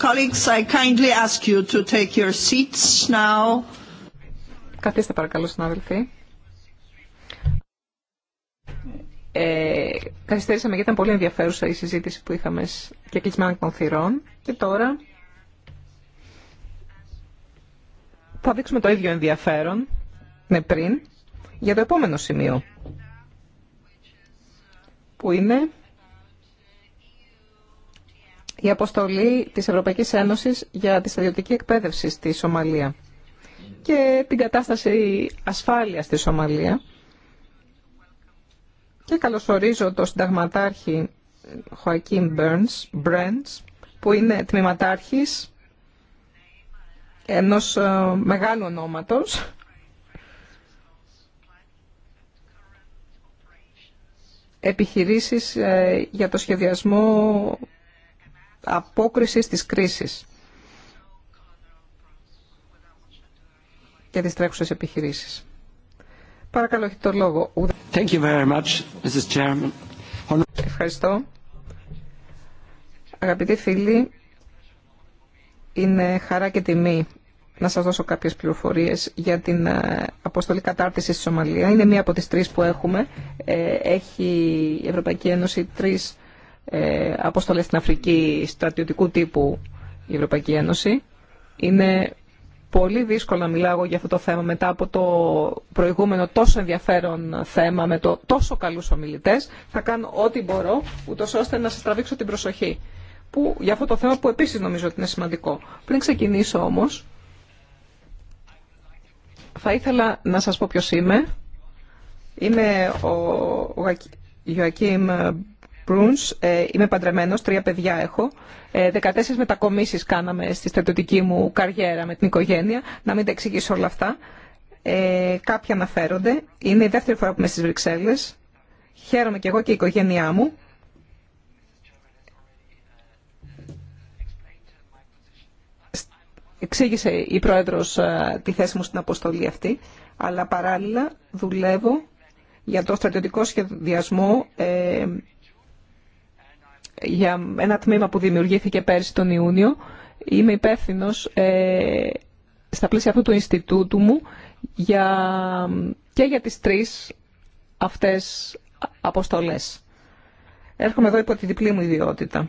Colleagues, I kindly ask you to take your seats now. Καθίστε παρακαλώ, συνάδελφοι. Ε, καθυστέρησαμε γιατί ήταν πολύ ενδιαφέρουσα η συζήτηση που είχαμε και κλεισμένα των θυρών. Και τώρα θα δείξουμε το ίδιο ενδιαφέρον, με ναι, πριν, για το επόμενο σημείο, που είναι η αποστολή της Ευρωπαϊκής Ένωσης για τη στρατιωτική εκπαίδευση στη Σομαλία και την κατάσταση ασφάλειας στη Σομαλία. Και καλωσορίζω τον συνταγματάρχη Χωακίν Μπέρνς, που είναι τμήματάρχης ενός ε, μεγάλου ονόματος, επιχειρήσεις ε, για το σχεδιασμό απόκρισης της κρίσης και τις τρέχουσες επιχειρήσεις. Παρακαλώ, έχετε το λόγο. Ευχαριστώ. Αγαπητοί φίλοι, είναι χαρά και τιμή να σας δώσω κάποιες πληροφορίες για την ε, αποστολή κατάρτισης στη Σομαλία. Είναι μία από τις τρεις που έχουμε. Ε, έχει η Ευρωπαϊκή Ένωση τρεις ε, αποστολές στην Αφρική στρατιωτικού τύπου η Ευρωπαϊκή Ένωση. Είναι πολύ δύσκολο να μιλάω για αυτό το θέμα μετά από το προηγούμενο τόσο ενδιαφέρον θέμα με το τόσο καλούς ομιλητές. Θα κάνω ό,τι μπορώ ούτω ώστε να σας τραβήξω την προσοχή που, για αυτό το θέμα που επίσης νομίζω ότι είναι σημαντικό. Πριν ξεκινήσω όμως, θα ήθελα να σας πω ποιος είμαι. Είμαι ο Προύνς, ε, είμαι παντρεμένος, τρία παιδιά έχω. 14 ε, μετακομίσεις κάναμε στη στρατιωτική μου καριέρα με την οικογένεια. Να μην τα εξηγήσω όλα αυτά. Ε, κάποια αναφέρονται. Είναι η δεύτερη φορά που είμαι στις Βρυξέλλες. Χαίρομαι και εγώ και η οικογένειά μου. Εξήγησε η πρόεδρος ε, τη θέση μου στην αποστολή αυτή, αλλά παράλληλα δουλεύω για το στρατιωτικό σχεδιασμό ε, για ένα τμήμα που δημιουργήθηκε πέρσι τον Ιούνιο. Είμαι υπεύθυνο ε, στα πλαίσια αυτού του Ινστιτούτου μου για, και για τις τρεις αυτές αποστολές. Έρχομαι εδώ υπό τη διπλή μου ιδιότητα.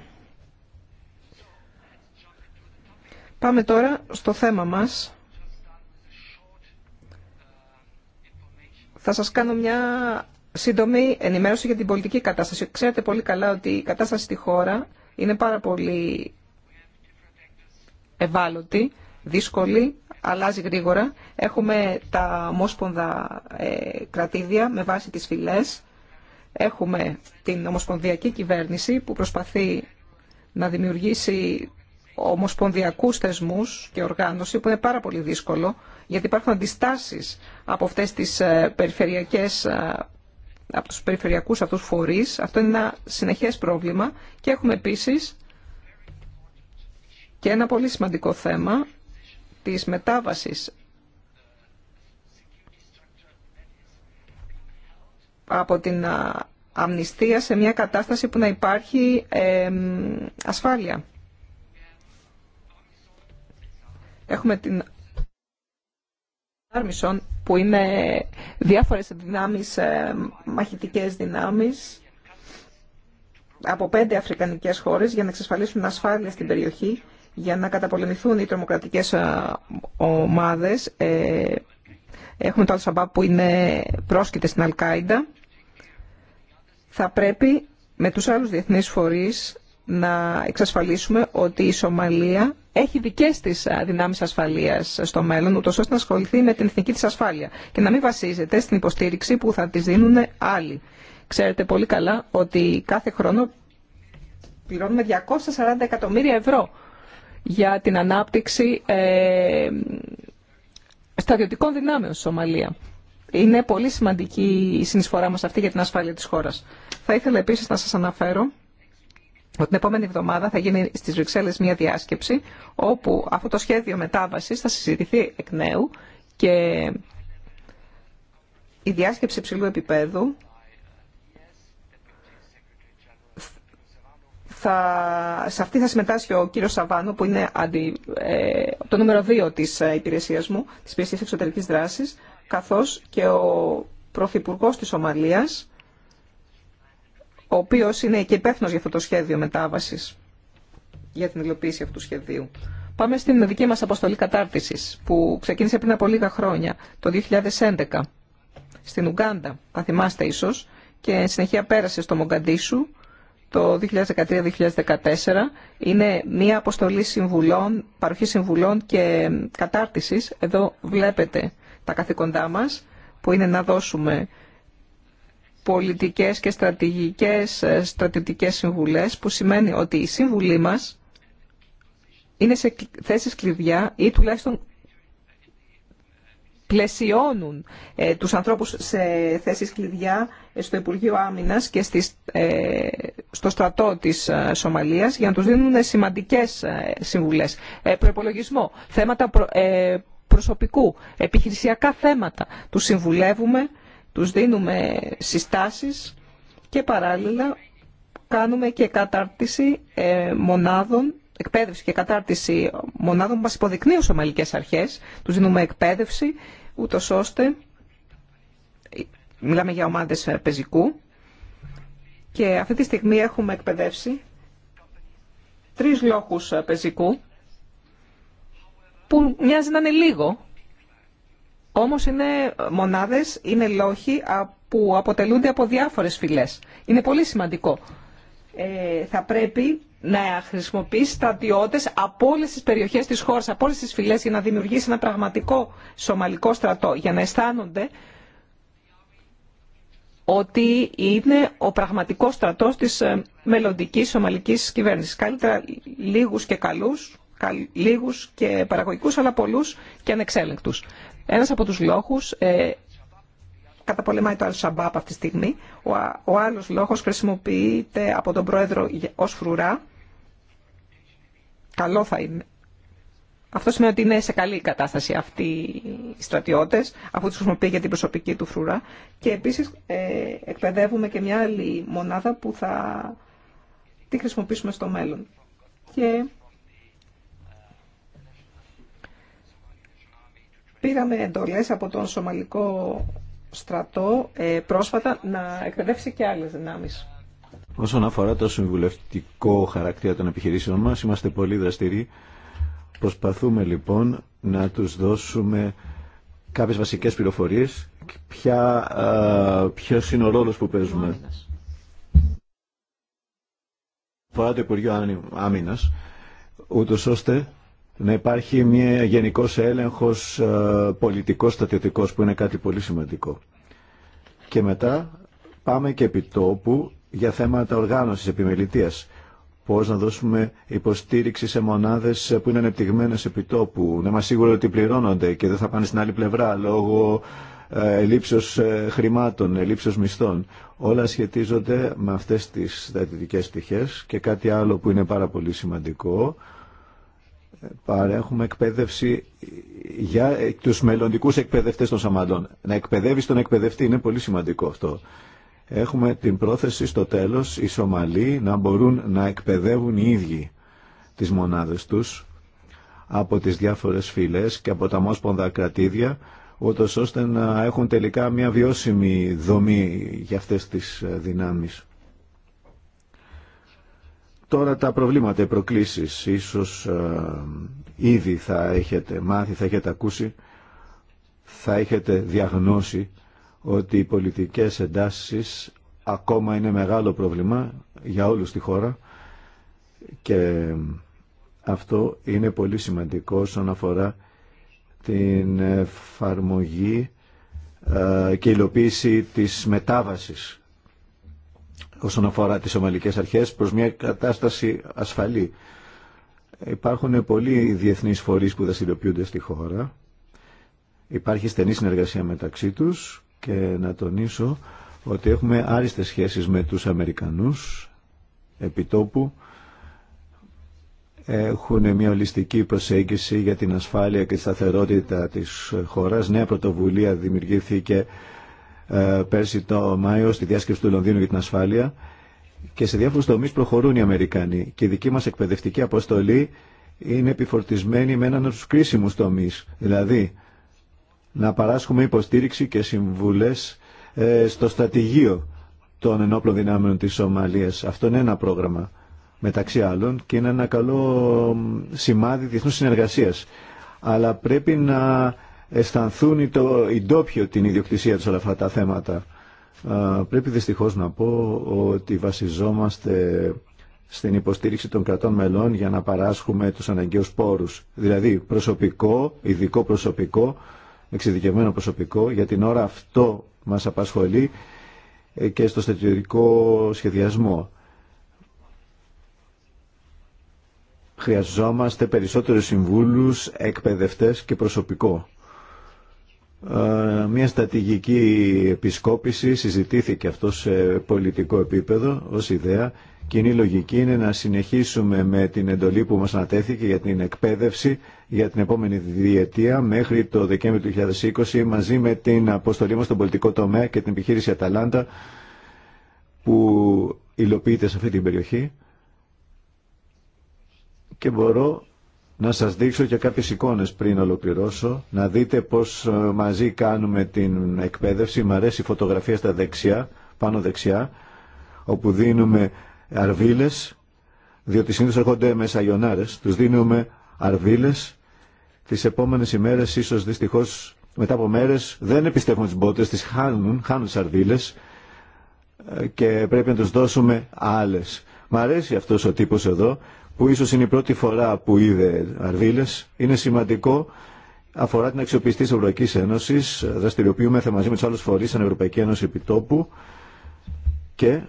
Πάμε τώρα στο θέμα μας. Θα σας κάνω μια Σύντομη ενημέρωση για την πολιτική κατάσταση. Ξέρετε πολύ καλά ότι η κατάσταση στη χώρα είναι πάρα πολύ ευάλωτη, δύσκολη, αλλάζει γρήγορα. Έχουμε τα ομόσπονδα ε, κρατήδια με βάση τις φυλές. Έχουμε την ομοσπονδιακή κυβέρνηση που προσπαθεί να δημιουργήσει ομοσπονδιακούς θεσμούς και οργάνωση που είναι πάρα πολύ δύσκολο γιατί υπάρχουν αντιστάσεις από αυτές τις ε, περιφερειακές ε, από τους περιφερειακούς αυτούς φορείς. Αυτό είναι ένα συνεχές πρόβλημα και έχουμε επίσης και ένα πολύ σημαντικό θέμα της μετάβασης από την αμνηστία σε μια κατάσταση που να υπάρχει ασφάλεια. Έχουμε την Άρμισον που είναι διάφορες δυνάμεις, ε, μαχητικές δυνάμεις από πέντε αφρικανικές χώρες για να εξασφαλίσουν ασφάλεια στην περιοχή, για να καταπολεμηθούν οι τρομοκρατικές ε, ομάδες. Ε, έχουμε το Αλσαμπά που είναι πρόσκειται στην Αλκάιντα. Θα πρέπει με τους άλλους διεθνείς φορείς να εξασφαλίσουμε ότι η Σομαλία έχει δικέ τη δυνάμει ασφαλεία στο μέλλον, ούτω ώστε να ασχοληθεί με την εθνική τη ασφάλεια και να μην βασίζεται στην υποστήριξη που θα τη δίνουν άλλοι. Ξέρετε πολύ καλά ότι κάθε χρόνο πληρώνουμε 240 εκατομμύρια ευρώ για την ανάπτυξη ε, στρατιωτικών δυνάμεων στη Σομαλία. Είναι πολύ σημαντική η συνεισφορά μας αυτή για την ασφάλεια της χώρας. Θα ήθελα επίσης να σας αναφέρω την επόμενη εβδομάδα θα γίνει στις Βρυξέλλες μια διάσκεψη όπου αυτό το σχέδιο μετάβασης θα συζητηθεί εκ νέου και η διάσκεψη ψηλού επίπεδου θα, σε αυτή θα συμμετάσχει ο κύριος Σαβάνο που είναι ε, το νούμερο 2 της ε, υπηρεσίας μου, της υπηρεσίας εξωτερικής δράσης, καθώς και ο Πρωθυπουργό της Ομαλίας ο οποίο είναι και υπεύθυνο για αυτό το σχέδιο μετάβαση για την υλοποίηση αυτού του σχεδίου. Πάμε στην δική μας αποστολή κατάρτισης, που ξεκίνησε πριν από λίγα χρόνια, το 2011, στην Ουγκάντα, θα θυμάστε ίσω, και συνεχεία πέρασε στο Μογκαντήσου το 2013-2014. Είναι μια αποστολή συμβουλών, παροχή συμβουλών και κατάρτισης. Εδώ βλέπετε τα καθήκοντά μας, που είναι να δώσουμε πολιτικές και στρατηγικές ε, στρατιωτικές συμβουλές που σημαίνει ότι η σύμβουλή μας είναι σε θέσεις κλειδιά ή τουλάχιστον πλαισιώνουν ε, τους ανθρώπους σε θέσεις κλειδιά ε, στο Υπουργείο Άμυνας και στις, ε, στο στρατό της Σομαλίας για να τους δίνουν σημαντικές συμβουλές. Προπολογισμό, θέματα προσωπικού, επιχειρησιακά θέματα. Τους συμβουλεύουμε τους δίνουμε συστάσεις και παράλληλα κάνουμε και κατάρτιση ε, μονάδων, εκπαίδευση και κατάρτιση μονάδων που μας υποδεικνύουν αρχές. Τους δίνουμε εκπαίδευση ούτω ώστε, μιλάμε για ομάδες ε, πεζικού, και αυτή τη στιγμή έχουμε εκπαιδεύσει τρεις λόγους ε, πεζικού, που μοιάζει να είναι λίγο, όμως είναι μονάδες, είναι λόχοι που αποτελούνται από διάφορες φυλές. Είναι πολύ σημαντικό. Ε, θα πρέπει να χρησιμοποιήσει στρατιώτε από όλε τι περιοχέ τη χώρα, από όλε τι φυλέ για να δημιουργήσει ένα πραγματικό σομαλικό στρατό, για να αισθάνονται ότι είναι ο πραγματικό στρατός της ε, μελλοντική σομαλική κυβέρνηση. Καλύτερα λίγου και καλού, λίγου και παραγωγικού, αλλά πολλού και ανεξέλεγκτου. Ένα από τους λόγου, ε, καταπολεμάει το Al-Shabaab αυτή τη στιγμή. Ο, ο άλλος λόγος χρησιμοποιείται από τον πρόεδρο ω φρουρά. Καλό θα είναι. Αυτό σημαίνει ότι είναι σε καλή κατάσταση αυτοί οι στρατιώτες, αφού τους χρησιμοποιεί για την προσωπική του φρουρά. Και επίσης ε, εκπαιδεύουμε και μια άλλη μονάδα που θα τη χρησιμοποιήσουμε στο μέλλον. Πήραμε εντολές από τον Σομαλικό στρατό ε, πρόσφατα να εκπαιδεύσει και άλλες δυνάμεις. Όσον αφορά το συμβουλευτικό χαρακτήρα των επιχειρήσεων μας, είμαστε πολύ δραστηροί. Προσπαθούμε λοιπόν να τους δώσουμε κάποιες βασικές πληροφορίες ποια, α, ποιος είναι ο ρόλος που παίζουμε. Αφορά το Υπουργείο Άμυνας, ούτως ώστε να υπάρχει μια γενικός έλεγχος ε, πολιτικός στατιωτικός που είναι κάτι πολύ σημαντικό. Και μετά πάμε και επίτοπου για θέματα οργάνωσης επιμελητίας. Πώς να δώσουμε υποστήριξη σε μονάδες που είναι ανεπτυγμένες επί τόπου. Να είμαστε σίγουροι ότι πληρώνονται και δεν θα πάνε στην άλλη πλευρά λόγω ε, ελήψεως ε, χρημάτων, ελήψεως μισθών. Όλα σχετίζονται με αυτές τις στατιωτικές πτυχές και κάτι άλλο που είναι πάρα πολύ σημαντικό παρέχουμε εκπαίδευση για τους μελλοντικούς εκπαιδευτές των Σαμαντών. Να εκπαιδεύεις τον εκπαιδευτή είναι πολύ σημαντικό αυτό. Έχουμε την πρόθεση στο τέλος οι Σομαλοί να μπορούν να εκπαιδεύουν οι ίδιοι τις μονάδες τους από τις διάφορες φυλές και από τα μόσπονδα κρατήδια ώστε να έχουν τελικά μια βιώσιμη δομή για αυτές τις δυνάμεις. Τώρα τα προβλήματα, οι προκλήσεις, ίσως ε, ήδη θα έχετε μάθει, θα έχετε ακούσει, θα έχετε διαγνώσει ότι οι πολιτικές εντάσεις ακόμα είναι μεγάλο πρόβλημα για όλους στη χώρα και αυτό είναι πολύ σημαντικό όσον αφορά την εφαρμογή ε, και υλοποίηση της μετάβασης όσον αφορά τις ομαλικές αρχές προς μια κατάσταση ασφαλή. Υπάρχουν πολλοί διεθνείς φορείς που δραστηριοποιούνται στη χώρα. Υπάρχει στενή συνεργασία μεταξύ τους και να τονίσω ότι έχουμε άριστες σχέσεις με τους Αμερικανούς επιτόπου έχουν μια ολιστική προσέγγιση για την ασφάλεια και τη σταθερότητα της χώρας. Νέα πρωτοβουλία δημιουργήθηκε ε, πέρσι το Μάιο στη διάσκεψη του Λονδίνου για την ασφάλεια και σε διάφορους τομείς προχωρούν οι Αμερικανοί και η δική μας εκπαιδευτική αποστολή είναι επιφορτισμένη με έναν από του κρίσιμου τομείς, δηλαδή να παράσχουμε υποστήριξη και συμβουλές ε, στο στρατηγείο των ενόπλων δυνάμεων της Σομαλίας. Αυτό είναι ένα πρόγραμμα μεταξύ άλλων και είναι ένα καλό σημάδι διεθνού συνεργασία. Αλλά πρέπει να αισθανθούν οι, το, οι ντόπιοι την ιδιοκτησία τους όλα αυτά τα θέματα. Πρέπει δυστυχώς να πω ότι βασιζόμαστε στην υποστήριξη των κρατών μελών για να παράσχουμε τους αναγκαίους πόρους. Δηλαδή προσωπικό, ειδικό προσωπικό, εξειδικευμένο προσωπικό, για την ώρα αυτό μας απασχολεί ε, και στο στρατιωτικό σχεδιασμό. Χρειαζόμαστε περισσότερους συμβούλους, εκπαιδευτές και προσωπικό. Ε, μια στατηγική επισκόπηση συζητήθηκε αυτό σε πολιτικό επίπεδο ως ιδέα. Κοινή λογική είναι να συνεχίσουμε με την εντολή που μας ανατέθηκε για την εκπαίδευση για την επόμενη διετία μέχρι το Δεκέμβριο του 2020 μαζί με την αποστολή μας στον πολιτικό τομέα και την επιχείρηση Αταλάντα που υλοποιείται σε αυτή την περιοχή και μπορώ να σας δείξω και κάποιες εικόνες πριν ολοκληρώσω, να δείτε πώς ε, μαζί κάνουμε την εκπαίδευση. Μ' αρέσει η φωτογραφία στα δεξιά, πάνω δεξιά, όπου δίνουμε αρβίλες, διότι συνήθως έρχονται με σαγιονάρες. Τους δίνουμε αρβίλες, τις επόμενες ημέρες ίσως δυστυχώς μετά από μέρες δεν επιστεύουν τις μπότες, τις χάνουν, χάνουν τις αρβίλες ε, και πρέπει να τους δώσουμε άλλες Μ' αρέσει αυτός ο τύπος εδώ, που ίσως είναι η πρώτη φορά που είδε αρβίλες. Είναι σημαντικό, αφορά την αξιοπιστή της Ευρωπαϊκής Ένωσης, δραστηριοποιούμεθα μαζί με τους άλλους φορείς στην Ευρωπαϊκή Ένωση επιτόπου και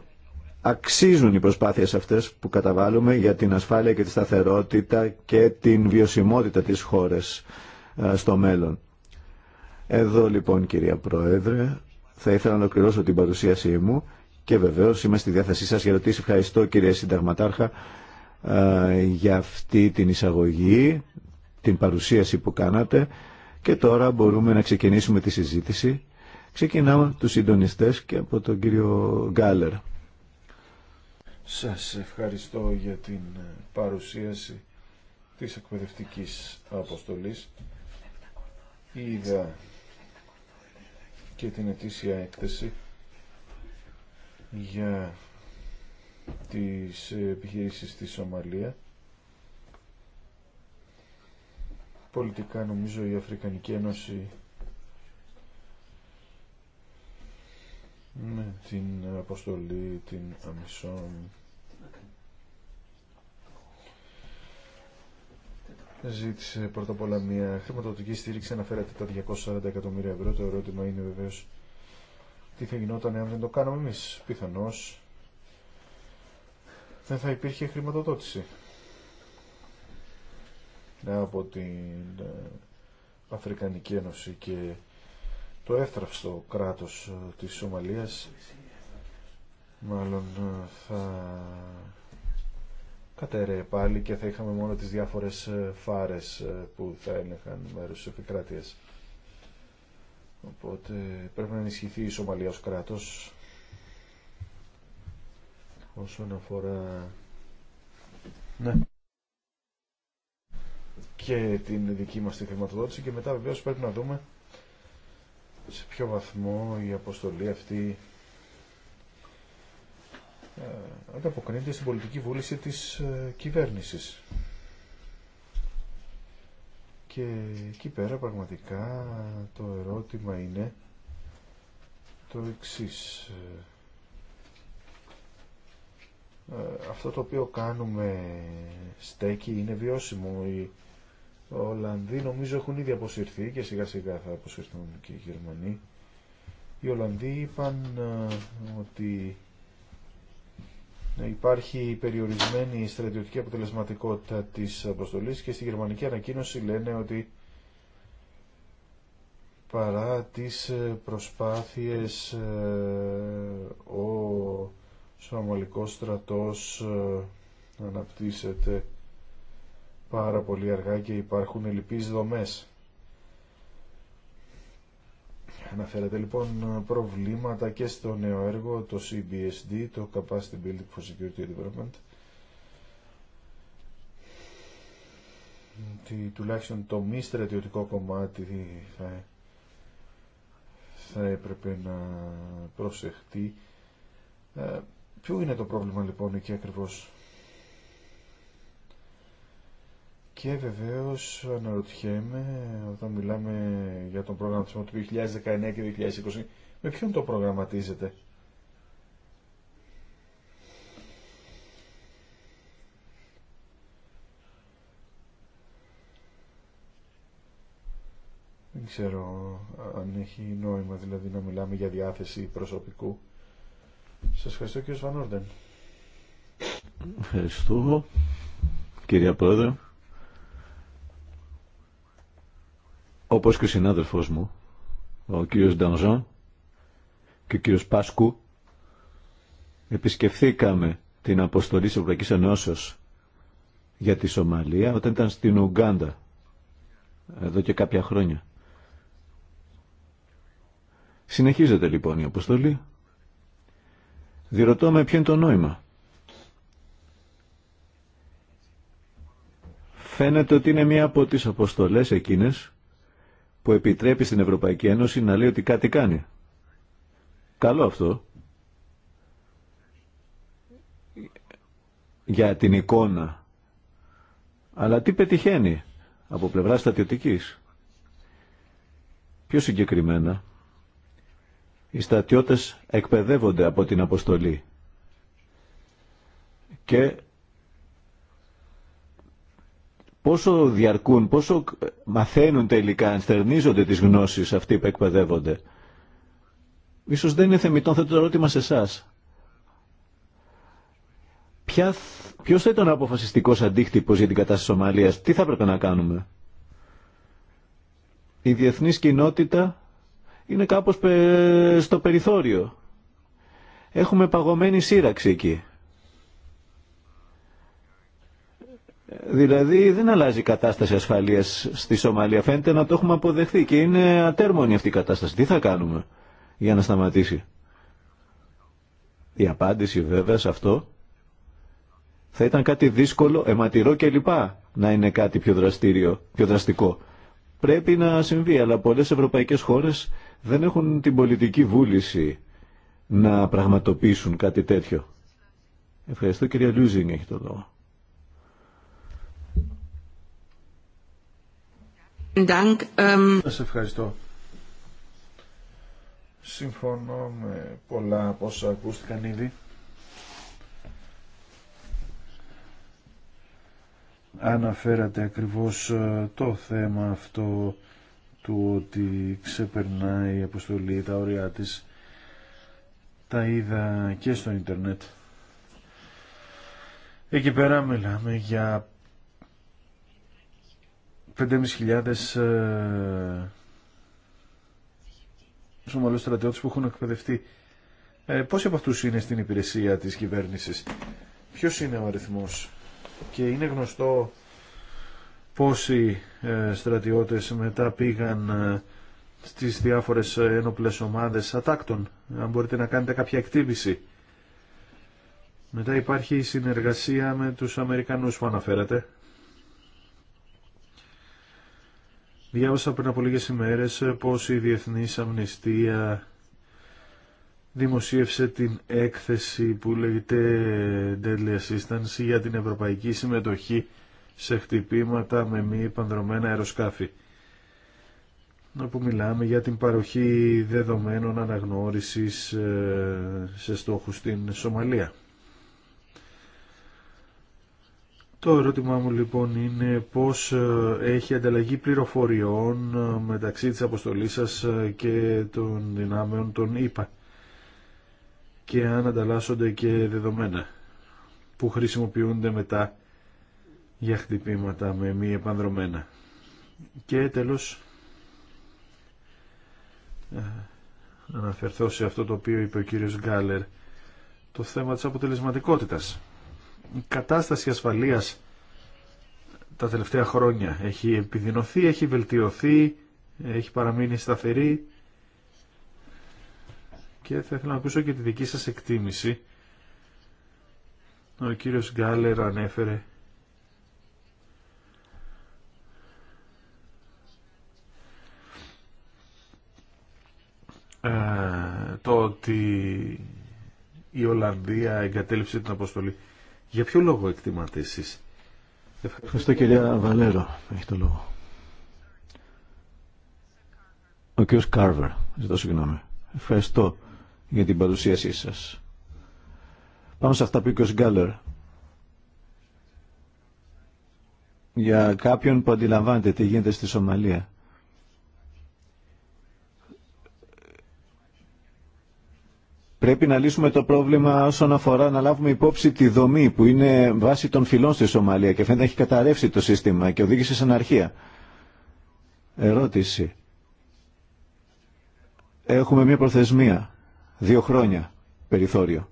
αξίζουν οι προσπάθειες αυτές που καταβάλουμε για την ασφάλεια και τη σταθερότητα και την βιωσιμότητα της χώρας ε, στο μέλλον. Εδώ λοιπόν κυρία Πρόεδρε θα ήθελα να ολοκληρώσω την παρουσίασή μου και βεβαίως είμαι στη διάθεσή σας για ερωτήσεις. Ευχαριστώ κύριε Συνταγματάρχα για αυτή την εισαγωγή, την παρουσίαση που κάνατε και τώρα μπορούμε να ξεκινήσουμε τη συζήτηση. Ξεκινάμε τους συντονιστές και από τον κύριο Γκάλερ. Σας ευχαριστώ για την παρουσίαση της εκπαιδευτικής αποστολής. Είδα και την ετήσια έκθεση για τις επιχειρήσεις στη Σομαλία. Πολιτικά νομίζω η Αφρικανική Ένωση με την αποστολή, την αμισόν ζήτησε πρώτα απ' όλα μια χρηματοδοτική στήριξη αναφέρατε τα 240 εκατομμύρια ευρώ το ερώτημα είναι βεβαίως τι θα γινόταν αν δεν το κάναμε εμεί, πιθανώ δεν θα υπήρχε χρηματοδότηση από την ε, Αφρικανική Ένωση και το έφτραυστο κράτος ε, της Σομαλίας μάλλον ε, θα κατέρεε πάλι και θα είχαμε μόνο τις διάφορες φάρες που θα έλεγχαν μέρος της επικράτειας. Οπότε πρέπει να ενισχυθεί η Σομαλία ως κράτος όσον αφορά ναι. και την δική μας τη χρηματοδότηση και μετά βεβαίως πρέπει να δούμε σε ποιο βαθμό η αποστολή αυτή ε, ανταποκρίνεται στην πολιτική βούληση της ε, κυβέρνησης. Και εκεί πέρα πραγματικά το ερώτημα είναι το εξής. Ε, αυτό το οποίο κάνουμε στέκει είναι βιώσιμο. Οι Ολλανδοί νομίζω έχουν ήδη αποσυρθεί και σιγά σιγά θα αποσυρθούν και οι Γερμανοί. Οι Ολλανδοί είπαν ε, ότι υπάρχει περιορισμένη στρατιωτική αποτελεσματικότητα της αποστολής και στη γερμανική ανακοίνωση λένε ότι παρά τις ε, προσπάθειες ε, ο Σωμαλικός στρατός ε, αναπτύσσεται πάρα πολύ αργά και υπάρχουν ελλειπείς δομές. Αναφέρατε λοιπόν προβλήματα και στο νέο έργο, το CBSD, το Capacity Building for Security Development, ότι τουλάχιστον το μη στρατιωτικό κομμάτι θα, θα έπρεπε να προσεχτεί. Ε, ποιο είναι το πρόβλημα λοιπόν εκεί ακριβώς Και βεβαίως αναρωτιέμαι όταν μιλάμε για τον προγραμματισμό του 2019 και 2020 με ποιον το προγραμματίζετε. Δεν ξέρω αν έχει νόημα δηλαδή να μιλάμε για διάθεση προσωπικού. Σας ευχαριστώ κύριο Βανόρντεν. Ευχαριστώ κυρία Πρόεδρε. όπως και ο συνάδελφός μου, ο κύριος Ντανζόν και ο κύριος Πάσκου, επισκεφθήκαμε την αποστολή της Ευρωπαϊκής Ενώσεως για τη Σομαλία όταν ήταν στην Ουγκάντα, εδώ και κάποια χρόνια. Συνεχίζεται λοιπόν η αποστολή. Διρωτώ με ποιο είναι το νόημα. Φαίνεται ότι είναι μία από τις αποστολές εκείνες που επιτρέπει στην Ευρωπαϊκή Ένωση να λέει ότι κάτι κάνει. Καλό αυτό. Για την εικόνα. Αλλά τι πετυχαίνει από πλευρά στατιωτικής. Πιο συγκεκριμένα, οι στατιώτες εκπαιδεύονται από την αποστολή και πόσο διαρκούν, πόσο μαθαίνουν τελικά, ενστερνίζονται τις γνώσεις αυτοί που εκπαιδεύονται. Ίσως δεν είναι θεμητό, θέτω το ερώτημα σε εσά. Ποιο θα ήταν ο αποφασιστικό αντίκτυπο για την κατάσταση της τι θα έπρεπε να κάνουμε. Η διεθνή κοινότητα είναι κάπως στο περιθώριο. Έχουμε παγωμένη σύραξη εκεί. Δηλαδή δεν αλλάζει η κατάσταση ασφαλείας στη Σομαλία. Φαίνεται να το έχουμε αποδεχθεί και είναι ατέρμονη αυτή η κατάσταση. Τι θα κάνουμε για να σταματήσει. Η απάντηση βέβαια σε αυτό θα ήταν κάτι δύσκολο, αιματηρό κλπ. να είναι κάτι πιο δραστήριο, πιο δραστικό. Πρέπει να συμβεί, αλλά πολλές ευρωπαϊκές χώρες δεν έχουν την πολιτική βούληση να πραγματοποιήσουν κάτι τέτοιο. Ευχαριστώ κυρία Λούζινγκ έχει το λόγο. Ähm, Σας ευχαριστώ. Συμφωνώ με πολλά από όσα ακούστηκαν ήδη. Αναφέρατε ακριβώς ε, το θέμα αυτό του ότι ξεπερνάει η αποστολή τα όρια της. Τα είδα και στο ίντερνετ. Εκεί πέρα μιλάμε για 5.500 Σομαλούς ε, στρατιώτες που έχουν εκπαιδευτεί. Ε, πόσοι από αυτούς είναι στην υπηρεσία της κυβέρνησης. Ποιος είναι ο αριθμός. Και είναι γνωστό πόσοι ε, στρατιώτες μετά πήγαν ε, στις διάφορες ένοπλες ομάδες ατάκτων. Αν μπορείτε να κάνετε κάποια εκτίμηση. Μετά υπάρχει η συνεργασία με τους Αμερικανούς που αναφέρατε. Διάβασα πριν από λίγες ημέρες πως η Διεθνής Αμνηστία δημοσίευσε την έκθεση που λέγεται Deadly Assistance για την ευρωπαϊκή συμμετοχή σε χτυπήματα με μη πανδρομένα αεροσκάφη. Όπου μιλάμε για την παροχή δεδομένων αναγνώρισης ε, σε στόχους στην Σομαλία. Το ερώτημά μου λοιπόν είναι πώς ε, έχει ανταλλαγή πληροφοριών ε, μεταξύ της αποστολής σας ε, και των δυνάμεων των ΙΠΑ και αν ανταλλάσσονται και δεδομένα που χρησιμοποιούνται μετά για χτυπήματα με μη επανδρομένα. Και τέλος αναφερθώ σε αυτό το οποίο είπε ο κύριος Γκάλερ το θέμα της αποτελεσματικότητας η κατάσταση ασφαλείας τα τελευταία χρόνια έχει επιδεινωθεί, έχει βελτιωθεί, έχει παραμείνει σταθερή και θα ήθελα να ακούσω και τη δική σας εκτίμηση. Ο κύριος Γκάλερ ανέφερε ε, το ότι η Ολλανδία εγκατέλειψε την αποστολή για ποιο λόγο εκτιμάτε εσείς. Ευχαριστώ κυρία Βαλέρο. Έχει το λόγο. Ο κύριος Κάρβερ. Ζητώ συγγνώμη. Ευχαριστώ για την παρουσίασή σας. Πάμε σε αυτά που είπε ο Γκάλερ. Για κάποιον που αντιλαμβάνεται τι γίνεται στη Σομαλία. Πρέπει να λύσουμε το πρόβλημα όσον αφορά να λάβουμε υπόψη τη δομή που είναι βάση των φυλών στη Σομαλία και φαίνεται να έχει καταρρεύσει το σύστημα και οδήγησε σε αναρχία. Ερώτηση. Έχουμε μια προθεσμία. Δύο χρόνια περιθώριο.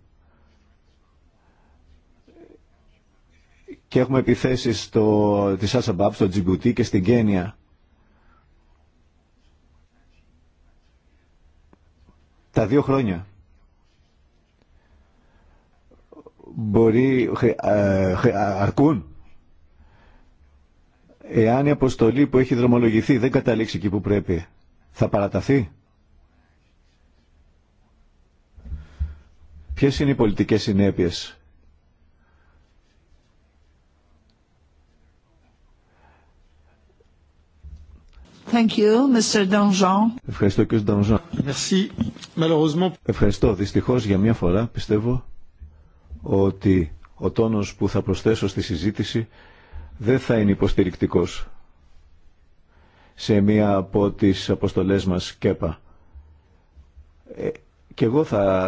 Και έχουμε επιθέσεις στο, της Σάσαμπαπ, στο Τζιμπουτί και στην Κένια. Τα δύο χρόνια μπορεί, αρκούν. Εάν η αποστολή που έχει δρομολογηθεί δεν καταλήξει εκεί που πρέπει, θα παραταθεί. Ποιες είναι οι πολιτικές συνέπειες. Thank Ευχαριστώ, κύριε Ντανζόν. Ευχαριστώ. Δυστυχώς, για μια φορά, πιστεύω, ότι ο τόνος που θα προσθέσω στη συζήτηση δεν θα είναι υποστηρικτικός σε μία από τις αποστολές μας ΚΕΠΑ. Ε, και εγώ θα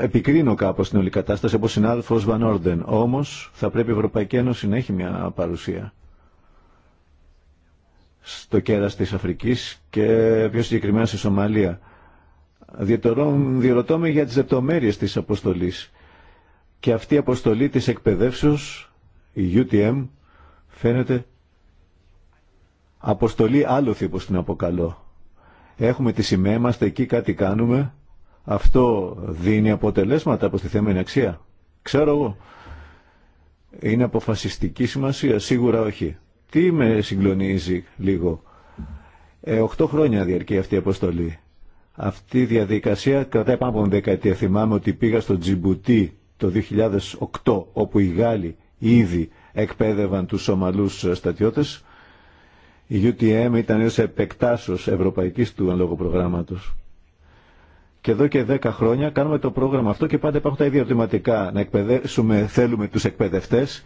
ε, επικρίνω κάπως την όλη κατάσταση από συνάδελφος Βαν Όρντεν. Όμως θα πρέπει η Ευρωπαϊκή Ένωση να έχει μια παρουσία στο κέρας της Αφρικής και πιο συγκεκριμένα στη Σομαλία. Διερωτώ με για τις λεπτομέρειε της αποστολής και αυτή η αποστολή της εκπαιδεύσεως, η UTM, φαίνεται αποστολή άλλου τύπου την αποκαλώ. Έχουμε τη σημαία μας, εκεί κάτι κάνουμε, αυτό δίνει αποτελέσματα από τη θέμενη αξία. Ξέρω εγώ. Είναι αποφασιστική σημασία, σίγουρα όχι. Τι με συγκλονίζει λίγο. Ε, 8 χρόνια διαρκεί αυτή η αποστολή. Αυτή η διαδικασία κρατάει πάνω από δεκαετία. Θυμάμαι ότι πήγα στο Τζιμπουτί το 2008 όπου οι Γάλλοι ήδη εκπαίδευαν τους Σομαλούς στατιώτες. Η UTM ήταν ως επεκτάσεως ευρωπαϊκής του λόγω προγράμματος. Και εδώ και 10 χρόνια κάνουμε το πρόγραμμα αυτό και πάντα υπάρχουν τα ίδια ερωτηματικά. Να εκπαιδεύσουμε, θέλουμε τους εκπαιδευτές,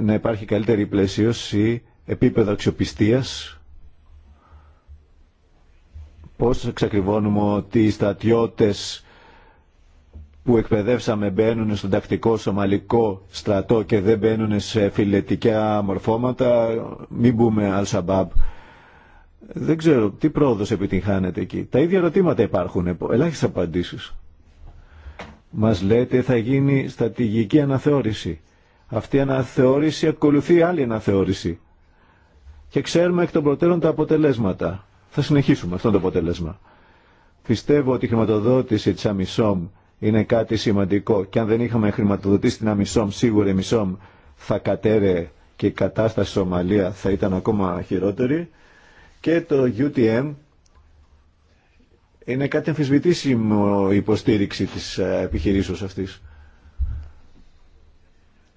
να υπάρχει καλύτερη πλαισίωση, επίπεδο αξιοπιστίας, πώς εξακριβώνουμε ότι οι στατιώτες που εκπαιδεύσαμε μπαίνουν στον τακτικό σομαλικό στρατό και δεν μπαίνουν σε φιλετικά μορφώματα, μην μπουμε αλσαμπάμπ. Δεν ξέρω τι πρόοδο επιτυγχάνεται εκεί. Τα ίδια ερωτήματα υπάρχουν, ελάχιστε απαντήσει. Μας λέτε θα γίνει στατηγική αναθεώρηση. Αυτή η αναθεώρηση ακολουθεί άλλη αναθεώρηση. Και ξέρουμε εκ των προτέρων τα αποτελέσματα. Θα συνεχίσουμε αυτό το αποτέλεσμα. Πιστεύω ότι η χρηματοδότηση τη Αμισόμ είναι κάτι σημαντικό. Και αν δεν είχαμε χρηματοδοτήσει την Αμισόμ, σίγουρα η Αμισόμ θα κατέρε και η κατάσταση στη Σομαλία θα ήταν ακόμα χειρότερη. Και το UTM είναι κάτι αμφισβητήσιμο υποστήριξη της ε, επιχειρήσεως αυτής.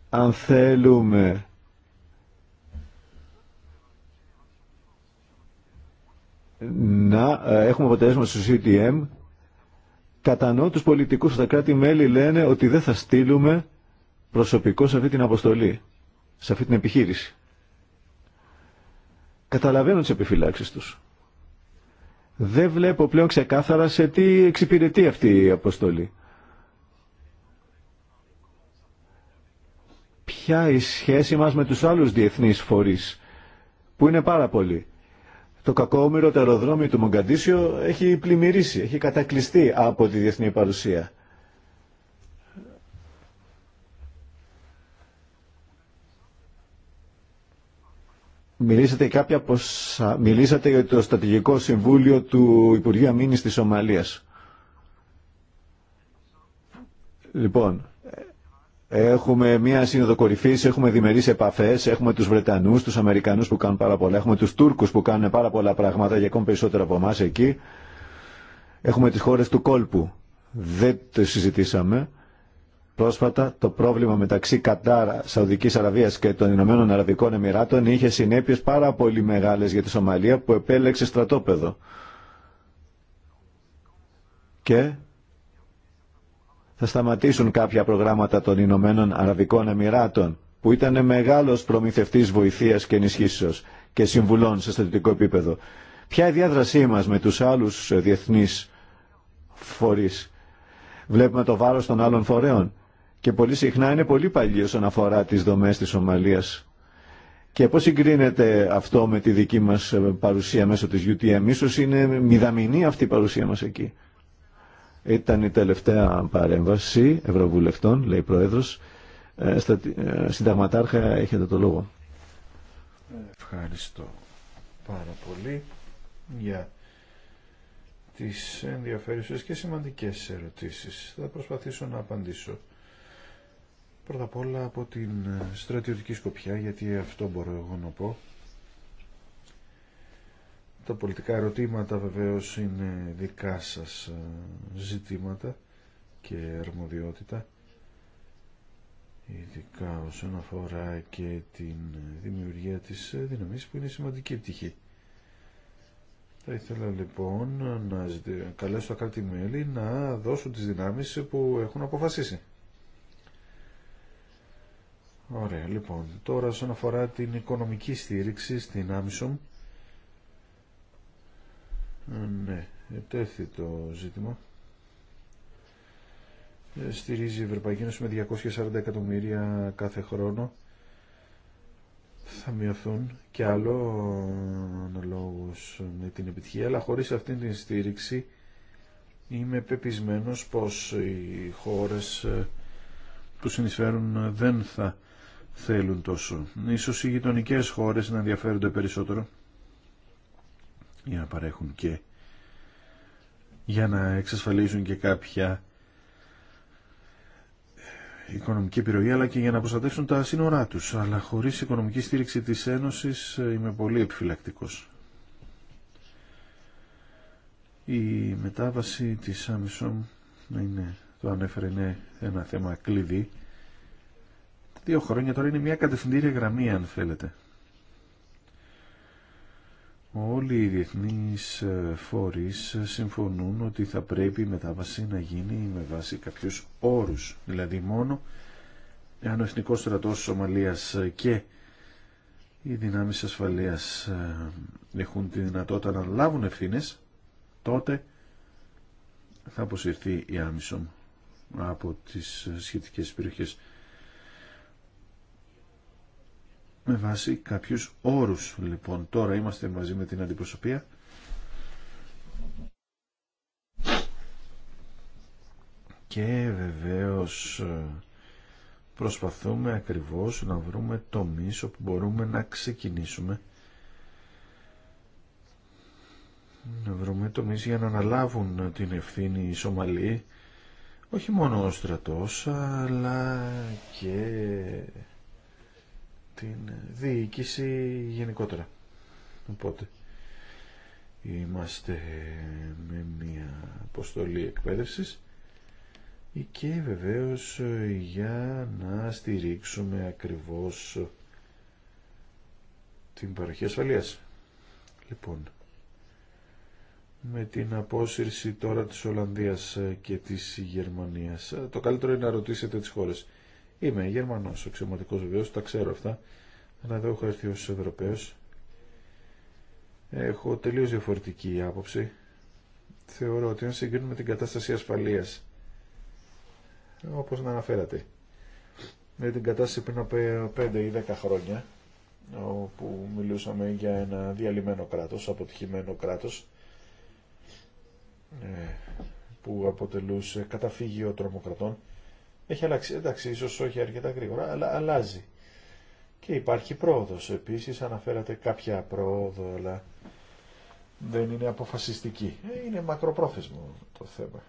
Αν θέλουμε να ε, έχουμε αποτέλεσμα στο UTM κατανοώ τους πολιτικούς. στα κράτη-μέλη λένε ότι δεν θα στείλουμε προσωπικό σε αυτή την αποστολή, σε αυτή την επιχείρηση. Καταλαβαίνω τις επιφυλάξεις τους. Δεν βλέπω πλέον ξεκάθαρα σε τι εξυπηρετεί αυτή η αποστολή. Ποια η σχέση μας με τους άλλους διεθνείς φορείς, που είναι πάρα πολλοί. Το κακόμοιρο το αεροδρόμιο του Μογκαντήσιο έχει πλημμυρίσει, έχει κατακλειστεί από τη διεθνή παρουσία. Μιλήσατε, κάποια πως Μιλήσατε για το στρατηγικό συμβούλιο του Υπουργείου Αμήνης της Σομαλίας. Λοιπόν, Έχουμε μία σύνοδο κορυφή, έχουμε διμερεί επαφέ, έχουμε του Βρετανού, του Αμερικανού που κάνουν πάρα πολλά, έχουμε του Τούρκου που κάνουν πάρα πολλά πράγματα για ακόμη περισσότερο από εμά εκεί. Έχουμε τι χώρε του κόλπου. Δεν το συζητήσαμε. Πρόσφατα το πρόβλημα μεταξύ Κατάρα, Σαουδική Αραβία και των Ηνωμένων Αραβικών Εμμυράτων είχε συνέπειε πάρα πολύ μεγάλε για τη Σομαλία που επέλεξε στρατόπεδο. Και να σταματήσουν κάποια προγράμματα των Ηνωμένων Αραβικών Εμμυράτων που ήταν μεγάλος προμηθευτής βοηθείας και ενισχύσεως και συμβουλών σε στρατιωτικό επίπεδο. Ποια η διάδρασή μας με τους άλλους ε, διεθνείς φορείς. Βλέπουμε το βάρος των άλλων φορέων και πολύ συχνά είναι πολύ παλιοί όσον αφορά τις δομές της Ομαλίας. Και πώς συγκρίνεται αυτό με τη δική μας ε, παρουσία μέσω της UTM. Ίσως είναι μηδαμινή αυτή η παρουσία μας εκεί. Ήταν η τελευταία παρέμβαση Ευρωβουλευτών, λέει η Πρόεδρος. Ε, στα, ε, συνταγματάρχα έχετε το λόγο. Ευχαριστώ πάρα πολύ για τις ενδιαφέρουσες και σημαντικές ερωτήσεις. Θα προσπαθήσω να απαντήσω. Πρώτα απ' όλα από την στρατιωτική σκοπιά, γιατί αυτό μπορώ εγώ να πω. Τα πολιτικά ερωτήματα βεβαίως είναι δικά σας ε, ζητήματα και αρμοδιότητα ειδικά όσον αφορά και την δημιουργία της ε, δύναμης που είναι σημαντική πτυχή. Θα ήθελα λοιπόν να καλέσω τα κράτη μέλη να δώσουν τις δυνάμεις που έχουν αποφασίσει. Ωραία, λοιπόν. Τώρα όσον αφορά την οικονομική στήριξη στην Άμισομ, ναι, ετέθη το ζήτημα. Ε, στηρίζει η Ευρωπαϊκή Ένωση με 240 εκατομμύρια κάθε χρόνο. Θα μειωθούν και άλλο αναλόγως με την επιτυχία, αλλά χωρίς αυτήν την στήριξη είμαι πεπισμένος πως οι χώρες ε, που συνεισφέρουν ε, δεν θα θέλουν τόσο. Ίσως οι γειτονικέ χώρες να ενδιαφέρονται περισσότερο για να παρέχουν και για να εξασφαλίζουν και κάποια οικονομική επιρροή αλλά και για να προστατεύσουν τα σύνορά τους. Αλλά χωρίς οικονομική στήριξη της Ένωσης ε, είμαι πολύ επιφυλακτικός. Η μετάβαση της Άμισομ είναι, το ανέφερε, είναι ένα θέμα κλειδί. Δύο χρόνια τώρα είναι μια κατευθυντήρια γραμμή αν θέλετε. Όλοι οι διεθνείς ε, φορείς ε, συμφωνούν ότι θα πρέπει η μετάβαση να γίνει με βάση κάποιους όρους. Δηλαδή μόνο αν ο Εθνικός Στρατός Σομαλίας και οι δυνάμεις ασφαλείας ε, έχουν τη δυνατότητα να λάβουν ευθύνες, τότε θα αποσυρθεί η Άμισομ από τις σχετικές περιοχές. με βάση κάποιους όρους. Λοιπόν, τώρα είμαστε μαζί με την αντιπροσωπεία. Και βεβαίως ε, προσπαθούμε ακριβώς να βρούμε το μίσο που μπορούμε να ξεκινήσουμε. Να βρούμε το μίσο για να αναλάβουν την ευθύνη οι Σομαλοί. Όχι μόνο ο στρατός, αλλά και την διοίκηση γενικότερα. Οπότε είμαστε με μια αποστολή εκπαίδευσης και βεβαίως για να στηρίξουμε ακριβώς την παροχή ασφαλείας. Λοιπόν, με την απόσυρση τώρα της Ολλανδίας και της Γερμανίας, το καλύτερο είναι να ρωτήσετε τις χώρες. Είμαι ο εξωματικό βεβαίω, τα ξέρω αυτά, αλλά εδώ έχω έρθει ω Ευρωπαίο. Έχω τελείω διαφορετική άποψη. Θεωρώ ότι αν συγκρίνουμε την κατάσταση ασφαλεία, Όπω να αναφέρατε, με την κατάσταση πριν από 5 ή 10 χρόνια, όπου μιλούσαμε για ένα διαλυμένο κράτο, αποτυχημένο κράτο. Ε, που αποτελούσε καταφύγιο τρομοκρατών, έχει αλλάξει, εντάξει, ίσως όχι αρκετά γρήγορα, αλλά αλλάζει. Και υπάρχει πρόοδος. Επίσης αναφέρατε κάποια πρόοδο, αλλά δεν είναι αποφασιστική. Ε, είναι μακροπρόθεσμο το θέμα.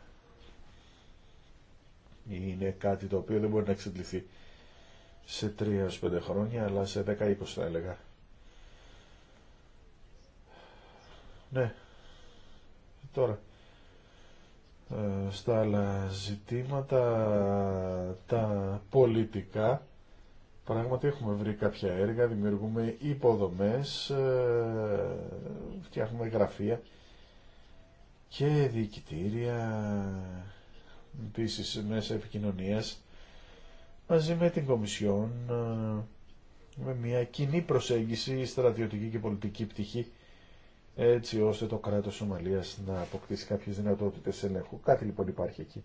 Είναι κάτι το οποίο δεν μπορεί να εξαντληθεί σε 3-5 χρόνια, αλλά σε 10-20 θα έλεγα. Ναι. Τώρα, ε, στα άλλα ζητήματα, τα πολιτικά. Πράγματι έχουμε βρει κάποια έργα, δημιουργούμε υποδομές, ε, φτιάχνουμε γραφεία και διοικητήρια, επίσης μέσα επικοινωνίας, μαζί με την Κομισιόν, ε, με μια κοινή προσέγγιση, στρατιωτική και πολιτική πτυχή έτσι ώστε το κράτος Σομαλίας να αποκτήσει κάποιες δυνατότητες ελέγχου. Κάτι λοιπόν υπάρχει εκεί.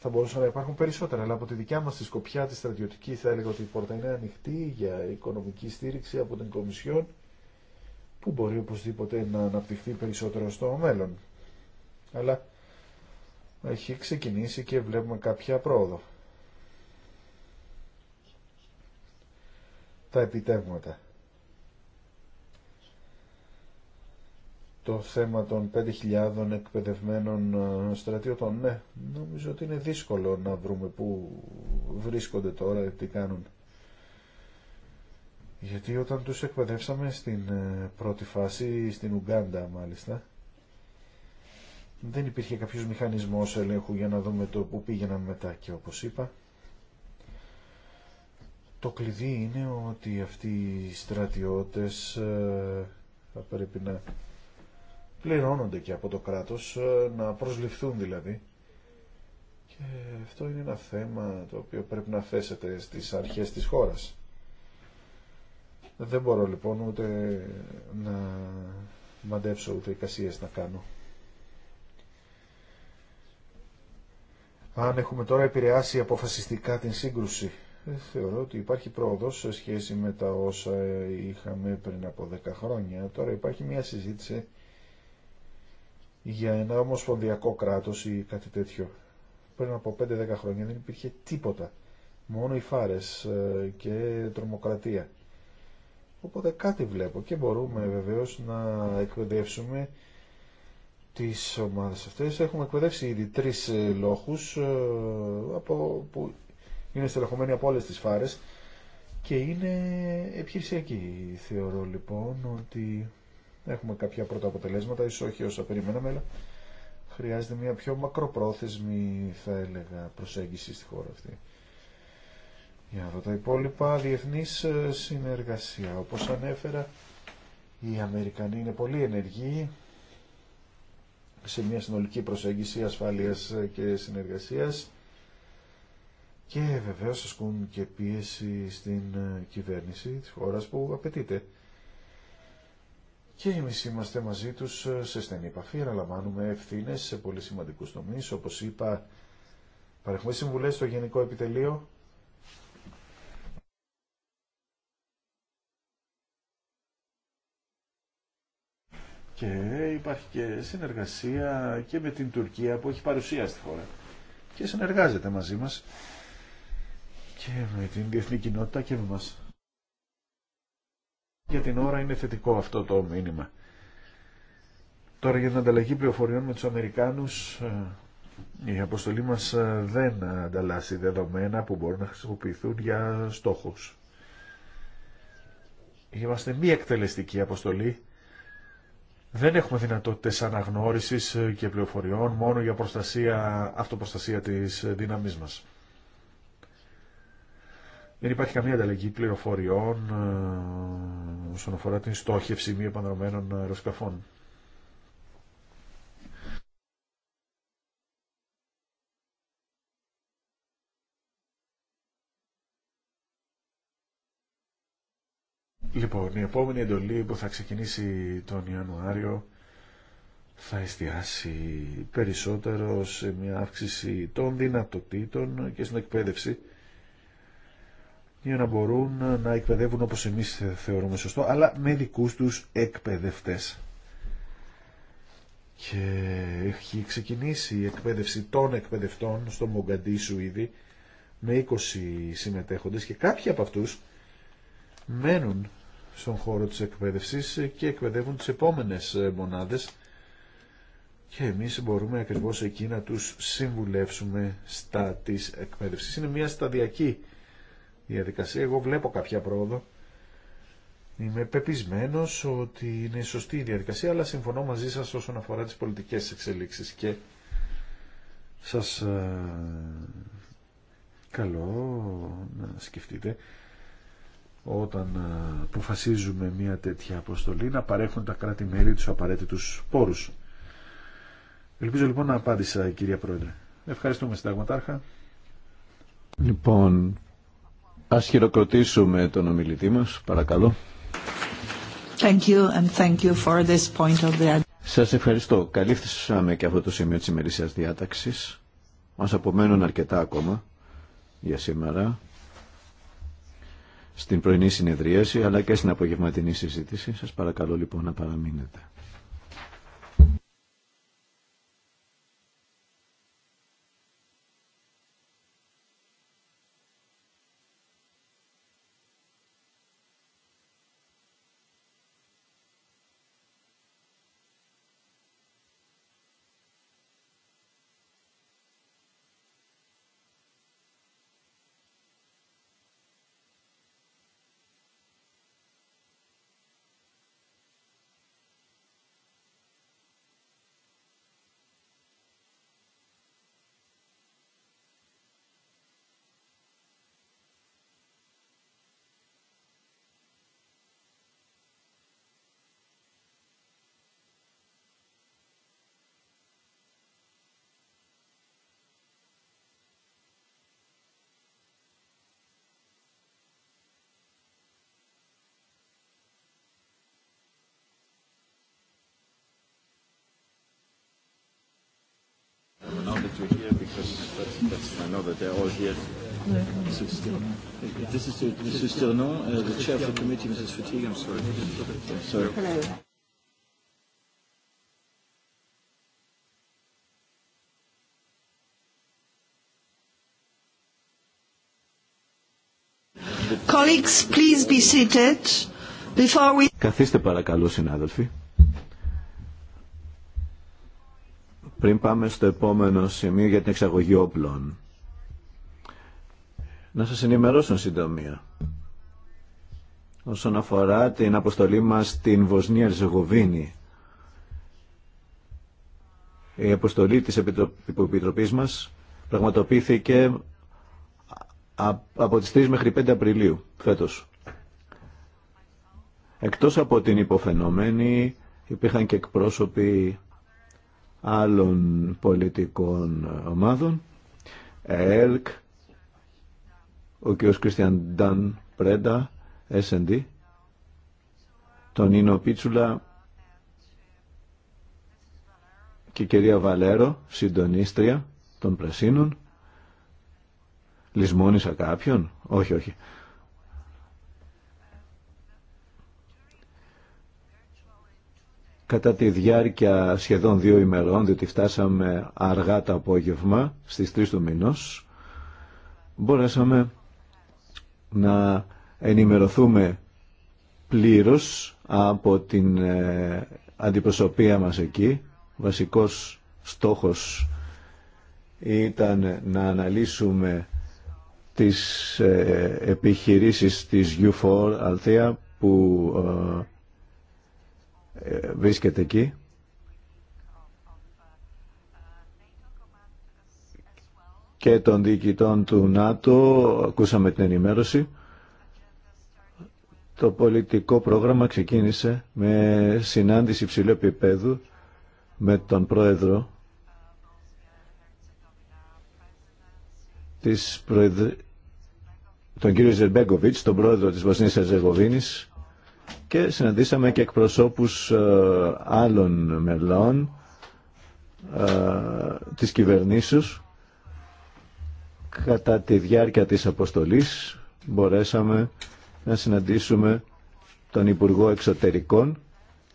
Θα μπορούσαν να υπάρχουν περισσότερα, αλλά από τη δικιά μας τη σκοπιά τη στρατιωτική θα έλεγα ότι η πόρτα είναι ανοιχτή για οικονομική στήριξη από την Κομισιόν που μπορεί οπωσδήποτε να αναπτυχθεί περισσότερο στο μέλλον. Αλλά έχει ξεκινήσει και βλέπουμε κάποια πρόοδο. Τα επιτεύγματα. το θέμα των 5.000 εκπαιδευμένων ε, στρατιωτών. Ναι, νομίζω ότι είναι δύσκολο να βρούμε πού βρίσκονται τώρα, τι κάνουν. Γιατί όταν τους εκπαιδεύσαμε στην ε, πρώτη φάση, στην Ουγκάντα μάλιστα, δεν υπήρχε κάποιος μηχανισμός ελέγχου για να δούμε το που πήγαιναν μετά και όπως είπα, το κλειδί είναι ότι αυτοί οι στρατιώτες ε, θα πρέπει να πληρώνονται και από το κράτος, ε, να προσληφθούν δηλαδή. Και αυτό είναι ένα θέμα το οποίο πρέπει να θέσετε στις αρχές της χώρας. Δεν μπορώ λοιπόν ούτε να μαντέψω ούτε εικασίες να κάνω. Αν έχουμε τώρα επηρεάσει αποφασιστικά την σύγκρουση, ε, θεωρώ ότι υπάρχει πρόοδος σε σχέση με τα όσα είχαμε πριν από 10 χρόνια. Τώρα υπάρχει μια συζήτηση για ένα ομοσπονδιακό κράτος ή κάτι τέτοιο. Πριν από 5-10 χρόνια δεν υπήρχε τίποτα. Μόνο οι φάρες ε, και τρομοκρατία. Οπότε κάτι βλέπω και μπορούμε βεβαίως να εκπαιδεύσουμε τις ομάδες αυτές. Έχουμε εκπαιδεύσει ήδη τρεις ε, λόχους ε, από, που είναι στελεχωμένοι από όλες τις φάρες και είναι επιχειρησιακοί. Θεωρώ λοιπόν ότι Έχουμε κάποια πρώτα αποτελέσματα, ίσως όχι όσα περιμέναμε, αλλά χρειάζεται μια πιο μακροπρόθεσμη, θα έλεγα, προσέγγιση στη χώρα αυτή. Για να τα υπόλοιπα, διεθνής ε, συνεργασία. Όπως ανέφερα, οι Αμερικανοί είναι πολύ ενεργοί σε μια συνολική προσέγγιση ασφάλειας ε, και συνεργασίας και βεβαίως ασκούν και πίεση στην ε, κυβέρνηση της χώρας που απαιτείται και εμείς είμαστε μαζί τους ε, σε στενή επαφή, αναλαμβάνουμε ευθύνε σε πολύ σημαντικούς τομείς, όπως είπα, παρέχουμε συμβουλές στο Γενικό Επιτελείο, Και υπάρχει και συνεργασία και με την Τουρκία που έχει παρουσία στη χώρα. Και συνεργάζεται μαζί μας και με την διεθνή κοινότητα και με μας. Για την ώρα είναι θετικό αυτό το μήνυμα. Τώρα για την ανταλλαγή πληροφοριών με τους Αμερικάνους, ε, η αποστολή μας ε, δεν ανταλλάσσει δεδομένα που μπορούν να χρησιμοποιηθούν για στόχους. Είμαστε μη εκτελεστική αποστολή. Δεν έχουμε δυνατότητες αναγνώρισης ε, και πληροφοριών μόνο για προστασία, αυτοπροστασία της δύναμής μας. Δεν υπάρχει καμία ανταλλαγή πληροφοριών ε, όσον αφορά την στόχευση μη επανδρομένων ε, αεροσκαφών. Λοιπόν, η επόμενη εντολή που θα ξεκινήσει τον Ιανουάριο θα εστιάσει περισσότερο σε μια αύξηση των δυνατοτήτων και στην εκπαίδευση για να μπορούν να εκπαιδεύουν όπως εμείς θεωρούμε σωστό, αλλά με δικούς τους εκπαιδευτές. Και έχει ξεκινήσει η εκπαίδευση των εκπαιδευτών στο Μογκαντίσου ήδη με 20 συμμετέχοντες και κάποιοι από αυτούς μένουν στον χώρο της εκπαίδευσης και εκπαιδεύουν τις επόμενες μονάδες και εμείς μπορούμε ακριβώς εκεί να τους συμβουλεύσουμε στα της εκπαίδευσης. Είναι μια σταδιακή διαδικασία. Εγώ βλέπω κάποια πρόοδο. Είμαι πεπισμένο ότι είναι σωστή η διαδικασία, αλλά συμφωνώ μαζί σας όσον αφορά τις πολιτικές εξελίξεις και σας ε, καλό να σκεφτείτε όταν ε, αποφασίζουμε μια τέτοια αποστολή να παρέχουν τα κράτη-μέλη τους απαραίτητους πόρους. Ελπίζω λοιπόν να απάντησα κυρία Πρόεδρε. Ευχαριστούμε συνταγματάρχα. Λοιπόν, Ας χειροκροτήσουμε τον ομιλητή μας, παρακαλώ. Thank you and thank you for this point of Σας ευχαριστώ. Καλύφθησαμε και αυτό το σημείο της ημερήσιας διάταξης. Μας απομένουν αρκετά ακόμα για σήμερα στην πρωινή συνεδρίαση αλλά και στην απογευματινή συζήτηση. Σας παρακαλώ λοιπόν να παραμείνετε. rather. They're all here. This is Mr. Stirnon, the chair of the committee, Mrs. Fatigue. I'm sorry. sorry. Hello. Colleagues, please be seated. Before we... Καθίστε παρακαλώ συνάδελφοι. Πριν πάμε στο επόμενο σημείο για την εξαγωγή όπλων. Να σας ενημερώσω συντομία όσον αφορά την αποστολή μας στην Βοσνία Ριζεγοβίνη. Η αποστολή της Επιτροπής μας πραγματοποιήθηκε από τις 3 μέχρι 5 Απριλίου φέτος. Εκτός από την υποφαινομένη υπήρχαν και εκπρόσωποι άλλων πολιτικών ομάδων, ΕΛΚ, ο κ. Κρίστιαν Νταν Πρέντα, S&D, τον Ίνο Πίτσουλα και η κυρία Βαλέρο, συντονίστρια των Πρασίνων. Λυσμόνησα κάποιον. Όχι, όχι. Κατά τη διάρκεια σχεδόν δύο ημερών, διότι φτάσαμε αργά το απόγευμα, στις 3 του μηνός, μπορέσαμε να ενημερωθούμε πλήρως από την ε, αντιπροσωπεία μας εκεί. Βασικός στόχος ήταν να αναλύσουμε τις ε, επιχειρήσεις της U4 Αλθεία που ε, βρίσκεται εκεί. και των διοικητών του ΝΑΤΟ. Ακούσαμε την ενημέρωση. Το πολιτικό πρόγραμμα ξεκίνησε με συνάντηση υψηλού επίπεδου με τον πρόεδρο της προεδρ... τον κύριο Ζερμπέγκοβιτς, τον πρόεδρο της Βοσνίας και συναντήσαμε και εκπροσώπους ε, άλλων μελών ε, της κυβερνήσεως Κατά τη διάρκεια της αποστολής μπορέσαμε να συναντήσουμε τον Υπουργό Εξωτερικών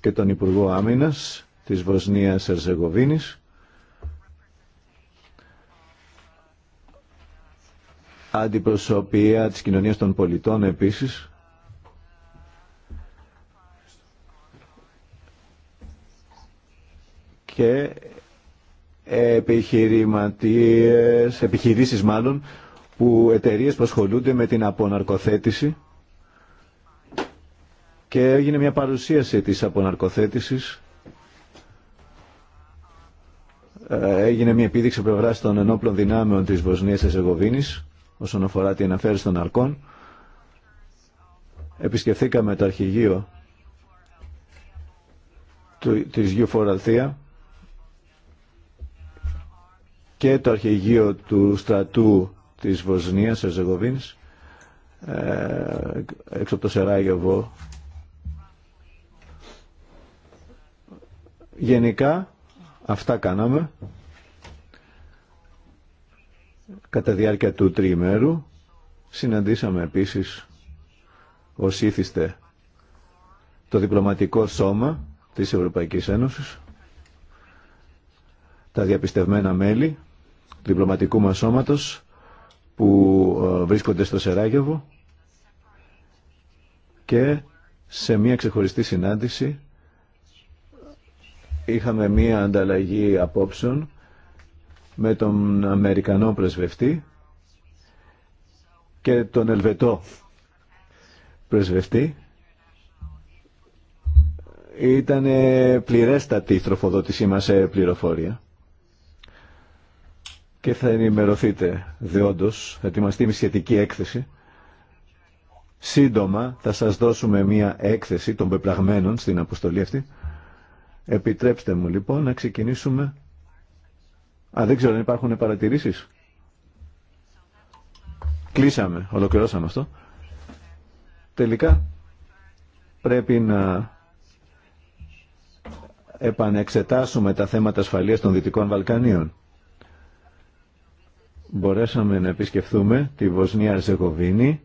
και τον Υπουργό Άμυνας της Βοσνίας Ερζεγοβίνης αντιπροσωπεία της κοινωνίας των πολιτών επίσης και επιχειρηματίες, επιχειρήσεις μάλλον, που εταιρείε που ασχολούνται με την αποναρκοθέτηση και έγινε μια παρουσίαση της αποναρκοθέτησης ε, έγινε μια επίδειξη πλευρά των ενόπλων δυνάμεων της Βοσνίας Ερζεγοβίνης όσον αφορά την αναφέρουση των αρκών επισκεφθήκαμε το αρχηγείο της U4 και το αρχηγείο του στρατού της Βοσνίας, Ερζεγοβίνης, ε, έξω από το Σεράγεβο. Γενικά, αυτά κάναμε κατά διάρκεια του τριημέρου. Συναντήσαμε επίσης, ως ήθιστε, το διπλωματικό σώμα της Ευρωπαϊκής Ένωσης, τα διαπιστευμένα μέλη διπλωματικού μας σώματος που ε, βρίσκονται στο Σεράγεβο και σε μια ξεχωριστή συνάντηση είχαμε μια ανταλλαγή απόψεων με τον Αμερικανό πρεσβευτή και τον Ελβετό πρεσβευτή ήταν πληρέστατη η τροφοδότησή μας σε πληροφορία και θα ενημερωθείτε διόντως, θα ετοιμαστεί μια σχετική έκθεση. Σύντομα θα σας δώσουμε μια έκθεση των πεπραγμένων στην αποστολή αυτή. Επιτρέψτε μου λοιπόν να ξεκινήσουμε. Α, δεν ξέρω αν υπάρχουν παρατηρήσεις. Κλείσαμε, ολοκληρώσαμε αυτό. Τελικά πρέπει να επανεξετάσουμε τα θέματα ασφαλείας των Δυτικών Βαλκανίων μπορέσαμε να επισκεφθούμε τη Βοσνία Ζεγοβίνη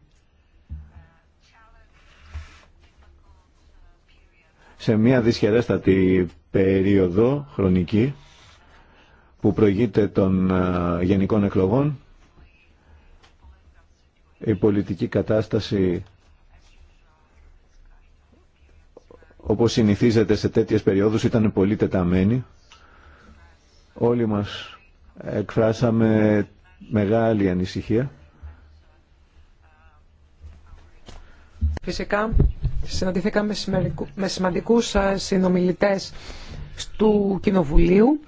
σε μια δυσχερέστατη περίοδο χρονική που προηγείται των γενικών εκλογών. Η πολιτική κατάσταση όπως συνηθίζεται σε τέτοιες περιόδους ήταν πολύ τεταμένη. Όλοι μας εκφράσαμε μεγάλη ανησυχία. Φυσικά συναντηθήκαμε με σημαντικούς ε, συνομιλητές του Κοινοβουλίου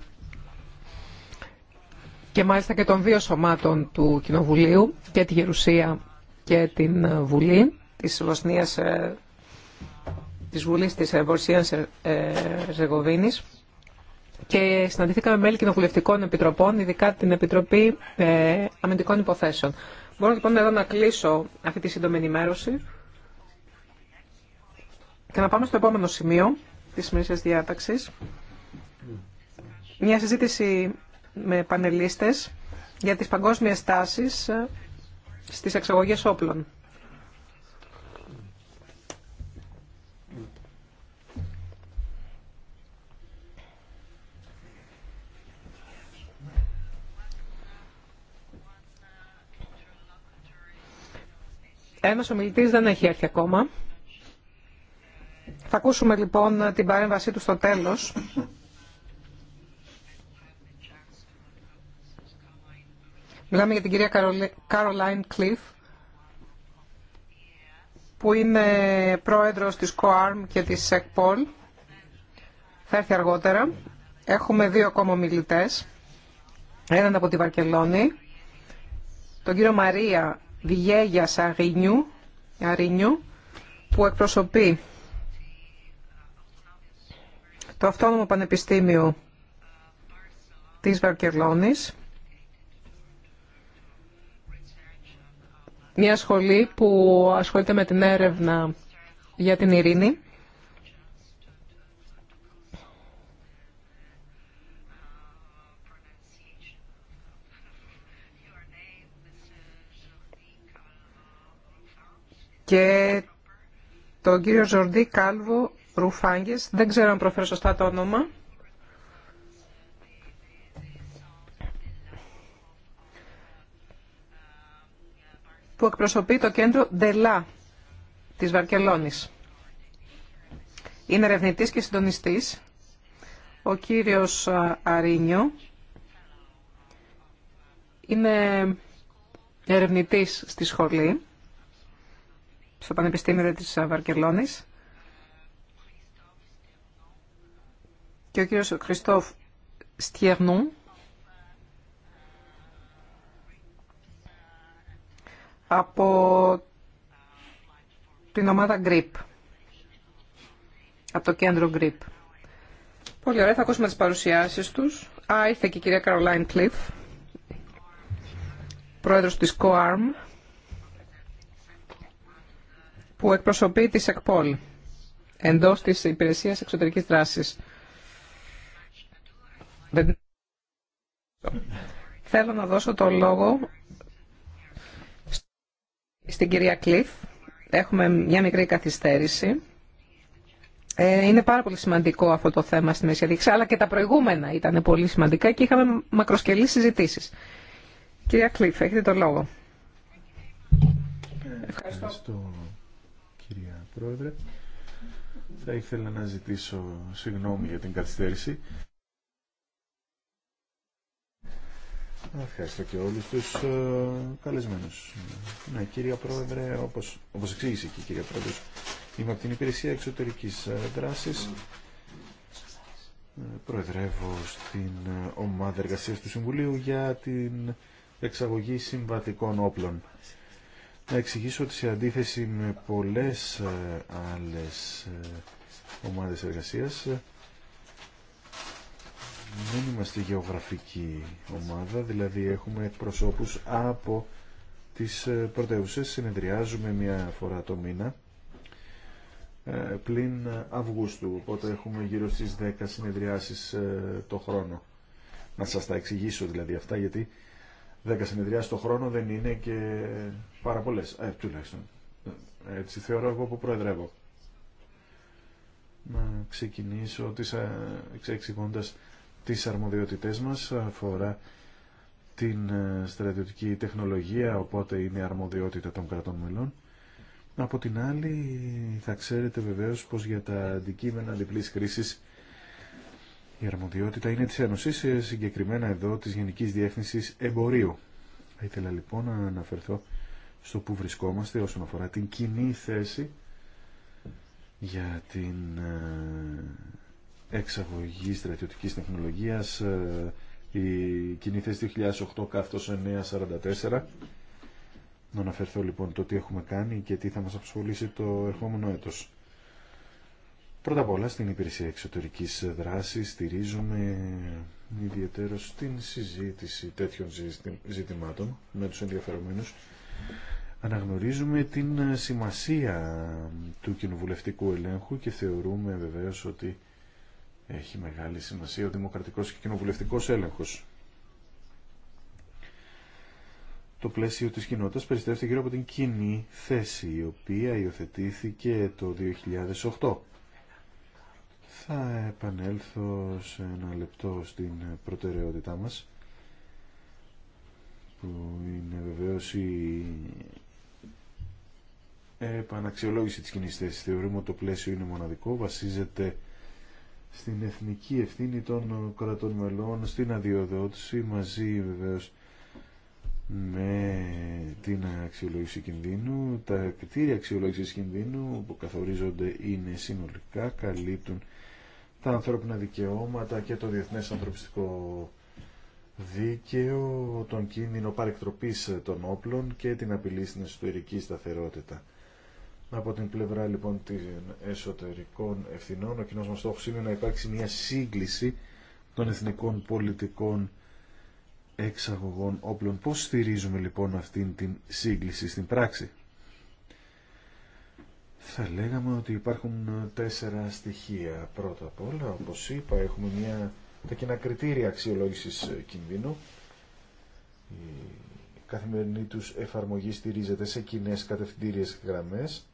και μάλιστα και των δύο σωμάτων του Κοινοβουλίου και τη Γερουσία και την ε, Βουλή της Βοσνίας ε, της Βουλής της Βορσίας Ζεγοβίνης και συναντηθήκαμε με μέλη κοινοβουλευτικών επιτροπών, ειδικά την Επιτροπή ε, Αμυντικών Υποθέσεων. Μπορώ λοιπόν εδώ να κλείσω αυτή τη σύντομη ενημέρωση και να πάμε στο επόμενο σημείο της σημερινής διάταξης. Μια συζήτηση με πανελίστες για τις παγκόσμιες τάσεις ε, στις εξαγωγές όπλων. Ένας ομιλητής δεν έχει έρθει ακόμα. Θα ακούσουμε λοιπόν την παρέμβασή του στο τέλος. Μιλάμε για την κυρία Καρολάιν Κλίφ, που είναι πρόεδρος της ΚΟΑΡΜ και της ΣΕΚΠΟΛ. Θα έρθει αργότερα. Έχουμε δύο ακόμα μιλητές. Έναν από τη Βαρκελόνη, τον κύριο Μαρία Βιέγιας Αρινιού, Αρινιού που εκπροσωπεί το Αυτόνομο Πανεπιστήμιο της Βαρκελόνης, μια σχολή που ασχολείται με την έρευνα για την ειρήνη και τον κύριο ζορδί Κάλβο Ρουφάγγες. Δεν ξέρω αν προφέρω σωστά το όνομα. που εκπροσωπεί το κέντρο ΔΕΛΑ της Βαρκελόνης. Είναι ερευνητή και συντονιστής. Ο κύριος Αρίνιο είναι ερευνητής στη σχολή στο Πανεπιστήμιο της Βαρκελόνης και ο κύριος Χριστόφ Στιερνού από την ομάδα GRIP, από το κέντρο GRIP. Πολύ ωραία, θα ακούσουμε τις παρουσιάσεις τους. Α, ήρθε και η κυρία Καρολάιν Κλίφ, πρόεδρος της COARM, που εκπροσωπεί τη ΕΚΠΟΛ εντός της Υπηρεσίας Εξωτερικής Δράσης. Θέλω να δώσω το λόγο στην κυρία Κλειφ. Έχουμε μια μικρή καθυστέρηση. Ε, είναι πάρα πολύ σημαντικό αυτό το θέμα στη Μέση αλλά και τα προηγούμενα ήταν πολύ σημαντικά και είχαμε μακροσκελή συζητήσεις. Κυρία Κλειφ, έχετε το λόγο. Ευχαριστώ κυρία Πρόεδρε. Θα ήθελα να ζητήσω συγγνώμη για την καθυστέρηση. Ευχαριστώ και όλους τους ε, καλεσμένους. Ναι, κυρία Πρόεδρε, όπως, όπως εξήγησε και η κυρία Πρόεδρε, είμαι από την Υπηρεσία Εξωτερικής ε, Δράσης. Ε, προεδρεύω στην ομάδα εργασίας του Συμβουλίου για την εξαγωγή συμβατικών όπλων να εξηγήσω ότι σε αντίθεση με πολλές ε, άλλες ε, ομάδες εργασίας ε, δεν είμαστε γεωγραφική ομάδα, δηλαδή έχουμε προσώπους από τις πρωτεύουσες, συνεδριάζουμε μια φορά το μήνα πλην Αυγούστου, οπότε έχουμε γύρω στις 10 συνεδριάσεις το χρόνο. Να σας τα εξηγήσω δηλαδή αυτά γιατί 10 συνεδριάσεις το χρόνο δεν είναι και πάρα πολλές. Ε, τουλάχιστον. Έτσι θεωρώ εγώ που προεδρεύω. Να ξεκινήσω τις, εξεξηγώντας τις αρμοδιότητές μας αφορά την ε, στρατιωτική τεχνολογία, οπότε είναι αρμοδιότητα των κρατών μελών. Από την άλλη, θα ξέρετε βεβαίως πως για τα αντικείμενα διπλής χρήσης η αρμοδιότητα είναι της Ένωσης, ε, συγκεκριμένα εδώ της Γενικής Διεύθυνσης Εμπορίου. Θα ήθελα λοιπόν να αναφερθώ στο που βρισκόμαστε όσον αφορά την κοινή θέση για την ε, εξαγωγή στρατιωτικής τεχνολογίας ε, η κοινή θέση 2008-944 να αναφερθώ λοιπόν το τι έχουμε κάνει και τι θα μας απασχολήσει το ερχόμενο έτος. Πρώτα απ' όλα στην υπηρεσία εξωτερικής δράσης στηρίζουμε ιδιαίτερο στην συζήτηση τέτοιων ζητημάτων με τους ενδιαφερομένους. Αναγνωρίζουμε την σημασία του κοινοβουλευτικού ελέγχου και θεωρούμε βεβαίως ότι έχει μεγάλη σημασία ο δημοκρατικός και κοινοβουλευτικός έλεγχος. Το πλαίσιο της κοινότητας περιστρέφεται γύρω από την κοινή θέση η οποία υιοθετήθηκε το 2008 θα επανέλθω σε ένα λεπτό στην προτεραιότητά μας που είναι βεβαίως η επαναξιολόγηση της κοινής θέσης. Θεωρούμε ότι το πλαίσιο είναι μοναδικό, βασίζεται στην εθνική ευθύνη των κρατών μελών, στην αδειοδότηση, μαζί βεβαίως με την αξιολόγηση κινδύνου. Τα κριτήρια αξιολόγησης κινδύνου που καθορίζονται είναι συνολικά, καλύπτουν τα ανθρώπινα δικαιώματα και το διεθνές ανθρωπιστικό δίκαιο, τον κίνδυνο παρεκτροπής των όπλων και την απειλή στην εσωτερική σταθερότητα. Από την πλευρά λοιπόν των εσωτερικών ευθυνών, ο κοινός μας στόχος είναι να υπάρξει μια σύγκληση των εθνικών πολιτικών εξαγωγών όπλων. Πώς στηρίζουμε λοιπόν αυτήν την σύγκληση στην πράξη. Θα λέγαμε ότι υπάρχουν τέσσερα στοιχεία. Πρώτα απ' όλα, όπως είπα, έχουμε μια, τα κοινά κριτήρια αξιολόγησης κινδύνου. Η καθημερινή τους εφαρμογή στηρίζεται σε κοινέ κατευθυντήριες γραμμές.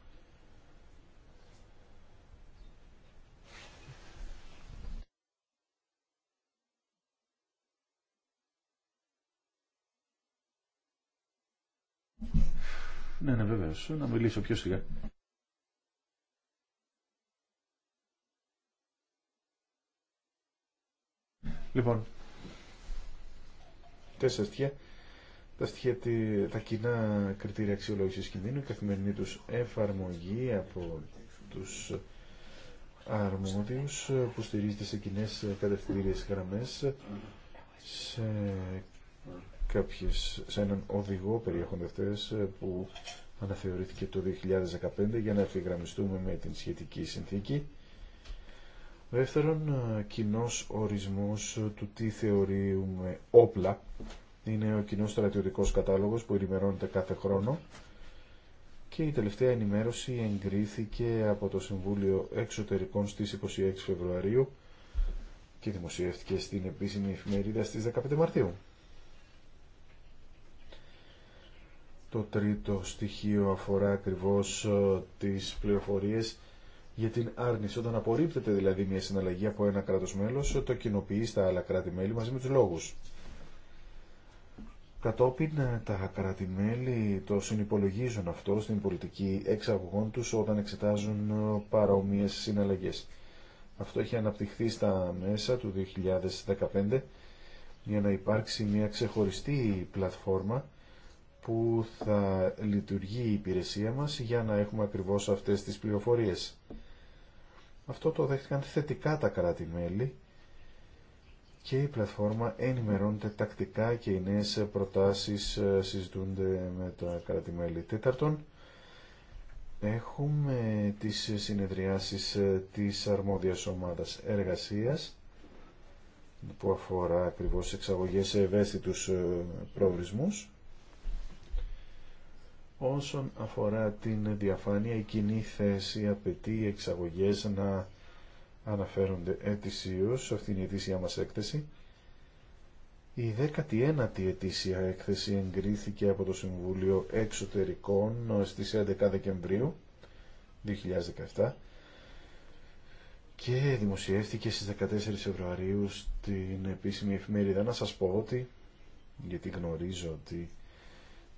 Ναι, ναι, βέβαια. Να μιλήσω πιο σιγά. Λοιπόν, τέσσερα στοιχεία. Τα στοιχεία, τα κοινά κριτήρια αξιολογήση κινδύνου, η καθημερινή του εφαρμογή από τους αρμόδιου που στηρίζεται σε κοινέ κατευθυντήριε γραμμέ σε, κάποιες, σε έναν οδηγό περιέχονται που αναθεωρήθηκε το 2015 για να εφηγραμμιστούμε με την σχετική συνθήκη Δεύτερον, ε, κοινό ορισμός του τι θεωρούμε όπλα. Είναι ο κοινό στρατιωτικός κατάλογος που ενημερώνεται κάθε χρόνο και η τελευταία ενημέρωση εγκρίθηκε από το Συμβούλιο Εξωτερικών στις 26 Φεβρουαρίου και δημοσιεύτηκε στην επίσημη εφημερίδα στις 15 Μαρτίου. Το τρίτο στοιχείο αφορά ακριβώς ε, τις πληροφορίες για την άρνηση. Όταν απορρίπτεται δηλαδή μια συναλλαγή από ένα κράτος μέλος, το κοινοποιεί στα άλλα κράτη-μέλη μαζί με τους λόγους. Κατόπιν ε, τα κράτη-μέλη το συνυπολογίζουν αυτό στην πολιτική εξαγωγών τους όταν εξετάζουν ε, παρόμοιες συναλλαγές. Αυτό έχει αναπτυχθεί στα μέσα του 2015 για να υπάρξει μια ξεχωριστή πλατφόρμα που θα λειτουργεί η υπηρεσία μας για να έχουμε ακριβώς αυτές τις πληροφορίες. Αυτό το δέχτηκαν θετικά τα κράτη-μέλη και η πλατφόρμα ενημερώνεται τακτικά και οι νέες προτάσεις ε, συζητούνται με τα κράτη-μέλη. Τέταρτον, έχουμε τις συνεδριάσεις ε, της αρμόδιας ομάδας εργασίας που αφορά ακριβώς εξαγωγές σε ευαίσθητους ε, προορισμούς Όσον αφορά την διαφάνεια, η κοινή θέση απαιτεί οι εξαγωγές να αναφέρονται ετησίως σε αυτήν η ετήσια μας έκθεση. Η 19η ετήσια έκθεση εγκρίθηκε από το Συμβούλιο Εξωτερικών στις 11 Δεκεμβρίου 2017 και δημοσιεύτηκε στις 14 Φεβρουαρίου στην επίσημη εφημερίδα. Να σας πω ότι, γιατί γνωρίζω ότι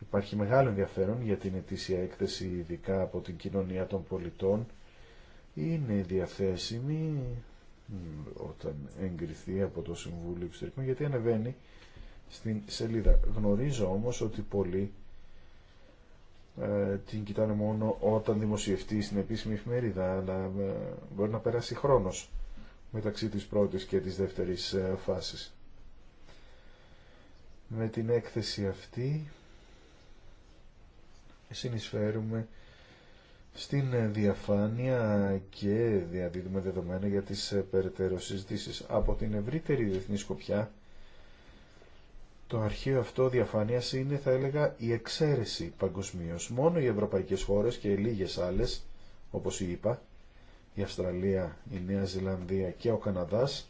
Υπάρχει μεγάλο ενδιαφέρον για την ετήσια έκθεση ειδικά από την κοινωνία των πολιτών. Είναι διαθέσιμη όταν εγκριθεί από το Συμβούλιο Εξωτερικών γιατί ανεβαίνει στην σελίδα. Γνωρίζω όμως ότι πολλοί ε, την κοιτάνε μόνο όταν δημοσιευτεί στην επίσημη εφημερίδα αλλά ε, μπορεί να περάσει χρόνος μεταξύ της πρώτης και της δεύτερης ε, φάσης. Με την έκθεση αυτή συνεισφέρουμε στην ε, διαφάνεια και διαδίδουμε δεδομένα για τις ε, περαιτέρω συζητήσει. Από την ευρύτερη διεθνή σκοπιά, το αρχείο αυτό διαφάνειας είναι, θα έλεγα, η εξαίρεση παγκοσμίω. Μόνο οι ευρωπαϊκές χώρες και λίγες άλλες, όπως είπα, η Αυστραλία, η Νέα Ζηλανδία και ο Καναδάς,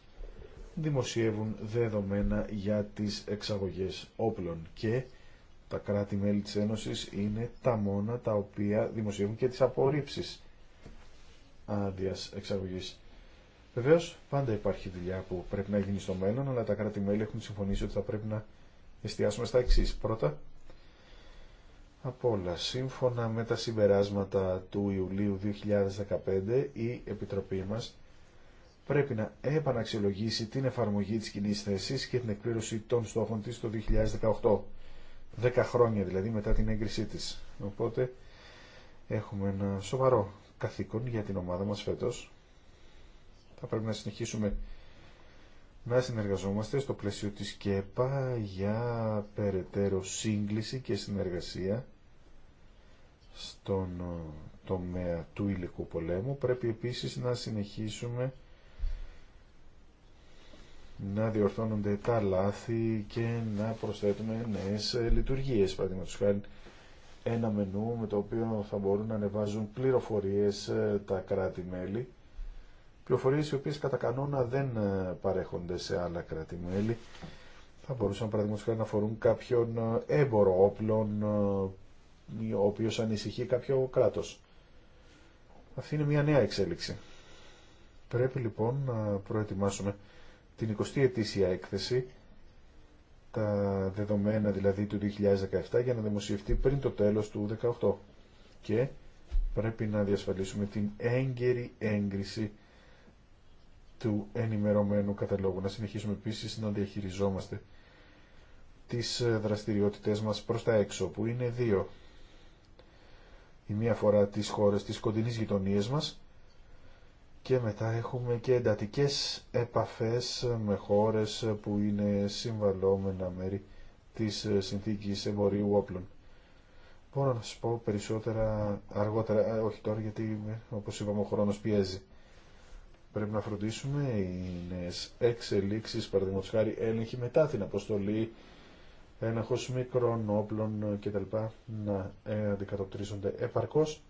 δημοσιεύουν δεδομένα για τις εξαγωγές όπλων και τα κράτη-μέλη της Ένωσης είναι τα μόνα τα οποία δημοσιεύουν και τις απορρίψεις άδειας εξαγωγής. Βεβαίως, πάντα υπάρχει δουλειά που πρέπει να γίνει στο μέλλον, αλλά τα κράτη-μέλη έχουν συμφωνήσει ότι θα πρέπει να εστιάσουμε στα εξή. Πρώτα, από όλα, σύμφωνα με τα συμπεράσματα του Ιουλίου 2015, η Επιτροπή μας πρέπει να επαναξιολογήσει την εφαρμογή της κοινή θέση και την εκπλήρωση των στόχων της το 2018. 10 χρόνια δηλαδή μετά την έγκρισή της. Οπότε έχουμε ένα σοβαρό καθήκον για την ομάδα μας φέτος. Θα πρέπει να συνεχίσουμε να συνεργαζόμαστε στο πλαίσιο της ΚΕΠΑ για περαιτέρω σύγκληση και συνεργασία στον τομέα του υλικού πολέμου. Πρέπει επίσης να συνεχίσουμε να διορθώνονται τα λάθη και να προσθέτουμε νέες ε, λειτουργίες, παραδείγματος χάρη ένα μενού με το οποίο θα μπορούν να ανεβάζουν πληροφορίες ε, τα κράτη-μέλη, πληροφορίες οι οποίες κατά κανόνα δεν ε, παρέχονται σε άλλα κράτη-μέλη. Θα μπορούσαν παραδείγματος χάρη να φορούν κάποιον έμπορο όπλων, ο οποίος ανησυχεί κάποιο κράτος. Αυτή είναι μια νέα εξέλιξη. Πρέπει λοιπόν να προετοιμάσουμε την 20η ετήσια έκθεση, τα δεδομένα δηλαδή του 2017, για να δημοσιευτεί πριν το τέλος του 2018. Και πρέπει να διασφαλίσουμε την έγκαιρη έγκριση του ενημερωμένου καταλόγου. Να συνεχίσουμε επίσης να διαχειριζόμαστε τις ε, δραστηριότητες μας προς τα έξω, που είναι δύο. Η μία φορά τις χώρες της κοντινής γειτονίας μας και μετά έχουμε και εντατικές επαφές με χώρες που είναι συμβαλόμενα μέρη της συνθήκης εμπορίου όπλων. Μπορώ να σας πω περισσότερα αργότερα, όχι τώρα γιατί ε, όπως είπαμε ο χρόνος πιέζει. Πρέπει να φροντίσουμε οι νέες εξελίξεις, παραδείγματος χάρη έλεγχη μετά την αποστολή, έναχος μικρών όπλων κτλ. να ε, αντικατοπτρίζονται επαρκώς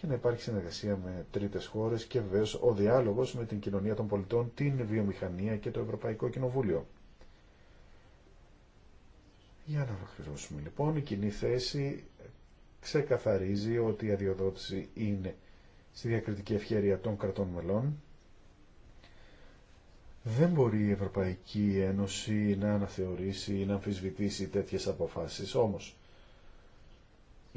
και να υπάρχει συνεργασία με τρίτες χώρες και βεβαίω ο διάλογος με την κοινωνία των πολιτών, την βιομηχανία και το Ευρωπαϊκό Κοινοβούλιο. Για να ολοκληρώσουμε λοιπόν, η κοινή θέση ξεκαθαρίζει ότι η αδειοδότηση είναι στη διακριτική ευχαίρεια των κρατών μελών. Δεν μπορεί η Ευρωπαϊκή Ένωση να αναθεωρήσει ή να αμφισβητήσει τέτοιες αποφάσεις, όμως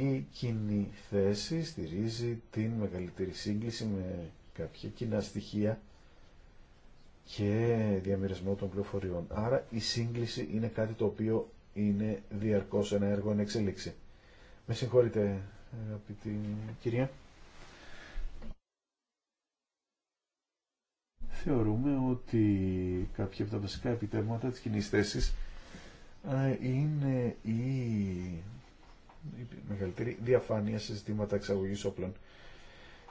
η κοινή θέση στηρίζει την μεγαλύτερη σύγκληση με κάποια κοινά στοιχεία και διαμοιρασμό των πληροφοριών. Άρα η σύγκληση είναι κάτι το οποίο είναι διαρκώς ένα έργο εν εξελίξη. Με συγχωρείτε αγαπητή κυρία. Θεωρούμε ότι κάποια από τα βασικά επιτεύγματα της κοινής θέσης ε, είναι η μεγαλύτερη διαφάνεια σε ζητήματα εξαγωγής όπλων.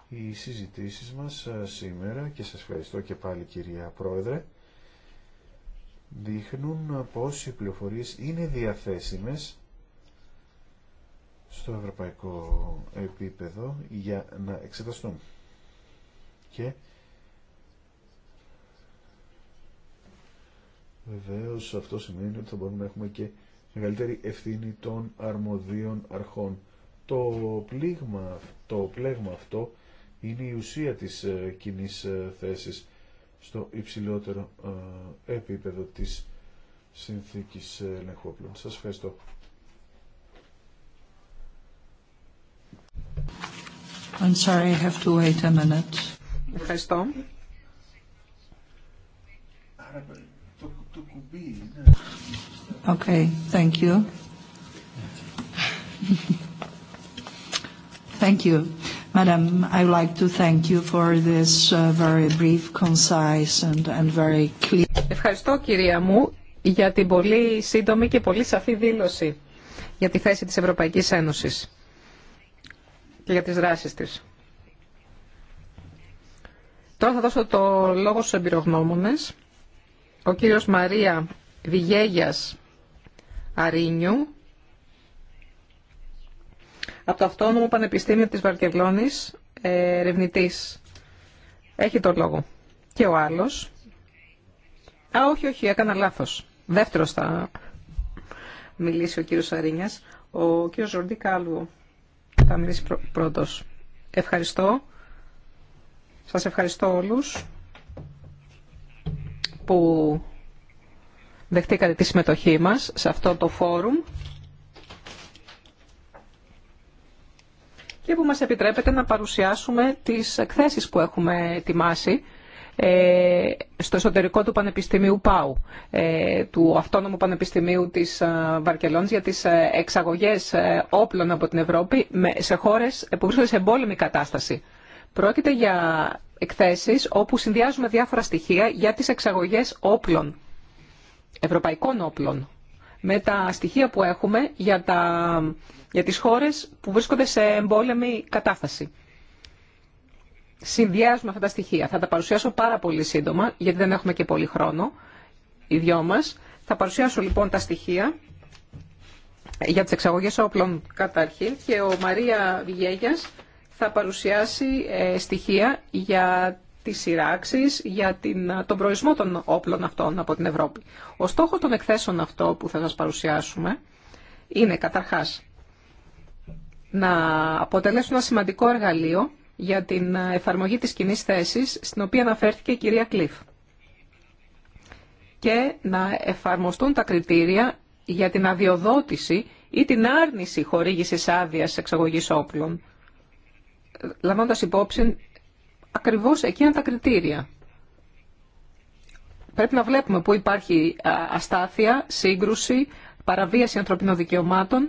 Οι συζητήσει μας ε, σήμερα, και σα ευχαριστώ και πάλι κυρία Πρόεδρε, δείχνουν ε, πώ οι πληροφορίε είναι διαθέσιμες στο ευρωπαϊκό επίπεδο για να εξεταστούν. Και βεβαίως αυτό σημαίνει ότι θα μπορούμε να έχουμε και μεγαλύτερη ευθύνη των αρμοδίων αρχών. Το, πλήγμα, το πλέγμα αυτό είναι η ουσία της ε, κοινή ε, θέσης στο υψηλότερο ε, επίπεδο της συνθήκης ελεγχόπλων. Σας ευχαριστώ. I'm sorry, I have to wait a minute. Ευχαριστώ. Το, το κουμπί, είναι... Okay, thank you. Thank you. Madam, I would like to thank you for this uh, very brief, concise and, and very clear. Ευχαριστώ κυρία μου για την πολύ σύντομη και πολύ σαφή δήλωση για τη θέση της Ευρωπαϊκής Ένωσης και για τις δράσεις της. Τώρα θα δώσω το λόγο στους εμπειρογνώμονες. Ο κύριος Μαρία Βιγέγιας Αρίνιου από το Αυτόνομο Πανεπιστήμιο της Βαρκελόνης, ε, ερευνητή. Έχει τον λόγο. Και ο άλλος. Α, όχι, όχι, έκανα λάθος. Δεύτερος θα μιλήσει ο κύριος Αρίνιας. Ο κύριος Ζορντί Κάλβο θα μιλήσει πρώτος. Ευχαριστώ. Σας ευχαριστώ όλους που δεχτήκατε τη συμμετοχή μας σε αυτό το φόρουμ και που μας επιτρέπετε να παρουσιάσουμε τις εκθέσεις που έχουμε ετοιμάσει ε, στο εσωτερικό του Πανεπιστημίου ΠΑΟΥ, ε, του Αυτόνομου Πανεπιστημίου της ε, Βαρκελόνης για τις εξαγωγές όπλων από την Ευρώπη σε χώρες που βρίσκονται σε εμπόλεμη κατάσταση. Πρόκειται για εκθέσεις όπου συνδυάζουμε διάφορα στοιχεία για τις εξαγωγές όπλων ευρωπαϊκών όπλων με τα στοιχεία που έχουμε για, τα, για τις χώρες που βρίσκονται σε εμπόλεμη κατάσταση. Συνδυάζουμε αυτά τα στοιχεία. Θα τα παρουσιάσω πάρα πολύ σύντομα, γιατί δεν έχουμε και πολύ χρόνο οι δυο μας. Θα παρουσιάσω λοιπόν τα στοιχεία για τις εξαγωγές όπλων καταρχήν και ο Μαρία Βιγέγιας θα παρουσιάσει ε, στοιχεία για τη σειράξεις για την, τον προορισμό των όπλων αυτών από την Ευρώπη. Ο στόχο των εκθέσεων αυτό που θα σας παρουσιάσουμε είναι καταρχάς να αποτελέσουν ένα σημαντικό εργαλείο για την εφαρμογή της κοινή θέση στην οποία αναφέρθηκε η κυρία Κλίφ και να εφαρμοστούν τα κριτήρια για την αδειοδότηση ή την άρνηση χορήγησης άδειας εξαγωγής όπλων λαμβάνοντα υπόψη ακριβώς εκείνα τα κριτήρια. Πρέπει να βλέπουμε που υπάρχει αστάθεια, σύγκρουση, παραβίαση ανθρωπίνων δικαιωμάτων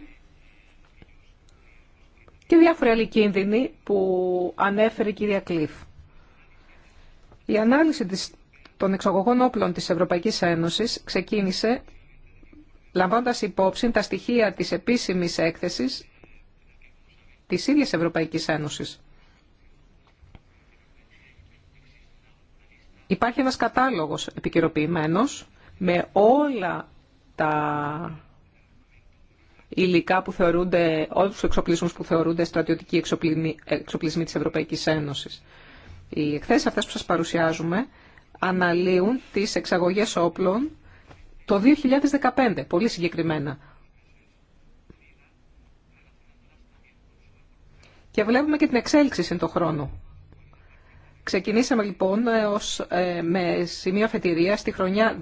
και διάφοροι άλλοι κίνδυνοι που ανέφερε η κυρία Κλίφ. Η ανάλυση των εξαγωγών όπλων της Ευρωπαϊκής Ένωσης ξεκίνησε λαμβάνοντας υπόψη τα στοιχεία της επίσημης έκθεσης της ίδιας Ευρωπαϊκής Ένωσης. Υπάρχει ένας κατάλογος επικαιροποιημένος με όλα τα υλικά που θεωρούνται, όλους τους εξοπλισμούς που θεωρούνται στρατιωτικοί εξοπλισμοί της Ευρωπαϊκής Ένωσης. Οι εκθέσεις αυτές που σας παρουσιάζουμε αναλύουν τις εξαγωγές όπλων το 2015, πολύ συγκεκριμένα. Και βλέπουμε και την εξέλιξη στον χρόνο. Ξεκινήσαμε λοιπόν ως, ε, με σημείο αφετηρία στη χρονιά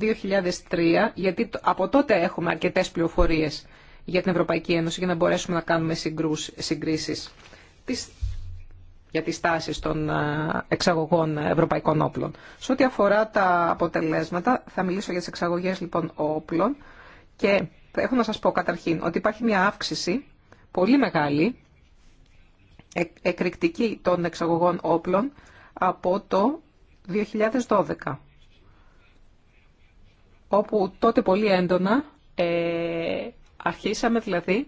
2003, γιατί από τότε έχουμε αρκετές πληροφορίες για την Ευρωπαϊκή Ένωση για να μπορέσουμε να κάνουμε συγκρίσει συγκρίσεις για τις τάσεις των ε, εξαγωγών ευρωπαϊκών όπλων. Σε ό,τι αφορά τα αποτελέσματα, θα μιλήσω για τις εξαγωγές λοιπόν όπλων και έχω να σας πω καταρχήν ότι υπάρχει μια αύξηση πολύ μεγάλη, εκρηκτική των εξαγωγών όπλων από το 2012, όπου τότε πολύ έντονα ε, αρχίσαμε δηλαδή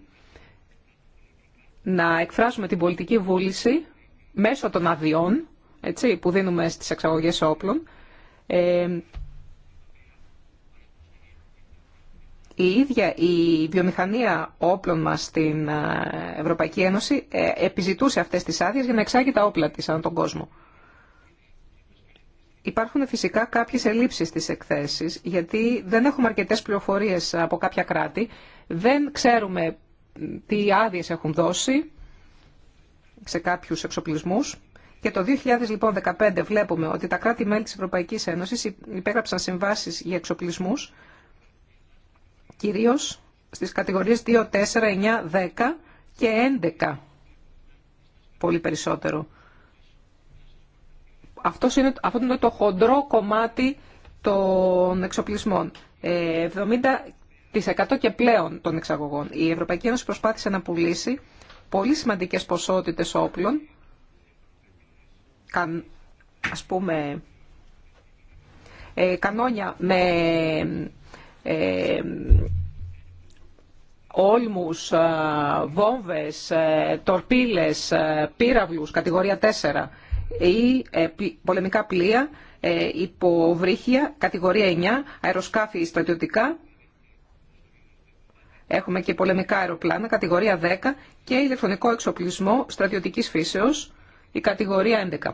να εκφράζουμε την πολιτική βούληση μέσω των αδειών έτσι, που δίνουμε στις εξαγωγές όπλων. Ε, η ίδια η βιομηχανία όπλων μας στην ε, Ευρωπαϊκή Ένωση ε, επιζητούσε αυτές τις άδειες για να εξάγει τα όπλα της ανά τον κόσμο. Υπάρχουν φυσικά κάποιες ελλείψεις στις εκθέσεις, γιατί δεν έχουμε αρκετέ πληροφορίες από κάποια κράτη, δεν ξέρουμε τι άδειε έχουν δώσει σε κάποιους εξοπλισμούς. Και το 2015 λοιπόν βλέπουμε ότι τα κράτη-μέλη της Ευρωπαϊκής Ένωσης υπέγραψαν συμβάσεις για εξοπλισμούς, κυρίως στις κατηγορίες 2, 4, 9, 10 και 11, πολύ περισσότερο αυτό είναι, αυτό είναι το χοντρό κομμάτι των εξοπλισμών. 70% ε, και πλέον των εξαγωγών. Η Ευρωπαϊκή Ένωση προσπάθησε να πουλήσει πολύ σημαντικές ποσότητες όπλων, ας πούμε ε, κανόνια με ε, όλμους, βόμβες, τορπίλες, πύραυλους, κατηγορία 4 ή ε, πολεμικά πλοία, ε, υποβρύχια, κατηγορία 9, αεροσκάφη στρατιωτικά, έχουμε και πολεμικά αεροπλάνα, κατηγορία 10 και ηλεκτρονικό εξοπλισμό στρατιωτικής φύσεως, η κατηγορία 11.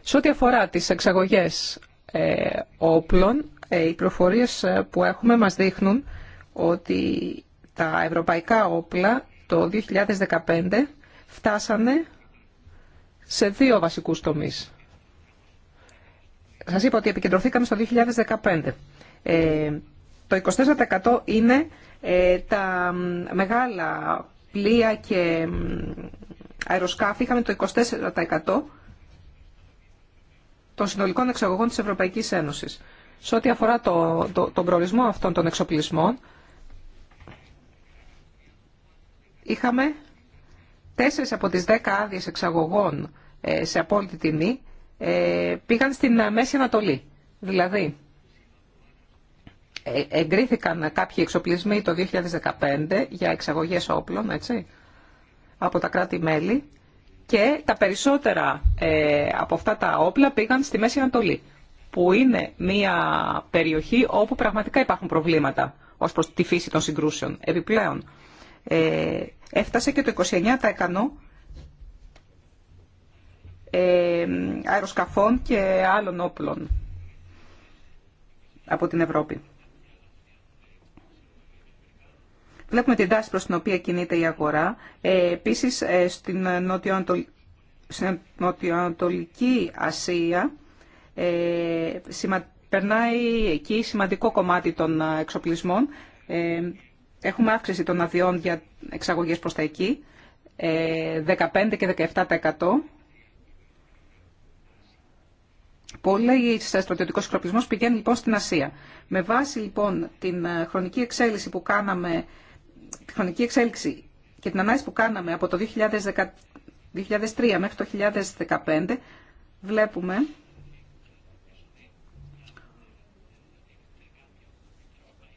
Σε ό,τι αφορά τις εξαγωγές ε, όπλων, οι προφορίες που έχουμε μας δείχνουν ότι τα ευρωπαϊκά όπλα το 2015 φτάσανε σε δύο βασικούς τομείς. Σας είπα ότι επικεντρωθήκαμε στο 2015. Ε, το 24% είναι ε, τα μεγάλα πλοία και αεροσκάφη. Είχαμε το 24% των συνολικών εξαγωγών της Ευρωπαϊκής Ένωσης. Σε ό,τι αφορά το, το, τον προορισμό αυτών των εξοπλισμών, είχαμε Τέσσερις από τις δέκα άδειε εξαγωγών ε, σε απόλυτη τιμή ε, πήγαν στην ε, Μέση Ανατολή. Δηλαδή, εγκρίθηκαν κάποιοι εξοπλισμοί το 2015 για εξαγωγές όπλων, έτσι, από τα κράτη-μέλη και τα περισσότερα από αυτά τα όπλα πήγαν στη Μέση Ανατολή, που είναι μια περιοχή όπου πραγματικά υπάρχουν προβλήματα ως προς τη φύση των συγκρούσεων. Επιπλέον, Έφτασε και το 29% ε, αεροσκαφών και άλλων όπλων από την Ευρώπη. Βλέπουμε την τάση προς την οποία κινείται η αγορά. Ε, επίσης, ε, στην, νοτιοανατολική Ασία ε, περνάει εκεί σημαντικό κομμάτι των εξοπλισμών Έχουμε αύξηση των αδειών για εξαγωγές προς τα εκεί, 15 ε, και 17%. Πολλοί στρατιωτικό εξοπλισμό πηγαίνουν λοιπόν στην Ασία. Με βάση λοιπόν την ε, χρονική εξέλιξη που κάναμε, τη χρονική εξέλιξη και την ανάλυση που κάναμε από το 2010, 2003 μέχρι το 2015, βλέπουμε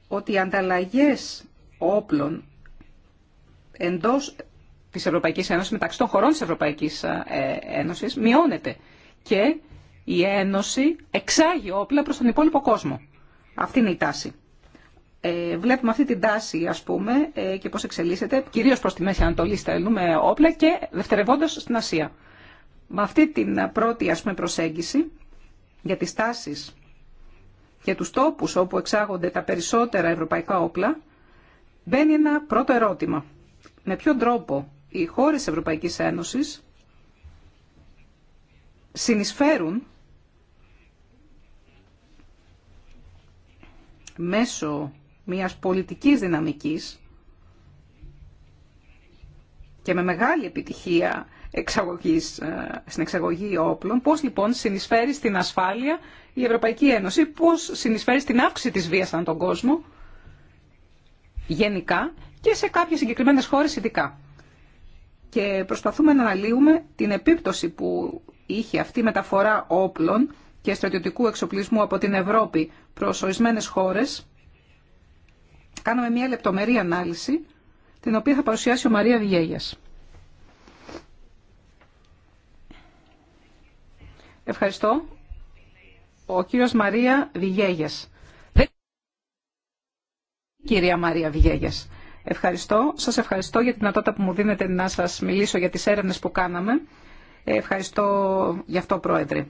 ότι οι ανταλλαγές όπλων εντός της Ευρωπαϊκής Ένωσης, μεταξύ των χωρών της Ευρωπαϊκής ε, Ένωσης, μειώνεται. Και η Ένωση εξάγει όπλα προς τον υπόλοιπο κόσμο. Αυτή είναι η τάση. Ε, βλέπουμε αυτή την τάση, ας πούμε, ε, και πώς εξελίσσεται, κυρίως προς τη Μέση Ανατολή στέλνουμε όπλα και δευτερευόντως στην Ασία. Με αυτή την πρώτη, ας πούμε, προσέγγιση για τις τάσεις και τους τόπους όπου εξάγονται τα περισσότερα ευρωπαϊκά όπλα, μπαίνει ένα πρώτο ερώτημα. Με ποιο τρόπο οι χώρες Ευρωπαϊκής Ένωσης συνεισφέρουν μέσω μιας πολιτικής δυναμικής και με μεγάλη επιτυχία εξαγωγής, ε, στην εξαγωγή όπλων, πώς λοιπόν συνεισφέρει στην ασφάλεια η Ευρωπαϊκή Ένωση, πώς συνεισφέρει στην αύξηση της βίας ανά τον κόσμο, γενικά και σε κάποιες συγκεκριμένες χώρες ειδικά. Και προσπαθούμε να αναλύουμε την επίπτωση που είχε αυτή η μεταφορά όπλων και στρατιωτικού εξοπλισμού από την Ευρώπη προς ορισμένες χώρες. Κάναμε μια λεπτομερή ανάλυση, την οποία θα παρουσιάσει ο Μαρία Βιέγιας. Ευχαριστώ. Ο κύριος Μαρία Βιγέγιας Κυρία Μαρία Βιέγε. ευχαριστώ. Σας ευχαριστώ για την δυνατότητα που μου δίνετε να σας μιλήσω για τις έρευνε που κάναμε. Ευχαριστώ γι' αυτό, Πρόεδρε.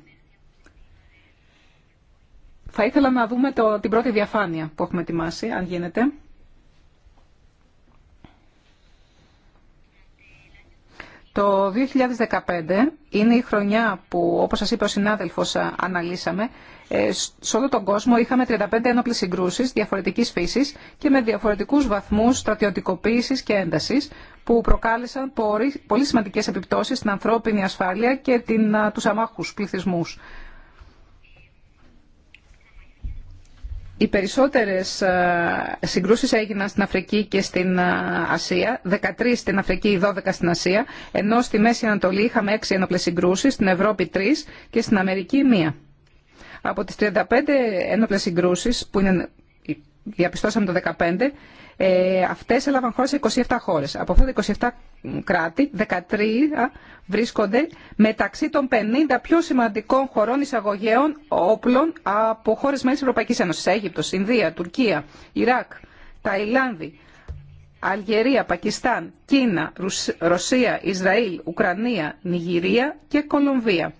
Θα ήθελα να δούμε το, την πρώτη διαφάνεια που έχουμε ετοιμάσει, αν γίνεται. Το 2015 είναι η χρονιά που, όπως σας είπε ο συνάδελφος, αναλύσαμε. Ε, σε όλο τον κόσμο είχαμε 35 ένοπλες συγκρούσεις διαφορετικής φύσης και με διαφορετικούς βαθμούς στρατιωτικοποίησης και έντασης που προκάλεσαν πολύ σημαντικές επιπτώσεις στην ανθρώπινη ασφάλεια και την, τους αμάχους πληθυσμούς. Οι περισσότερες ε, συγκρούσεις έγιναν στην Αφρική και στην ε, Ασία, 13 στην Αφρική, 12 στην Ασία, ενώ στη Μέση Ανατολή είχαμε 6 ένοπλες συγκρούσεις, στην Ευρώπη 3 και στην Αμερική 1. Από τις 35 ένοπλες συγκρούσεις που είναι, διαπιστώσαμε το 2015, ε, αυτές έλαβαν χώρα σε 27 χώρες. Από αυτά τα 27 κράτη, 13 βρίσκονται μεταξύ των 50 πιο σημαντικών χωρών εισαγωγέων όπλων από χώρες μέλη της Ευρωπαϊκής Ένωσης. Αίγυπτος, Ινδία, Τουρκία, Ιράκ, Ταϊλάνδη, Αλγερία, Πακιστάν, Κίνα, Ρωσία, Ισραήλ, Ουκρανία, Νιγηρία και Κολομβία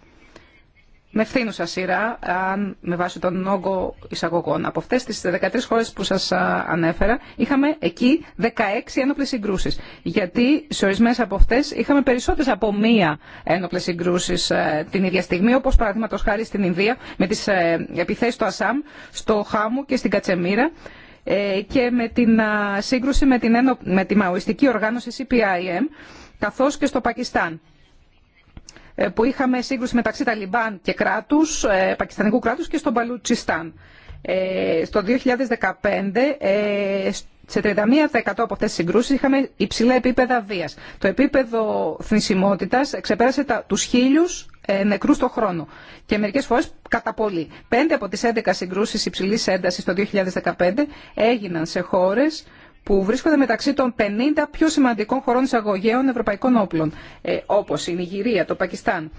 με φθήνουσα σειρά, αν με βάση τον όγκο εισαγωγών. Από αυτέ τι 13 χώρε που σα ανέφερα, είχαμε εκεί 16 ένοπλε συγκρούσει. Γιατί σε ορισμένε από αυτέ είχαμε περισσότερε από μία ένοπλε συγκρούσει ε, την ίδια στιγμή, όπω παραδείγματο χάρη στην Ινδία, με τι ε, επιθέσει στο Ασάμ, στο Χάμου και στην Κατσεμίρα ε, και με την σύγκρουση με, την, με τη μαοιστική οργάνωση CPIM, καθώς και στο Πακιστάν ε, που είχαμε σύγκρουση μεταξύ Ταλιμπάν και κράτους, ε, πακιστανικού κράτους και στον Παλουτσιστάν. Ε, στο 2015 σε 31% από αυτές τις συγκρούσεις είχαμε υψηλά επίπεδα βίας. Το επίπεδο θνησιμότητας ξεπέρασε τα, τους χίλιους νεκρούς το χρόνο και μερικές φορές κατά πολύ. Πέντε από τις 11 συγκρούσεις υψηλής έντασης το 2015 έγιναν σε χώρες που βρίσκονται μεταξύ των 50 πιο σημαντικών χωρών εισαγωγέων ευρωπαϊκών όπλων, ε, όπως η Νιγηρία, το Πακιστάν,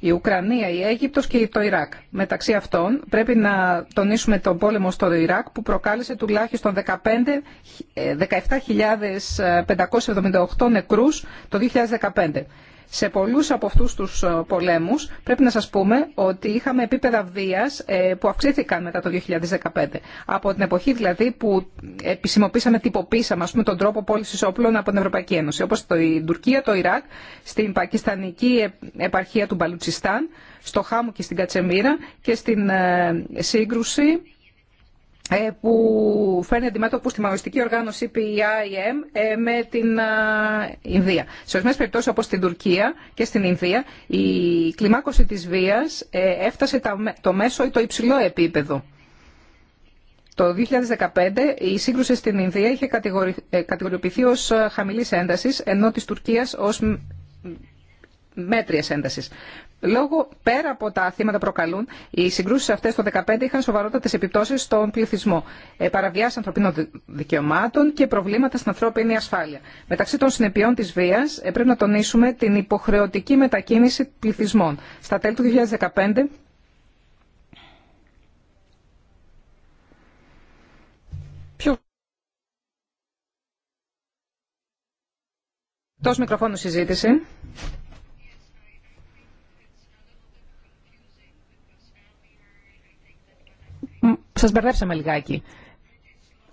η Ουκρανία, η Αίγυπτος και το Ιράκ. Μεταξύ αυτών πρέπει να τονίσουμε τον πόλεμο στο Ιράκ που προκάλεσε τουλάχιστον 17.578 ε, νεκρούς το 2015. Σε πολλούς από αυτούς τους ε, πολέμους πρέπει να σας πούμε ότι είχαμε επίπεδα βίας ε, που αυξήθηκαν μετά το 2015. Από την εποχή δηλαδή που επισημοποίησαμε, τυποποίησαμε ας πούμε, τον τρόπο πώληση όπλων από την Ευρωπαϊκή Ένωση. Όπως το, η Τουρκία, το Ιράκ, στην πακιστανική επαρχία του Μπαλουτσιστάν, στο Χάμου και στην Κατσεμίρα και στην ε, σύγκρουση ε, που φέρνει που στη μαγιστική οργάνωση PIM ε, με την Ινδία. Σε ορισμένε περιπτώσει όπω στην Τουρκία και στην Ινδία η κλιμάκωση της βίας ε, έφτασε το μέσο ή το υψηλό επίπεδο. Το 2015 η σύγκρουση στην Ινδία είχε κατηγοριοποιηθεί ως χαμηλής έντασης ενώ της Τουρκίας ως μέτριας ένταση Λόγω πέρα από τα θύματα προκαλούν, οι συγκρούσει αυτέ το 2015 είχαν σοβαρότατε επιπτώσει στον πληθυσμό. Ε, παραβιάσει ανθρωπίνων δικαιωμάτων και προβλήματα στην ανθρώπινη ασφάλεια. Μεταξύ των συνεπειών τη βία ε, πρέπει να τονίσουμε την υποχρεωτική μετακίνηση πληθυσμών. Στα τέλη του 2015. Ποιο... Τόσο μικροφόνο συζήτηση. Σα μπερδέψαμε λιγάκι.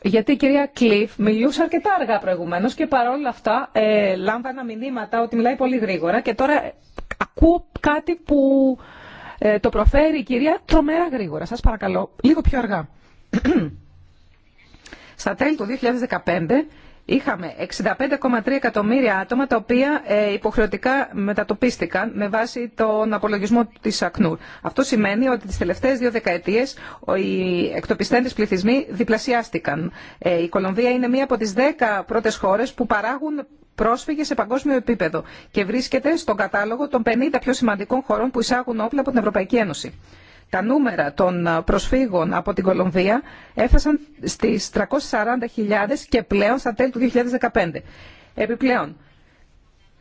Γιατί η κυρία Κλειφ μιλούσε αρκετά αργά προηγουμένω. και παρόλα αυτά ε, λάμβανα μηνύματα ότι μιλάει πολύ γρήγορα και τώρα ακούω κάτι που ε, το προφέρει η κυρία τρομερά γρήγορα. Σας παρακαλώ, λίγο πιο αργά. Στα τέλη του 2015 είχαμε 65,3 εκατομμύρια άτομα τα οποία ε, υποχρεωτικά μετατοπίστηκαν με βάση τον απολογισμό της ΑΚΝΟΥΡ. Αυτό σημαίνει ότι τις τελευταίες δύο δεκαετίες οι εκτοπιστέντες πληθυσμοί διπλασιάστηκαν. Ε, η Κολομβία είναι μία από τις 10 πρώτες χώρες που παράγουν πρόσφυγε σε παγκόσμιο επίπεδο και βρίσκεται στον κατάλογο των 50 πιο σημαντικών χωρών που εισάγουν όπλα από την Ευρωπαϊκή Ένωση τα νούμερα των ε, προσφύγων από την Κολομβία έφτασαν στις 340.000 και πλέον στα τέλη του 2015. Επιπλέον,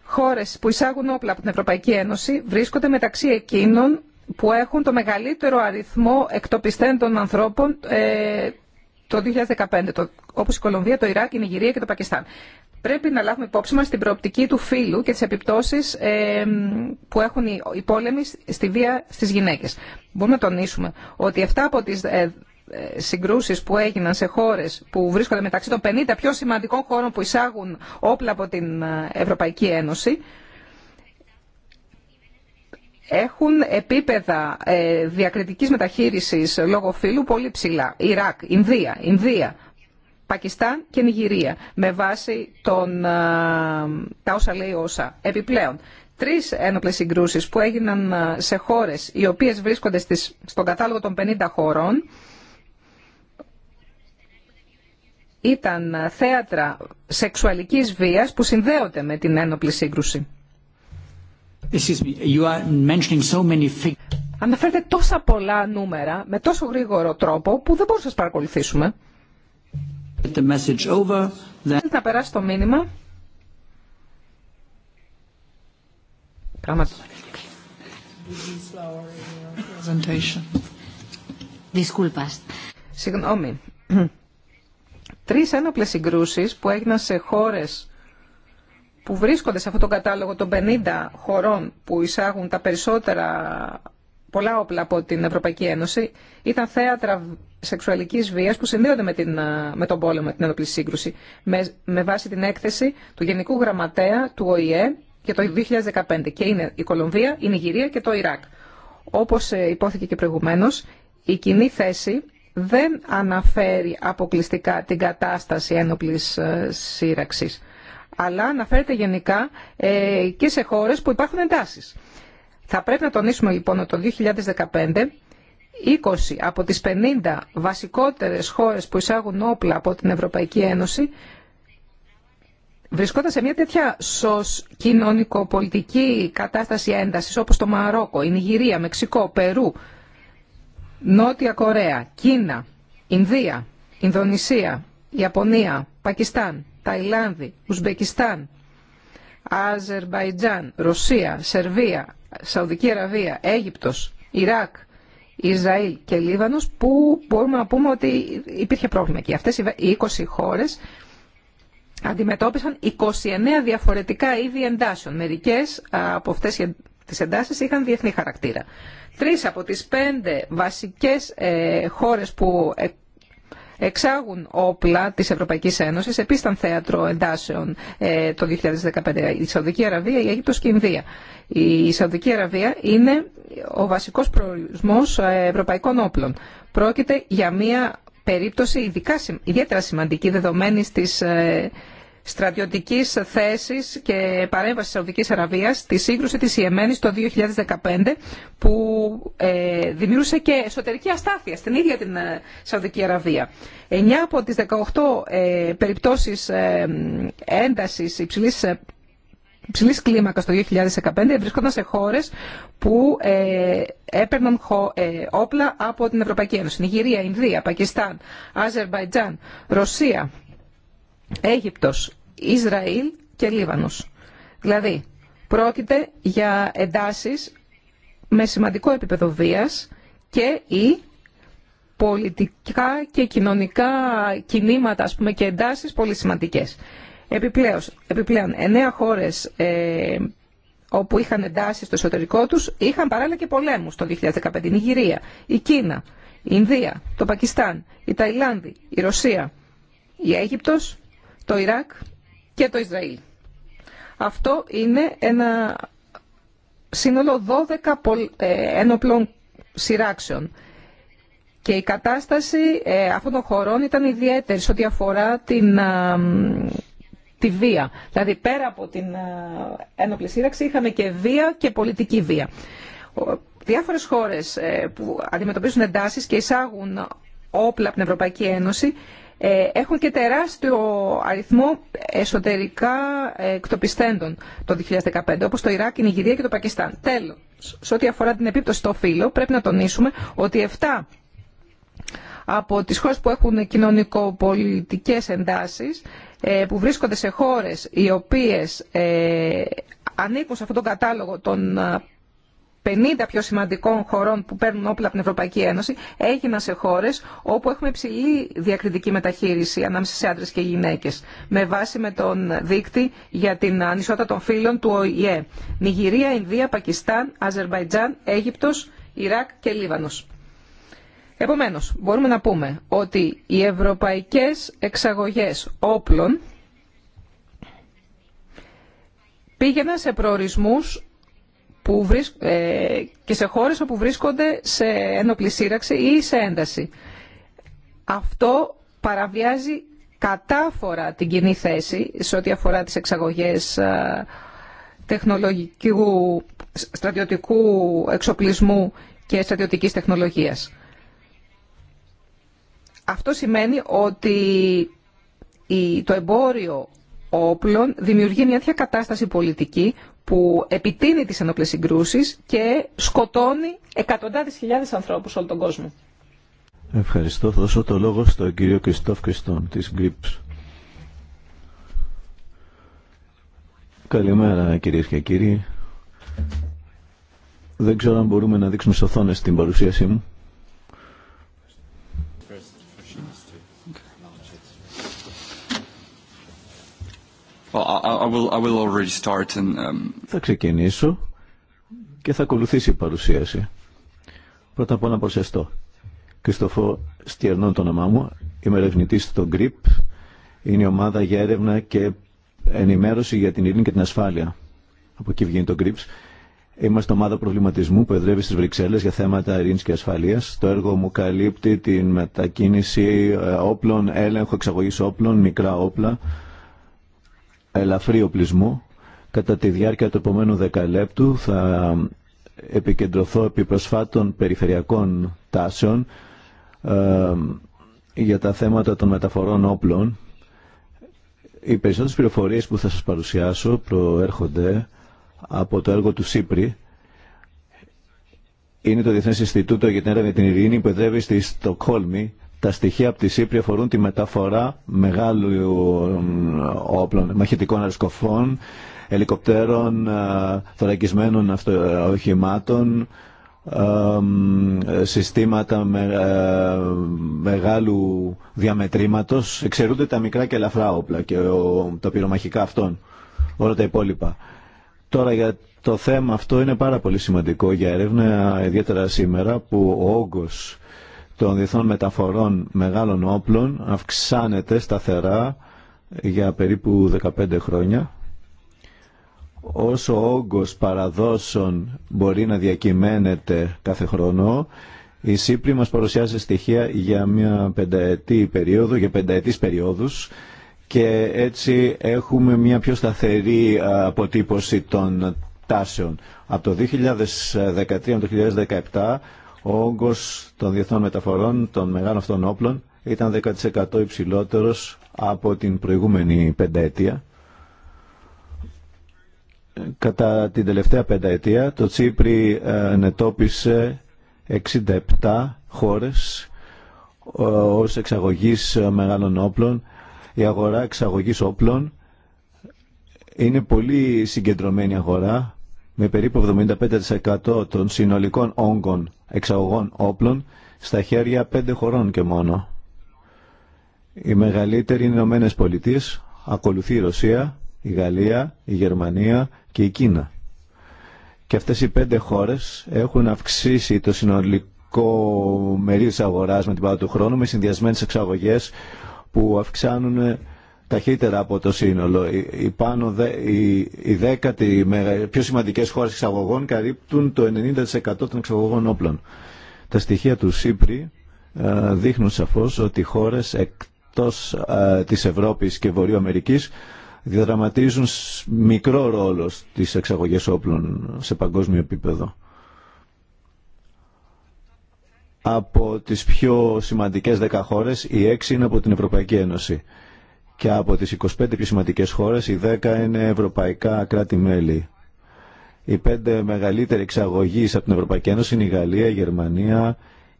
χώρες που εισάγουν όπλα από την Ευρωπαϊκή Ένωση βρίσκονται μεταξύ εκείνων που έχουν το μεγαλύτερο αριθμό εκτοπιστέντων ανθρώπων ε, το 2015, το, όπως η Κολομβία, το Ιράκ, η Νιγηρία και το Πακιστάν. Πρέπει να λάβουμε υπόψη μας την προοπτική του φύλου και τις επιπτώσεις που έχουν οι, πόλεμοι στη βία στις γυναίκες. Μπορούμε να τονίσουμε ότι 7 από τις ε, ε, συγκρούσεις που έγιναν σε χώρες που βρίσκονται μεταξύ των 50 πιο σημαντικών χώρων που εισάγουν όπλα από την ε, Ευρωπαϊκή Ένωση έχουν επίπεδα ε, διακριτικής μεταχείρισης λόγω φύλου πολύ ψηλά. Ιράκ, Ινδία, Ινδία, Πακιστάν και Νιγηρία με βάση τον, ε, τα όσα λέει όσα. Επιπλέον, τρεις ένοπλες συγκρούσεις που έγιναν ε, σε χώρες οι οποίες βρίσκονται στις, στον κατάλογο των 50 χωρών ήταν θέατρα σεξουαλικής βίας που συνδέονται με την ένοπλη σύγκρουση. Αναφέρετε τόσα πολλά νούμερα με τόσο γρήγορο τρόπο που δεν μπορούμε να σας παρακολουθήσουμε. The Να περάσει το μήνυμα. Συγγνώμη. Τρεις ένοπλες συγκρούσεις που έγιναν σε χώρες που βρίσκονται σε αυτό το κατάλογο των 50 χωρών που εισάγουν τα περισσότερα πολλά όπλα από την Ευρωπαϊκή Ένωση ήταν θέατρα σεξουαλική βία που συνδέονται με, την, με τον πόλεμο, με την ενοπλή σύγκρουση, με, βάση την έκθεση του Γενικού Γραμματέα του ΟΗΕ για το 2015. Και είναι η Κολομβία, η Νιγηρία και το Ιράκ. Όπω ε, υπόθηκε και προηγουμένω, η κοινή θέση δεν αναφέρει αποκλειστικά την κατάσταση ένοπλης ε, σύραξης αλλά αναφέρεται γενικά ε, και σε χώρες που υπάρχουν εντάσεις. Θα πρέπει να τονίσουμε λοιπόν ότι το 2015 20 από τις 50 βασικότερες χώρες που εισάγουν όπλα από την Ευρωπαϊκή Ένωση βρισκόταν σε μια τέτοια σως κοινωνικοπολιτική κατάσταση έντασης όπως το Μαρόκο, η Νιγηρία, Μεξικό, Περού, Νότια Κορέα, Κίνα, Ινδία, Ινδονησία, Ιαπωνία, Πακιστάν, Ταϊλάνδη, Ουσμπεκιστάν, Αζερβαϊτζάν, Ρωσία, Σερβία, Σαουδική Αραβία, Αίγυπτος, Ιράκ, Ισραήλ και Λίβανος που μπορούμε να πούμε ότι υπήρχε πρόβλημα εκεί. αυτές οι 20 χώρες αντιμετώπισαν 29 διαφορετικά είδη εντάσεων. Μερικές από αυτές τις εντάσεις είχαν διεθνή χαρακτήρα. Τρεις από τις πέντε βασικές ε, χώρες που εξάγουν όπλα τη Ευρωπαϊκή Ένωση, επίσταν θέατρο εντάσεων ε, το 2015, η Σαουδική Αραβία, η Αίγυπτος και η Ινδία. Η Σαουδική Αραβία είναι ο βασικός προορισμός ε, ευρωπαϊκών όπλων. Πρόκειται για μια περίπτωση ιδιαίτερα σημαντική δεδομένη της ε, στρατιωτικής θέση και παρέμβαση της Σαουδική Αραβίας στη σύγκρουση τη Ιεμένης το 2015 που ε, δημιούργησε και εσωτερική αστάθεια στην ίδια την ε, Σαουδική Αραβία. 9 από τις 18 ε, περιπτώσεις ε, έντασης υψηλής ε, κλίμακας το 2015 βρισκόταν σε χώρες που ε, έπαιρναν όπλα από την Ευρωπαϊκή Ένωση. Νιγηρία, Ινδία, Πακιστάν, Αζερβαϊτζάν, Ρωσία, Αίγυπτος, Ισραήλ και Λίβανος. Δηλαδή, πρόκειται για εντάσεις με σημαντικό επίπεδο βίας και ή πολιτικά και κοινωνικά κινήματα ας και εντάσεις πολύ σημαντικές. Επιπλέον, επιπλέον εννέα χώρες ε, όπου είχαν εντάσεις στο εσωτερικό τους είχαν παράλληλα και πολέμους το 2015. Η Νιγηρία, η Κίνα, η Ινδία, το Πακιστάν, η Ταϊλάνδη, η Ρωσία, η Αίγυπτος το Ιράκ και το Ισραήλ. Αυτό είναι ένα σύνολο 12 ενοπλών σειράξεων. Και η κατάσταση ε, αυτών των χωρών ήταν ιδιαίτερη σε ό,τι αφορά την, ε, τη βία. Δηλαδή πέρα από την ε, ένοπλη σύραξη είχαμε και βία και πολιτική βία. Διάφορες χώρες που αντιμετωπίζουν εντάσεις και εισάγουν όπλα από την Ευρωπαϊκή Ένωση ε, έχουν και τεράστιο αριθμό εσωτερικά εκτοπιστέντων το 2015, όπως το Ιράκ, η Νιγηρία και το Πακιστάν. Τέλος, σε ό,τι αφορά την επίπτωση στο φύλλο, πρέπει να τονίσουμε ότι 7 από τις χώρες που έχουν κοινωνικοπολιτικές εντάσεις, ε, που βρίσκονται σε χώρες οι οποίες ε, ανήκουν σε αυτόν τον κατάλογο των 50 πιο σημαντικών χωρών που παίρνουν όπλα από την Ευρωπαϊκή Ένωση έγιναν σε χώρε όπου έχουμε υψηλή διακριτική μεταχείριση ανάμεσα σε άντρε και γυναίκε. Με βάση με τον δείκτη για την ανισότητα των φύλων του ΟΗΕ. Νιγηρία, Ινδία, Πακιστάν, Αζερβαϊτζάν, Αίγυπτο, Ιράκ και Λίβανο. Επομένω, μπορούμε να πούμε ότι οι ευρωπαϊκέ εξαγωγέ όπλων πήγαιναν σε προορισμούς που ε, και σε χώρες όπου βρίσκονται σε ένοπλη ή σε ένταση. Αυτό παραβιάζει κατάφορα την κοινή θέση σε ό,τι αφορά τις εξαγωγές ε, τεχνολογικού, στρατιωτικού εξοπλισμού και στρατιωτικής τεχνολογίας. Αυτό σημαίνει ότι το εμπόριο όπλων δημιουργεί μια τέτοια κατάσταση πολιτική που επιτείνει τις ενόπλες συγκρούσει και σκοτώνει εκατοντάδες χιλιάδες ανθρώπους σε όλο τον κόσμο. Ευχαριστώ. Θα δώσω το λόγο στον κύριο Κριστόφ Κριστόν της Γκριπς. Καλημέρα κυρίες και κύριοι. Δεν ξέρω αν μπορούμε να δείξουμε σωθόνες την παρουσίασή μου. Θα ξεκινήσω και θα ακολουθήσει η παρουσίαση. Πρώτα απ' όλα προσεστώ. Κριστοφό Στιερνών το όνομά μου, είμαι ερευνητή στο GRIP, είναι η ομάδα για έρευνα και ενημέρωση για την ειρήνη και την ασφάλεια. Από εκεί βγαίνει το GRIPS. Είμαστε ομάδα προβληματισμού που εδρεύει στι Βρυξέλλε για θέματα ειρήνη και ασφαλεία. Το έργο μου καλύπτει την μετακίνηση ε, όπλων, έλεγχο εξαγωγή όπλων, μικρά όπλα, ελαφρύ οπλισμό. Κατά τη διάρκεια του επόμενου δεκαλέπτου θα επικεντρωθώ επί προσφάτων περιφερειακών τάσεων ε, για τα θέματα των μεταφορών όπλων. Οι περισσότερες πληροφορίες που θα σας παρουσιάσω προέρχονται από το έργο του ΣΥΠΡΙ. Είναι το Διεθνές Ινστιτούτο για την Έρευνα την Ειρήνη που εδρεύει στη Στοκχόλμη τα στοιχεία από τη Σύπρη αφορούν τη μεταφορά μεγάλου όπλων, μαχητικών αρισκοφών ελικοπτέρων, θωρακισμένων οχημάτων, συστήματα μεγάλου διαμετρήματος. Εξαιρούνται τα μικρά και ελαφρά όπλα και τα πυρομαχικά αυτών, όλα τα υπόλοιπα. Τώρα για το θέμα αυτό είναι πάρα πολύ σημαντικό για έρευνα, ιδιαίτερα σήμερα που ο όγκος των διεθνών μεταφορών μεγάλων όπλων αυξάνεται σταθερά για περίπου 15 χρόνια. Όσο όγκος παραδόσων μπορεί να διακυμαίνεται κάθε χρόνο, η σύπρη μας παρουσιάζει στοιχεία για μια πενταετή περίοδο, για πενταετής περίοδους και έτσι έχουμε μια πιο σταθερή αποτύπωση των τάσεων. Από το 2013 με το 2017 ο όγκος των διεθνών μεταφορών των μεγάλων αυτών όπλων ήταν 10% υψηλότερος από την προηγούμενη πενταετία. Κατά την τελευταία πενταετία το Τσίπρι ε, ενετόπισε 67 χώρες ε, ως εξαγωγής ε, μεγάλων όπλων. Η αγορά εξαγωγής όπλων είναι πολύ συγκεντρωμένη αγορά με περίπου 75% των συνολικών όγκων εξαγωγών όπλων στα χέρια πέντε χωρών και μόνο. Οι μεγαλύτεροι είναι οι Ηνωμένε Πολιτείε, ακολουθεί η Ρωσία, η Γαλλία, η Γερμανία και η Κίνα. Και αυτές οι πέντε χώρες έχουν αυξήσει το συνολικό μερίδιο της αγοράς με την πάρα του χρόνου με συνδυασμένες εξαγωγές που αυξάνουν ταχύτερα από το σύνολο. Οι, πάνω οι, οι πιο σημαντικές χώρες εξαγωγών καλύπτουν το 90% των εξαγωγών όπλων. Τα στοιχεία του ΣΥΠΡΙ ε, δείχνουν σαφώς ότι οι χώρες εκτός ε, της Ευρώπης και Βορείου Αμερικής διαδραματίζουν μικρό ρόλο στις εξαγωγές όπλων σε παγκόσμιο επίπεδο. Από τις πιο σημαντικές 10 χώρες, οι 6 είναι από την Ευρωπαϊκή Ένωση και από τις 25 πιο σημαντικές χώρες οι 10 είναι ευρωπαϊκά κράτη-μέλη. Οι πέντε μεγαλύτεροι εξαγωγείς από την Ευρωπαϊκή Ένωση είναι η Γαλλία, η Γερμανία,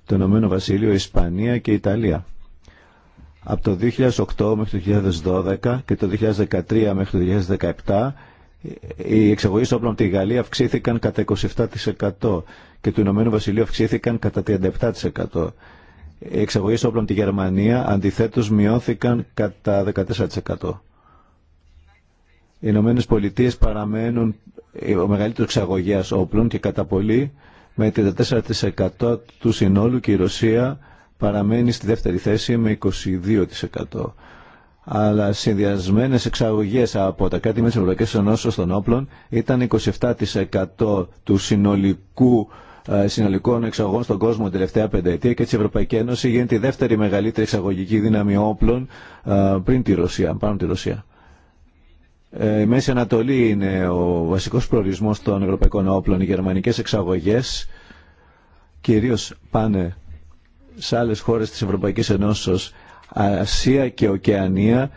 το Ηνωμένο Βασίλειο, η Ισπανία και η Ιταλία. Από το 2008 μέχρι το 2012 και το 2013 μέχρι το 2017 οι εξαγωγές όπλων από τη Γαλλία αυξήθηκαν κατά 27% και του Ηνωμένου Βασιλείου αυξήθηκαν κατά 37%. Οι εξαγωγές όπλων τη Γερμανία αντιθέτως μειώθηκαν κατά 14%. Οι Ηνωμένε Πολιτείε παραμένουν ο μεγαλύτερο εξαγωγέα όπλων και κατά πολύ με 34% του συνόλου και η Ρωσία παραμένει στη δεύτερη θέση με 22%. Αλλά συνδυασμένε εξαγωγέ από τα κράτη με τη Ευρωπαϊκή Ένωση των όπλων ήταν 27% του συνολικού ε, συνολικών εξαγωγών στον κόσμο την τελευταία πενταετία και έτσι η Ευρωπαϊκή Ένωση γίνεται η δεύτερη μεγαλύτερη εξαγωγική δύναμη όπλων ε, πριν τη Ρωσία, πάνω τη Ρωσία. Ε, η Μέση Ανατολή είναι ο βασικός προορισμός των ευρωπαϊκών όπλων. Οι γερμανικές εξαγωγές κυρίως πάνε σε άλλες χώρες της Ευρωπαϊκής Ενώσεως. Ασία και Οκεανία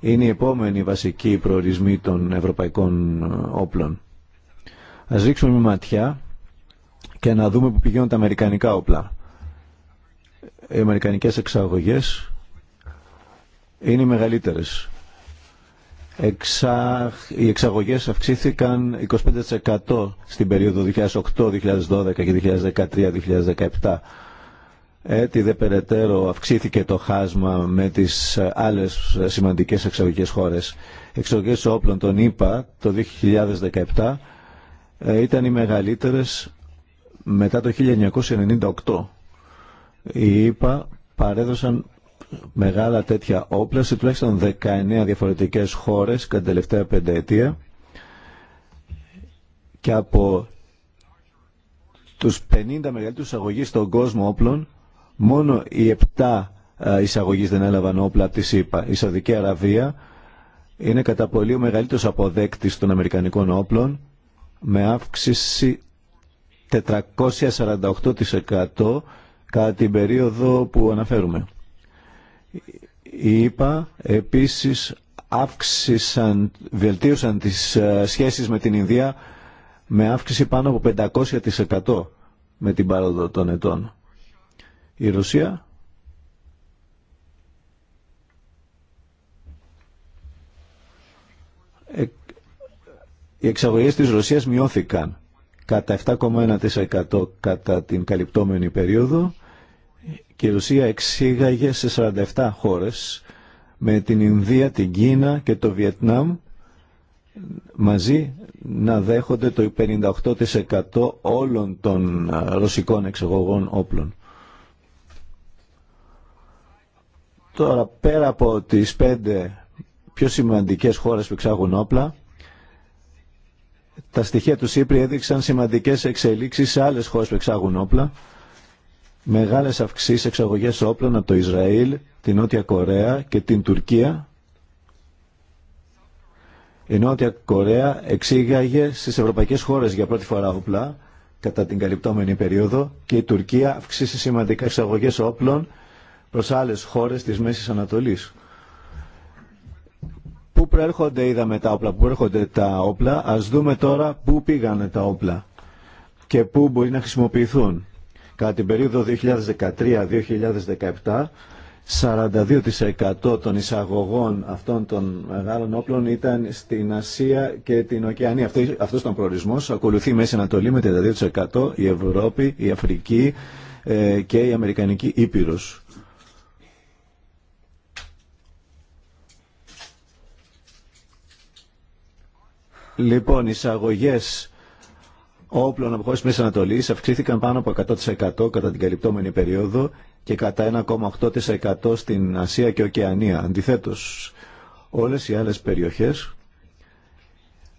είναι η επόμενη βασική προορισμοί των ευρωπαϊκών όπλων. Ας ρίξουμε μια ματιά και να δούμε που πηγαίνουν τα αμερικανικά όπλα. Οι αμερικανικές εξαγωγές είναι οι μεγαλύτερες. Εξα... Οι εξαγωγές αυξήθηκαν 25% στην περίοδο 2008-2012 και 2013-2017. Έτσι δε περαιτέρω αυξήθηκε το χάσμα με τις άλλες σημαντικές εξαγωγικές χώρες. Εξαγωγές όπλων των ΗΠΑ το 2017 ε, ήταν οι μεγαλύτερες μετά το 1998 οι ΙΠΑ παρέδωσαν μεγάλα τέτοια όπλα σε τουλάχιστον 19 διαφορετικές χώρες κατά τελευταία πενταετία και από τους 50 μεγαλύτερους αγωγείς στον κόσμο όπλων μόνο οι 7 ε, εισαγωγείς δεν έλαβαν όπλα από τη ΣΥΠΑ. Η Σαουδική Αραβία είναι κατά πολύ ο μεγαλύτερος αποδέκτης των Αμερικανικών όπλων με αύξηση 448% κατά την περίοδο που αναφέρουμε. Οι ΙΠΑ επίσης αύξησαν, βελτίωσαν τις ε, σχέσεις με την Ινδία με αύξηση πάνω από 500% με την πάροδο των ετών. Η Ρωσία ε, οι εξαγωγές της Ρωσίας μειώθηκαν κατά 7,1% κατά την καλυπτόμενη περίοδο και η Ρωσία εξήγαγε σε 47 χώρες με την Ινδία, την Κίνα και το Βιετνάμ μαζί να δέχονται το 58% όλων των ρωσικών εξαγωγών όπλων. Τώρα πέρα από τις πέντε πιο σημαντικές χώρες που εξάγουν όπλα τα στοιχεία του ΣΥΠΡΙ έδειξαν σημαντικές εξελίξεις σε άλλε χώρε που εξάγουν όπλα, μεγάλες αυξήσει εξαγωγέ όπλων από το Ισραήλ, την Νότια Κορέα και την Τουρκία. Η Νότια Κορέα εξήγαγε στις ευρωπαϊκές χώρες για πρώτη φορά όπλα κατά την καλυπτόμενη περίοδο και η Τουρκία αυξήσει σημαντικά εξαγωγέ όπλων προ άλλε χώρε τη Μέση Ανατολή. Πού προέρχονται είδαμε τα όπλα, πού έρχονται τα όπλα, ας δούμε τώρα πού πήγανε τα όπλα και πού μπορεί να χρησιμοποιηθούν. Κατά την περίοδο 2013-2017, 42% των εισαγωγών αυτών των μεγάλων όπλων ήταν στην Ασία και την Οκεανία. Αυτό, αυτός ήταν ο προορισμός. Ακολουθεί η Μέση Ανατολή με 32%, η Ευρώπη, η Αφρική ε, και η Αμερικανική Ήπειρος. Λοιπόν, οι εισαγωγέ όπλων από χώρε Μέση Ανατολή αυξήθηκαν πάνω από 100% κατά την καλυπτόμενη περίοδο και κατά 1,8% στην Ασία και Οκεανία. Αντιθέτω, όλε οι άλλε περιοχέ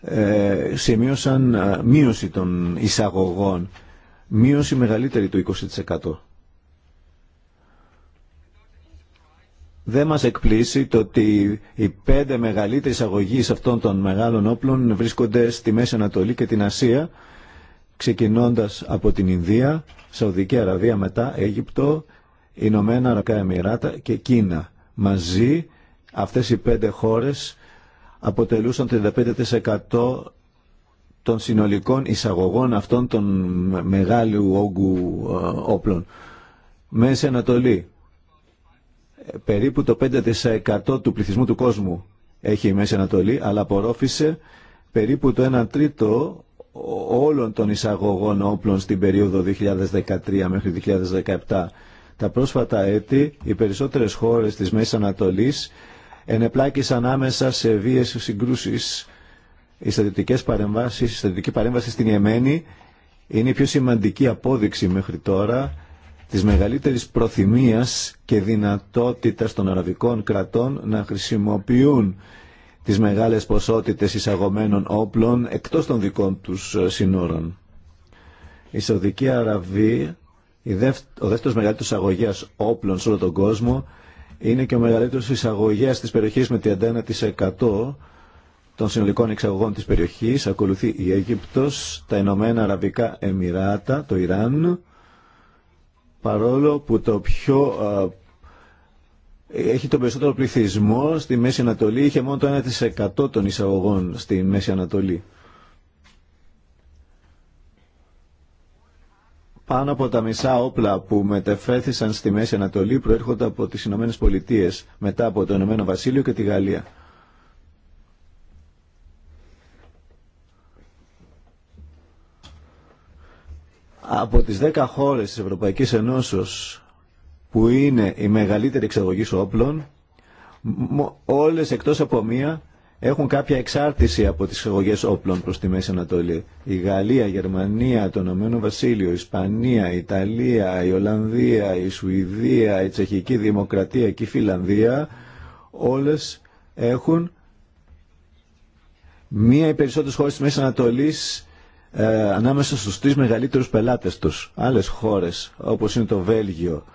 ε, σημείωσαν ε, μείωση των εισαγωγών, μείωση μεγαλύτερη του 20%. Δεν μας εκπλήσει το ότι οι πέντε μεγαλύτερες εισαγωγείς αυτών των μεγάλων όπλων βρίσκονται στη Μέση Ανατολή και την Ασία, ξεκινώντας από την Ινδία, Σαουδική Αραβία μετά, Αίγυπτο, Ηνωμένα Αραβικά Εμμυράτα και Κίνα. Μαζί αυτές οι πέντε χώρες αποτελούσαν 35% των συνολικών εισαγωγών αυτών των μεγάλου όγκου ε, όπλων. Μέση Ανατολή, περίπου το 5% του πληθυσμού του κόσμου έχει η Μέση Ανατολή, αλλά απορρόφησε περίπου το 1 τρίτο όλων των εισαγωγών όπλων στην περίοδο 2013 μέχρι 2017. Τα πρόσφατα έτη οι περισσότερες χώρες της Μέσης Ανατολής ενεπλάκησαν άμεσα σε βίες συγκρούσεις. η στρατιωτική παρέμβαση στην Ιεμένη είναι η πιο σημαντική απόδειξη μέχρι τώρα της μεγαλύτερης προθυμίας και δυνατότητας των αραβικών κρατών να χρησιμοποιούν τις μεγάλες ποσότητες εισαγωμένων όπλων εκτός των δικών τους ε, συνόρων. Η Σαουδική Αραβία, ο δεύτερος μεγαλύτερος εισαγωγέας όπλων σε όλο τον κόσμο, είναι και ο μεγαλύτερος εισαγωγέας της περιοχής με 31% των συνολικών εξαγωγών της περιοχής. Ακολουθεί η Αίγυπτος, τα Ηνωμένα Αραβικά Εμμυράτα, το Ιράν, παρόλο που το πιο έχει τον περισσότερο πληθυσμό στη Μέση Ανατολή, είχε μόνο το 1% των εισαγωγών στη Μέση Ανατολή. Πάνω από τα μισά όπλα που μετεφέθησαν στη Μέση Ανατολή προέρχονται από τις Ηνωμένες Πολιτείες, μετά από το Ηνωμένο Βασίλειο και τη Γαλλία. Από τις 10 χώρες της Ευρωπαϊκής Ενώσεως που είναι η μεγαλύτερη εξαγωγή όπλων, όλες εκτός από μία έχουν κάποια εξάρτηση από τις εξαγωγέ όπλων προς τη Μέση Ανατολή. Η Γαλλία, η Γερμανία, το Ηνωμένο Βασίλειο, η Ισπανία, η Ιταλία, η Ολλανδία, η Σουηδία, η Τσεχική Δημοκρατία και η Φιλανδία όλες έχουν μία ή περισσότερες χώρες της Μέσης Ανατολής ε, ανάμεσα στους τρεις μεγαλύτερους πελάτες τους. Άλλες χώρες όπως είναι το Βέλγιο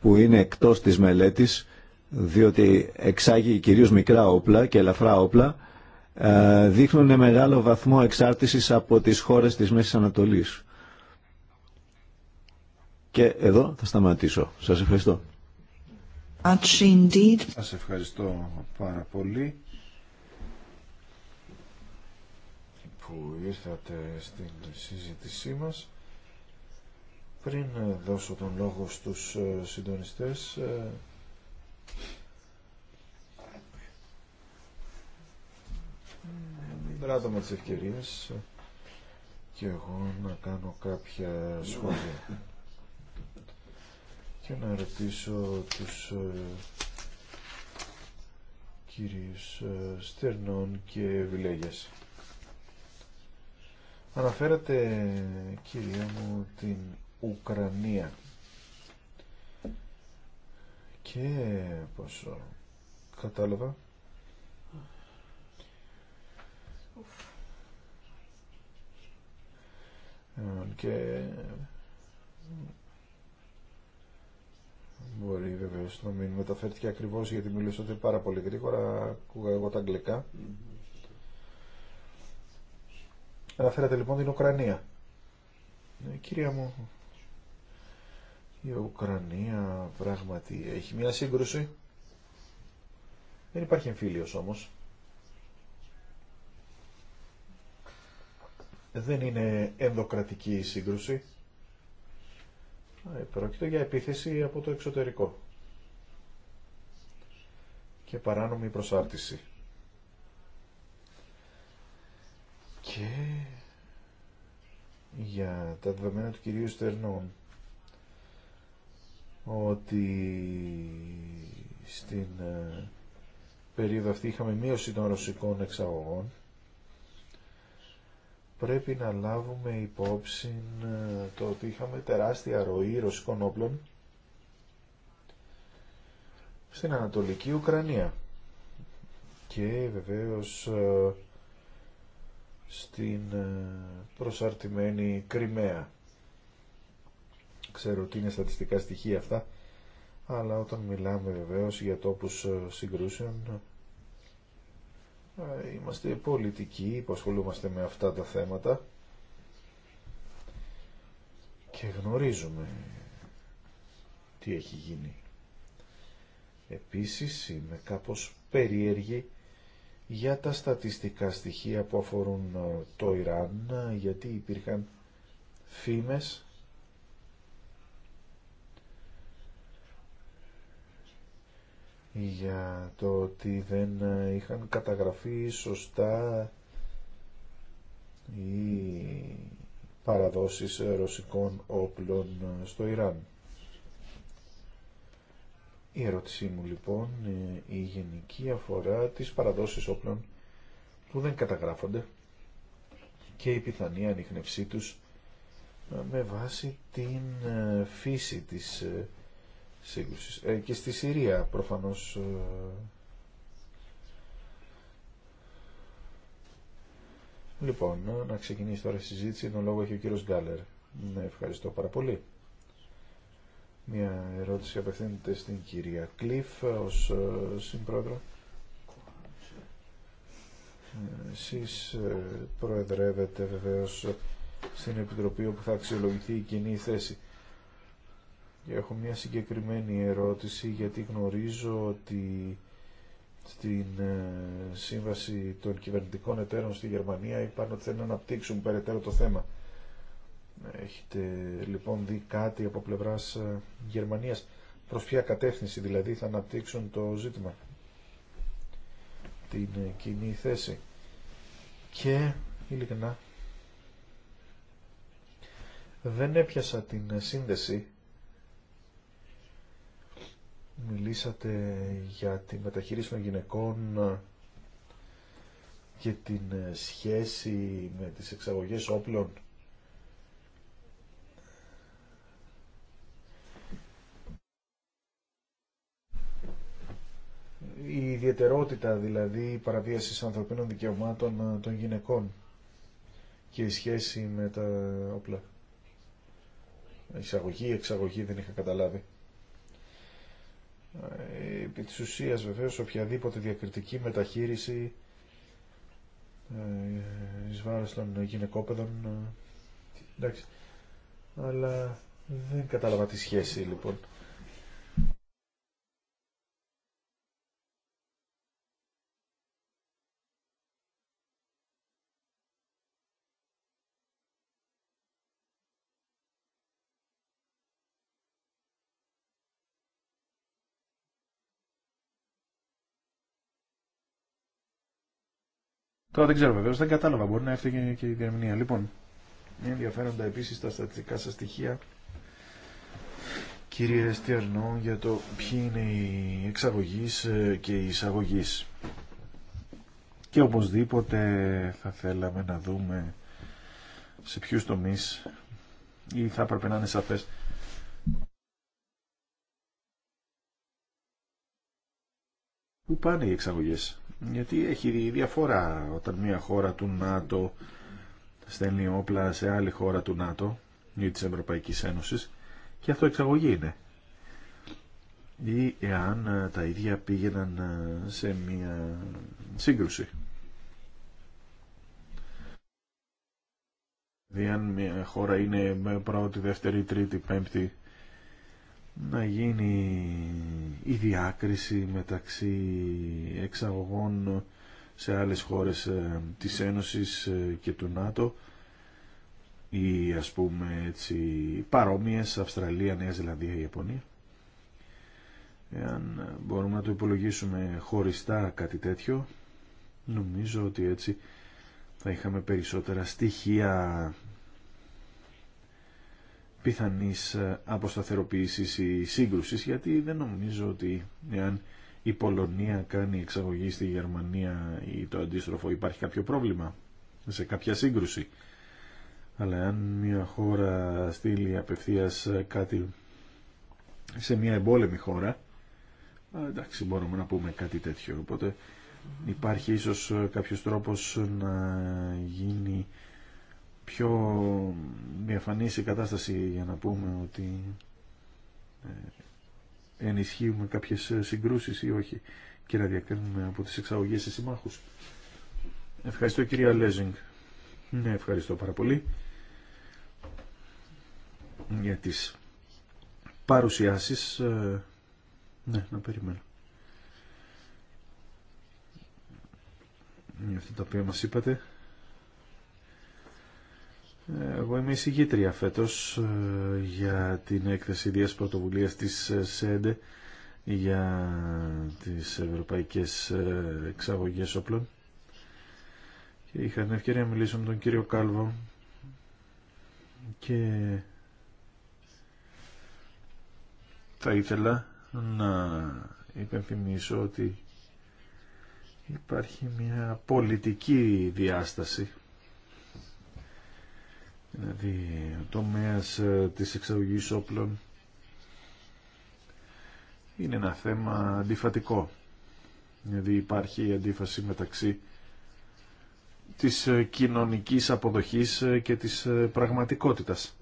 που είναι εκτός της μελέτης διότι εξάγει κυρίως μικρά όπλα και ελαφρά όπλα ε, δείχνουν μεγάλο βαθμό εξάρτησης από τις χώρες της Μέσης Ανατολής. Και εδώ θα σταματήσω. Σας ευχαριστώ. Σας ευχαριστώ πάρα πολύ. που ήρθατε στην συζήτησή μας. Πριν ε, δώσω τον λόγο στους ε, συντονιστές, ε, δράτω με τις ευκαιρίες και εγώ να κάνω κάποια σχόλια και να ρωτήσω τους κυρίους Στερνών και Βιλέγιας. Αναφέρατε, κυρία μου, την Ουκρανία και πόσο κατάλαβα ε, και μπορεί βεβαίως να μην μεταφέρθηκε ακριβώς γιατί μιλούσατε πάρα πολύ γρήγορα ακούγα εγώ τα αγγλικά Αναφέρατε λοιπόν την Ουκρανία. Η ε, κυρία μου, η Ουκρανία πράγματι έχει μια σύγκρουση. Δεν υπάρχει εμφύλιος όμως. Δεν είναι ενδοκρατική η σύγκρουση. Ε, πρόκειται για επίθεση από το εξωτερικό και παράνομη προσάρτηση. Και για τα δεδομένα του κυρίου Στερνών ότι στην ε, περίοδο αυτή είχαμε μείωση των ρωσικών εξαγωγών πρέπει να λάβουμε υπόψη ε, το ότι είχαμε τεράστια ροή ρωσικών όπλων στην Ανατολική Ουκρανία και βεβαίως ε, στην ε, προσαρτημένη Κρυμαία. Ξέρω ότι είναι στατιστικά στοιχεία αυτά, αλλά όταν μιλάμε βεβαίως για τόπους ε, συγκρούσεων, ε, είμαστε πολιτικοί που ασχολούμαστε με αυτά τα θέματα και γνωρίζουμε τι έχει γίνει. Επίσης είμαι κάπως περίεργη για τα στατιστικά στοιχεία που αφορούν ε, το Ιράν, ε, γιατί υπήρχαν φήμες για το ότι δεν ε, είχαν καταγραφεί σωστά οι παραδόσεις ρωσικών όπλων στο Ιράν. Η ερώτησή μου λοιπόν, ε, η γενική αφορά τις παραδόσεις όπλων που δεν καταγράφονται και η πιθανή ανιχνευσή τους ε, με βάση την ε, φύση της σύγκρουσης. Και στη Συρία προφανώς Λοιπόν, να ξεκινήσει τώρα η συζήτηση. Τον λόγο έχει ο κύριος Γκάλερ. Ναι, ευχαριστώ πάρα πολύ. Μια ερώτηση απευθύνεται στην κυρία Κλειφ ως ε, συμπρόεδρο. Ε, εσείς ε, προεδρεύετε βεβαίως στην Επιτροπή όπου θα αξιολογηθεί η κοινή θέση. έχω μια συγκεκριμένη ερώτηση γιατί γνωρίζω ότι στην σύμβαση των κυβερνητικών εταίρων στη Γερμανία είπαν ότι θέλουν να αναπτύξουν περαιτέρω το θέμα. Έχετε λοιπόν δει κάτι από πλευράς ε, Γερμανίας προς ποια κατεύθυνση δηλαδή θα αναπτύξουν το ζήτημα την ε, κοινή θέση και ειλικρινά δεν έπιασα την ε, σύνδεση μιλήσατε για τη μεταχείριση των γυναικών και την σχέση με τις εξαγωγές όπλων η ιδιαιτερότητα δηλαδή παραβίασης ανθρωπίνων δικαιωμάτων ε, των γυναικών και η σχέση με τα όπλα. Εισαγωγή, εξαγωγή δεν είχα καταλάβει. Ε, επί της ουσίας βεβαίως οποιαδήποτε διακριτική μεταχείριση ε, εις βάρος των γυναικόπαιδων εντάξει αλλά δεν κατάλαβα τη σχέση λοιπόν Τώρα δεν ξέρω βεβαίω, δεν κατάλαβα. Μπορεί να έφταιγε και η διαμηνία. Λοιπόν, είναι ενδιαφέροντα επίση τα στατιστικά σα στοιχεία, κύριε Στιαρνό, για το ποιοι είναι οι εξαγωγεί ε, και οι εισαγωγεί. Και οπωσδήποτε θα θέλαμε να δούμε σε ποιου τομεί ή θα έπρεπε να είναι σαφές Πού πάνε οι εξαγωγές. Γιατί έχει διαφορά όταν μια χώρα του ΝΑΤΟ στέλνει όπλα σε άλλη χώρα του ΝΑΤΟ ή της Ευρωπαϊκής Ένωσης και αυτό εξαγωγή είναι. Ή εάν ε, τα ίδια πήγαιναν ε, σε μια σύγκρουση. Δηλαδή αν μια χώρα είναι πρώτη, δεύτερη, τρίτη, πέμπτη να γίνει η διάκριση μεταξύ εξαγωγών σε άλλες χώρες ε, της Ένωσης ε, και του ΝΑΤΟ ή ας πούμε έτσι παρόμοιες Αυστραλία, Νέα Ζηλανδία, Ιαπωνία. Εάν μπορούμε να το υπολογίσουμε χωριστά κάτι τέτοιο, νομίζω ότι έτσι θα είχαμε περισσότερα στοιχεία πιθανής ε, αποσταθεροποίησης ή σύγκρουσης γιατί δεν νομίζω ότι εάν η Πολωνία κάνει εξαγωγή στη Γερμανία ή το αντίστροφο υπάρχει κάποιο πρόβλημα σε κάποια σύγκρουση αλλά αν μια χώρα στείλει απευθείας ε, κάτι σε μια εμπόλεμη χώρα ε, εντάξει μπορούμε να πούμε κάτι τέτοιο οπότε υπάρχει ίσως κάποιος τρόπος να γίνει πιο διαφανής η κατάσταση για να πούμε ότι ε, ενισχύουμε κάποιες συγκρούσεις ή όχι και να διακρίνουμε από τις εξαγωγές σε συμμάχους. Ευχαριστώ κυρία Λέζινγκ. Ναι, ευχαριστώ πάρα πολύ για τις παρουσιάσεις. Ε, ναι, να περιμένω. Για αυτό το οποία μας είπατε. Εγώ είμαι εισηγήτρια φέτος ε, για την έκθεση ιδίας πρωτοβουλίας της ε, ΣΕΝΤΕ για τις ευρωπαϊκές ε, εξαγωγές όπλων και είχα την ευκαιρία να μιλήσω με τον κύριο Κάλβο και θα ήθελα να υπενθυμίσω ότι υπάρχει μια πολιτική διάσταση Δηλαδή, το τομέας ε, της εξαγωγής όπλων είναι ένα θέμα αντιφατικό. Δηλαδή υπάρχει η αντίφαση μεταξύ της ε, κοινωνικής αποδοχής ε, και της πραγματικότητας.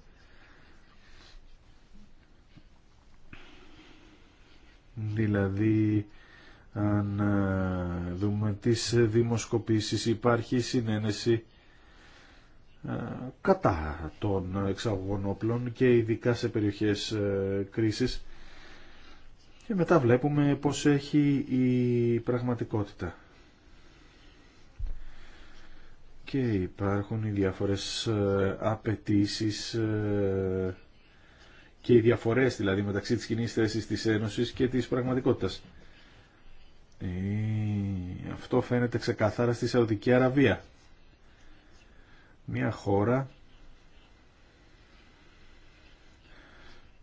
Δηλαδή, αν δούμε τις δημοσκοπήσεις, υπάρχει συνένεση ε, κατά των εξαγωγών όπλων και ειδικά σε περιοχές ε, κρίσης και μετά βλέπουμε πως έχει η πραγματικότητα. Και υπάρχουν οι διάφορες ε, απαιτήσει και οι διαφορές δηλαδή μεταξύ της κοινή θέσης της Ένωσης και της πραγματικότητας. Αυτό φαίνεται ξεκάθαρα στη Σαουδική Αραβία μια χώρα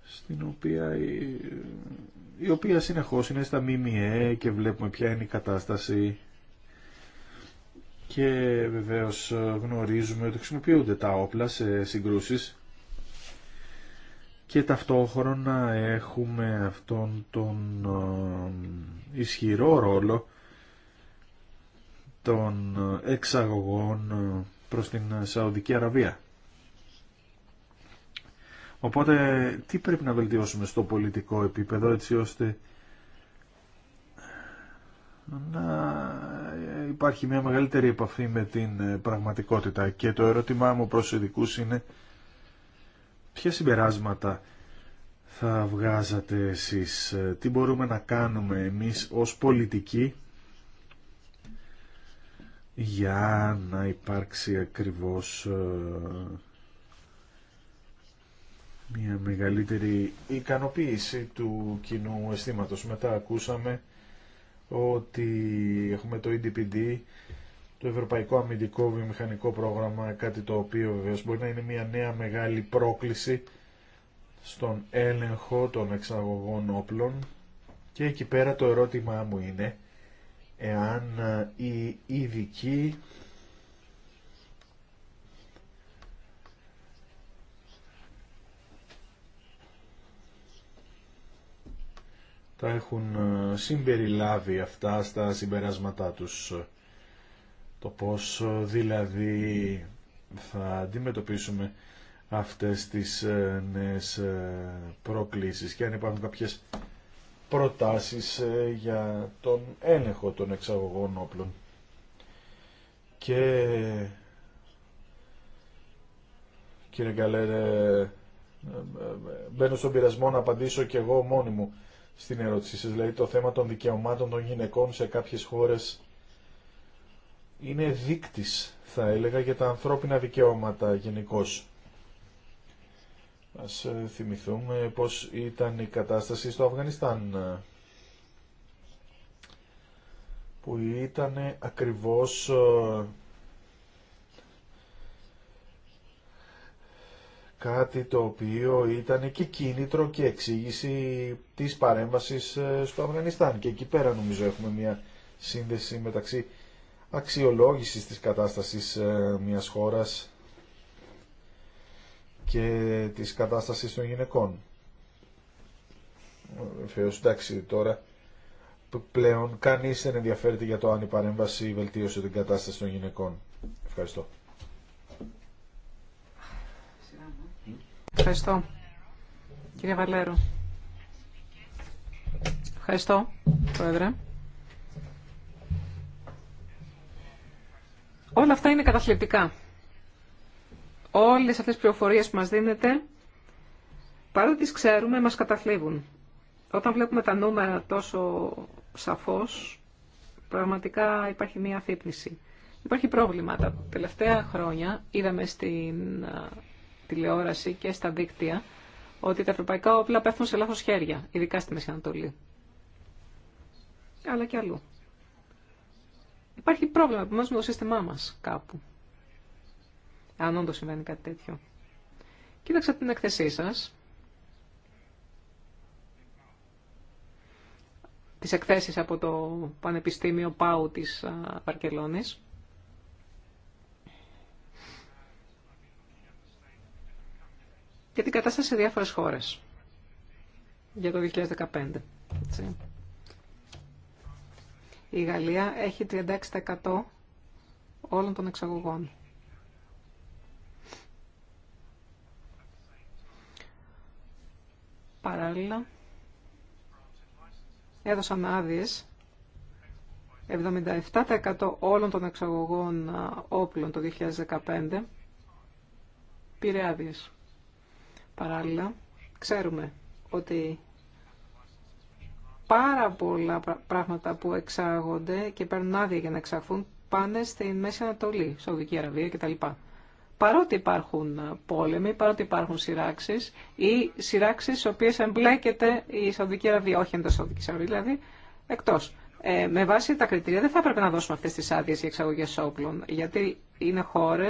στην οποία η, η οποία συνεχώς είναι στα ΜΜΕ και βλέπουμε ποια είναι η κατάσταση και βεβαίως γνωρίζουμε ότι χρησιμοποιούνται τα όπλα σε συγκρούσεις και ταυτόχρονα έχουμε αυτόν τον ε, ισχυρό ρόλο των εξαγωγών ε, προς την ε, Σαουδική Αραβία. Οπότε τι πρέπει να βελτιώσουμε στο πολιτικό επίπεδο έτσι ώστε να υπάρχει μια μεγαλύτερη επαφή με την ε, πραγματικότητα και το ερώτημά μου προς ειδικούς είναι ποια συμπεράσματα θα βγάζατε εσείς, ε, τι μπορούμε να κάνουμε εμείς ως πολιτικοί για να υπάρξει ακριβώς ε, μια μεγαλύτερη ικανοποίηση του κοινού αισθήματος. Μετά ακούσαμε ότι έχουμε το EDPD, το Ευρωπαϊκό Αμυντικό Βιομηχανικό Πρόγραμμα, κάτι το οποίο βεβαίως μπορεί να είναι μια νέα μεγάλη πρόκληση στον έλεγχο των εξαγωγών όπλων και εκεί πέρα το ερώτημά μου είναι εάν ε, οι ειδικοί τα έχουν ε, συμπεριλάβει αυτά στα συμπεράσματά τους. Το πώς ε, δηλαδή θα αντιμετωπίσουμε αυτές τις νέες προκλήσεις και αν υπάρχουν κάποιες προτάσεις ε, για τον έλεγχο των εξαγωγών όπλων. Και κύριε Γκαλέρε, ε, μπαίνω στον πειρασμό να απαντήσω και εγώ μόνη μου στην ερώτησή σας. Δηλαδή το θέμα των δικαιωμάτων των γυναικών σε κάποιες χώρες είναι δείκτης, θα έλεγα, για τα ανθρώπινα δικαιώματα γενικώ. Ας ε, θυμηθούμε πώς ήταν η κατάσταση στο Αφγανιστάν ε, που ήταν ακριβώς ε, κάτι το οποίο ήταν και κίνητρο και εξήγηση της παρέμβασης στο Αφγανιστάν. Και εκεί πέρα νομίζω έχουμε μια σύνδεση μεταξύ αξιολόγησης της κατάστασης μιας χώρας και της κατάστασης των γυναικών. Βεβαίω, εντάξει, τώρα πλέον κανείς δεν ενδιαφέρεται για το αν η παρέμβαση βελτίωσε την κατάσταση των γυναικών. Ευχαριστώ. Ευχαριστώ. Κύριε Βαλέρο. Ευχαριστώ, Πρόεδρε. Όλα αυτά είναι καταθλιπτικά όλες αυτές τις πληροφορίες που μας δίνεται, παρότι τις ξέρουμε, μας καταθλίβουν. Όταν βλέπουμε τα νούμερα τόσο σαφώς, πραγματικά υπάρχει μία θύπνιση. Υπάρχει πρόβλημα. Τα τελευταία χρόνια είδαμε στην τηλεόραση και στα δίκτυα ότι τα ευρωπαϊκά όπλα πέφτουν σε λάθος χέρια, ειδικά στη Μέση Ανατολή. Αλλά και αλλού. Υπάρχει πρόβλημα που μας με το σύστημά μας κάπου αν όντως συμβαίνει κάτι τέτοιο. Κοίταξα την εκθεσή σας. Τις εκθέσεις από το Πανεπιστήμιο ΠΑΟΥ της Βαρκελόνης. Και την κατάσταση σε διάφορες χώρες για το 2015. Η Γαλλία έχει 36% όλων των εξαγωγών. Παράλληλα, έδωσαν άδειε. 77% όλων των εξαγωγών όπλων το 2015 πήρε άδειε. Παράλληλα, ξέρουμε ότι πάρα πολλά πράγματα που εξάγονται και παίρνουν άδεια για να εξαχθούν πάνε στη Μέση Ανατολή, Σαουδική Αραβία κτλ παρότι υπάρχουν πόλεμοι, παρότι υπάρχουν σειράξει ή σειράξει στι οποίε εμπλέκεται η Σαουδική Αραβία, όχι εντό Σαουδική Αραβία, δηλαδή εκτό. Ε, με βάση τα κριτήρια δεν θα έπρεπε να δώσουμε αυτέ τι άδειε για εξαγωγέ όπλων, γιατί είναι χώρε,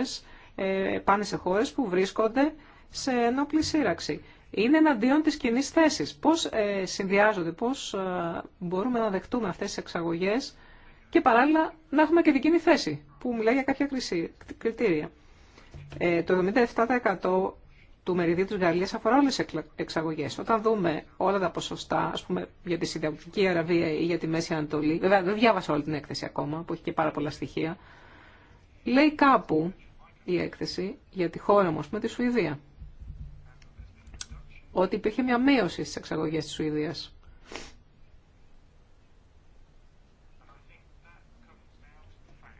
ε, πάνε σε χώρε που βρίσκονται σε ενόπλη σύραξη. Είναι εναντίον τη κοινή θέση. Πώ ε, συνδυάζονται, πώ ε, μπορούμε να δεχτούμε αυτέ τι εξαγωγέ και παράλληλα να έχουμε και την κοινή θέση που μιλάει για κάποια κριτήρια. Ε, το 77% του μεριδίου της Γαλλίας αφορά όλες τις εξαγωγές. Όταν δούμε όλα τα ποσοστά, ας πούμε, για τη Συνταγωγική Αραβία ή για τη Μέση Ανατολή, βέβαια δεν διάβασα όλη την έκθεση ακόμα, που έχει και πάρα πολλά στοιχεία, λέει κάπου η έκθεση για τη χώρα μου, με τη Σουηδία, ότι υπήρχε μια μείωση στις εξαγωγές της Σουηδίας.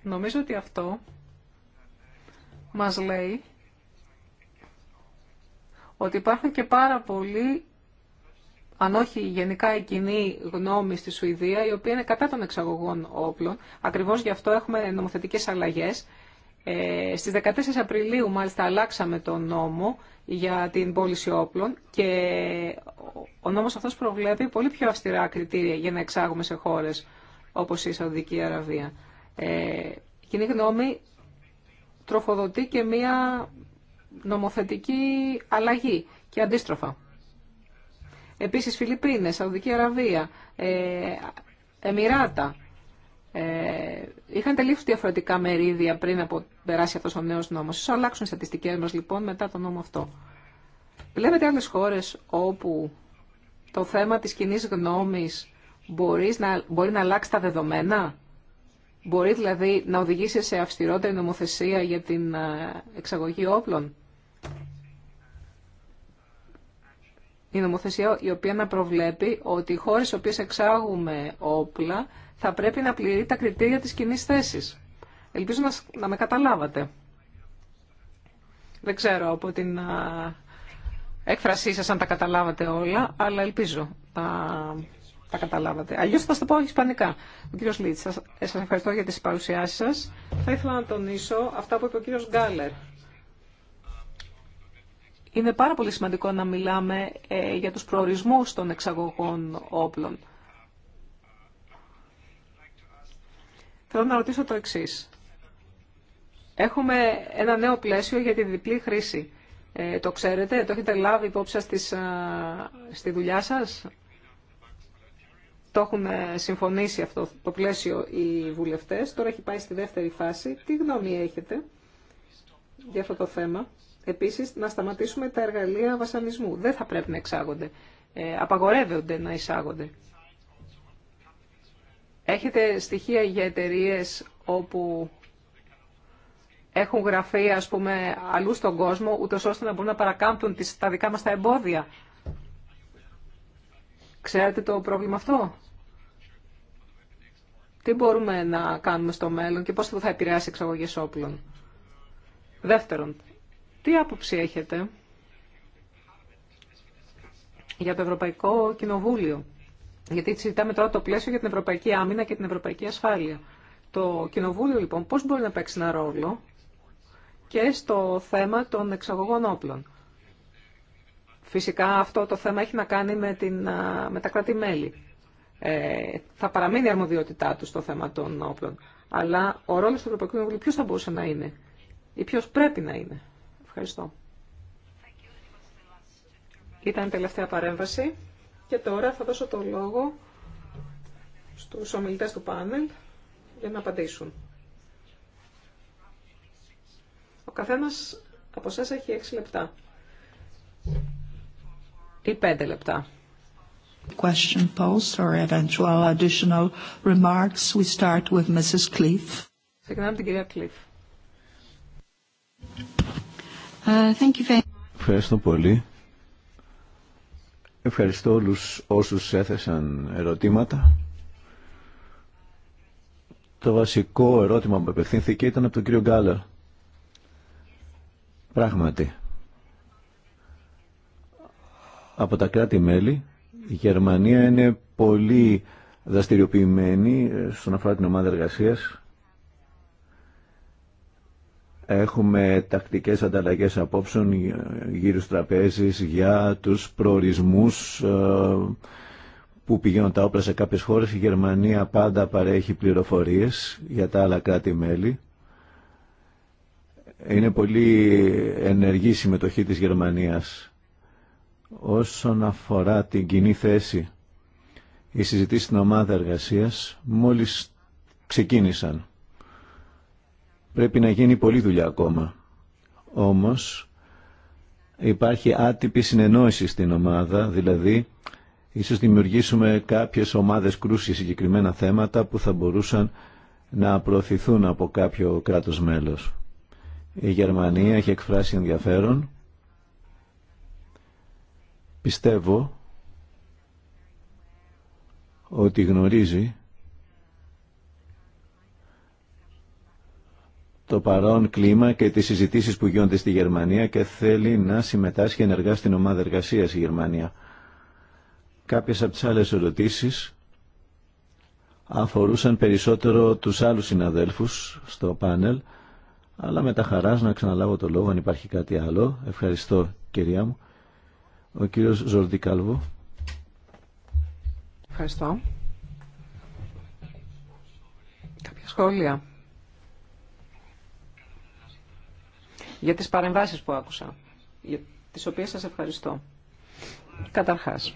Νομίζω ότι αυτό μας λέει ότι υπάρχουν και πάρα πολλοί, αν όχι γενικά η κοινή γνώμη στη Σουηδία, η οποία είναι κατά των εξαγωγών όπλων. Ακριβώς γι' αυτό έχουμε νομοθετικές αλλαγές. Ε, στις 14 Απριλίου μάλιστα αλλάξαμε τον νόμο για την πώληση όπλων και ο νόμος αυτός προβλέπει πολύ πιο αυστηρά κριτήρια για να εξάγουμε σε χώρες όπως η Σαουδική Αραβία. Ε, κοινή γνώμη τροφοδοτεί και μία νομοθετική αλλαγή και αντίστροφα. Επίσης Φιλιππίνες, Σαουδική Αραβία, ε, Εμμυράτα ε, είχαν τελείως διαφορετικά μερίδια πριν από περάσει αυτός ο νέος νόμος. Ίσως αλλάξουν οι στατιστικές μας λοιπόν μετά τον νόμο αυτό. Βλέπετε άλλες χώρες όπου το θέμα της κοινή γνώμης μπορείς να, μπορεί να αλλάξει τα δεδομένα. Μπορεί δηλαδή να οδηγήσει σε αυστηρότερη νομοθεσία για την ε, εξαγωγή όπλων. Η νομοθεσία η οποία να προβλέπει ότι οι χώρες οι οποίες εξάγουμε όπλα θα πρέπει να πληρεί τα κριτήρια της κοινή θέση. Ελπίζω να, με καταλάβατε. Δεν ξέρω από την ε, έκφρασή σας αν τα καταλάβατε όλα, αλλά ελπίζω καταλάβατε. Αλλιώ θα σα το πω ισπανικά. Ο κύριο Λίτ, σα ε, σας ευχαριστώ για τι παρουσιάσει σα. Θα ήθελα να τονίσω αυτά που είπε ο κύριο Γκάλερ. Είναι πάρα πολύ σημαντικό να μιλάμε ε, για τους προορισμούς των εξαγωγών όπλων. Θέλω να ρωτήσω το εξή. Έχουμε ένα νέο πλαίσιο για τη διπλή χρήση. Ε, το ξέρετε, το έχετε λάβει υπόψη σας στη δουλειά σας. Το έχουν συμφωνήσει αυτό το πλαίσιο οι βουλευτές. Τώρα έχει πάει στη δεύτερη φάση. Τι γνώμη έχετε για αυτό το θέμα. Επίσης, να σταματήσουμε τα εργαλεία βασανισμού. Δεν θα πρέπει να εξάγονται. Ε, απαγορεύονται να εισάγονται. Έχετε στοιχεία για εταιρείε όπου έχουν γραφεί, ας πούμε, αλλού στον κόσμο, ούτως ώστε να μπορούν να παρακάμπτουν τις, τα δικά μας τα εμπόδια. Ξέρετε το πρόβλημα αυτό. Τι μπορούμε να κάνουμε στο μέλλον και πώς θα επηρεάσει εξαγωγές όπλων. Δεύτερον, τι άποψη έχετε για το Ευρωπαϊκό Κοινοβούλιο. Γιατί συζητάμε τώρα το πλαίσιο για την Ευρωπαϊκή Άμυνα και την Ευρωπαϊκή Ασφάλεια. Το Κοινοβούλιο λοιπόν πώς μπορεί να παίξει ένα ρόλο και στο θέμα των εξαγωγών όπλων. Φυσικά αυτό το θέμα έχει να κάνει με, την, με τα κράτη-μέλη. Ε, θα παραμείνει η αρμοδιότητά του στο θέμα των όπλων. Αλλά ο ρόλος του Ευρωπαϊκού Κοινοβουλίου ποιος θα μπορούσε να είναι ή ποιος πρέπει να είναι. Ευχαριστώ. Ήταν η ποιο πρεπει να ειναι ευχαριστω παρέμβαση και τώρα θα δώσω το λόγο στους ομιλητές του πάνελ για να απαντήσουν. Ο καθένας από εσάς έχει 6 λεπτά ή 5 λεπτά question post or eventual additional remarks. We start with Mrs. Cliff. Ξεκινάμε την κυρία Κλίφ. Ε, thank you very Ευχαριστώ πολύ. Ευχαριστώ όλους όσους έθεσαν ερωτήματα. Το βασικό ερώτημα που απευθύνθηκε ήταν από τον κύριο Γκάλερ. Πράγματι, από τα κράτη-μέλη η Γερμανία είναι πολύ δραστηριοποιημένη ε, στον αφορά την ομάδα εργασίας. Έχουμε τακτικές ανταλλαγές απόψεων ε, γύρω στους για τους προορισμούς ε, που πηγαίνουν τα όπλα σε κάποιες χώρες. Η Γερμανία πάντα παρέχει πληροφορίες για τα άλλα κράτη-μέλη. Είναι πολύ ενεργή η συμμετοχή της Γερμανίας Όσον αφορά την κοινή θέση, οι συζητήσεις στην ομάδα εργασίας μόλις ξεκίνησαν. Πρέπει να γίνει πολλή δουλειά ακόμα. Όμως υπάρχει άτυπη συνεννόηση στην ομάδα, δηλαδή ίσως δημιουργήσουμε κάποιες ομάδες κρούσης συγκεκριμένα θέματα που θα μπορούσαν να προωθηθούν από κάποιο κράτος μέλος. Η Γερμανία έχει εκφράσει ενδιαφέρον Πιστεύω ότι γνωρίζει το παρόν κλίμα και τις συζητήσεις που γίνονται στη Γερμανία και θέλει να συμμετάσχει ενεργά στην ομάδα εργασίας η Γερμανία. Κάποιες από τις άλλες ερωτήσεις αφορούσαν περισσότερο τους άλλους συναδέλφους στο πάνελ, αλλά με τα χαράς να ξαναλάβω το λόγο αν υπάρχει κάτι άλλο. Ευχαριστώ κυρία μου. Ο κύριος Ζορδί Κάλβο. Ευχαριστώ. Κάποια σχόλια για τις παρεμβάσεις που άκουσα, για τις οποίες σας ευχαριστώ. Καταρχάς,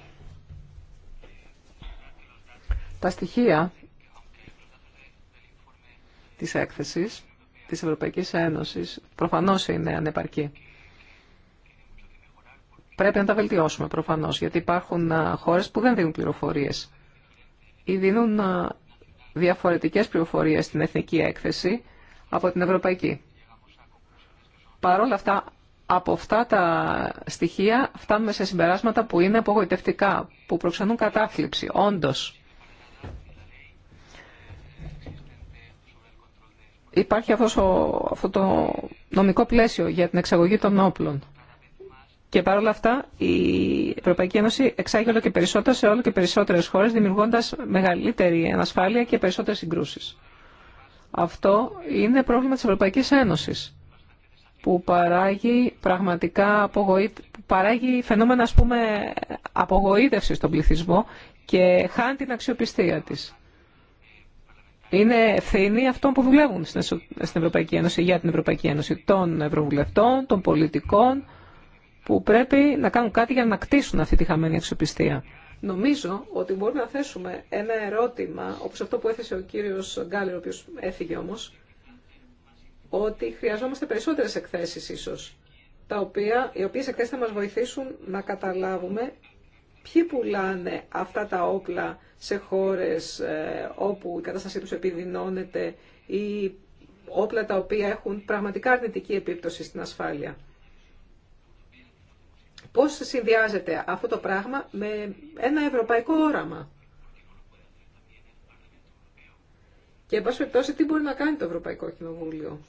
τα στοιχεία της έκθεσης της Ευρωπαϊκής Ένωσης προφανώς είναι ανεπαρκή. Πρέπει να τα βελτιώσουμε προφανώς, γιατί υπάρχουν χώρες που δεν δίνουν πληροφορίες ή δίνουν διαφορετικές πληροφορίες στην εθνική έκθεση από την ευρωπαϊκή. Παρ' όλα αυτά, από αυτά τα στοιχεία φτάνουμε σε συμπεράσματα που είναι απογοητευτικά, που προξενούν κατάθλιψη, όντως. Υπάρχει αυτό το νομικό πλαίσιο για την εξαγωγή των όπλων. Και παρόλα αυτά η Ευρωπαϊκή Ένωση εξάγει όλο και περισσότερο σε όλο και περισσότερε χώρε, δημιουργώντα μεγαλύτερη ανασφάλεια και περισσότερε συγκρούσει. Αυτό είναι πρόβλημα τη Ευρωπαϊκή Ένωση, που παράγει πραγματικά απογοή... παράγει φαινόμενα ας πούμε, απογοήτευση στον πληθυσμό και χάνει την αξιοπιστία τη. Είναι ευθύνη αυτών που δουλεύουν στην Ευρωπαϊκή Ένωση, για την Ευρωπαϊκή Ένωση, των ευρωβουλευτών, των πολιτικών, που πρέπει να κάνουν κάτι για να κτίσουν αυτή τη χαμένη αξιοπιστία. Νομίζω ότι μπορούμε να θέσουμε ένα ερώτημα, όπως αυτό που έθεσε ο κύριος Γκάλερ, ο οποίος έφυγε όμως, ότι χρειαζόμαστε περισσότερες εκθέσεις ίσως, τα οποία, οι οποίες εκθέσεις θα μας βοηθήσουν να καταλάβουμε ποιοι πουλάνε αυτά τα όπλα σε χώρες ε, όπου η κατάστασή τους επιδεινώνεται ή όπλα τα οποία έχουν πραγματικά αρνητική επίπτωση στην ασφάλεια. Πώς συνδυάζεται αυτό το πράγμα με ένα ευρωπαϊκό όραμα. Και, εν πάση περιπτώσει, τι μπορεί να κάνει το Ευρωπαϊκό Κοινοβούλιο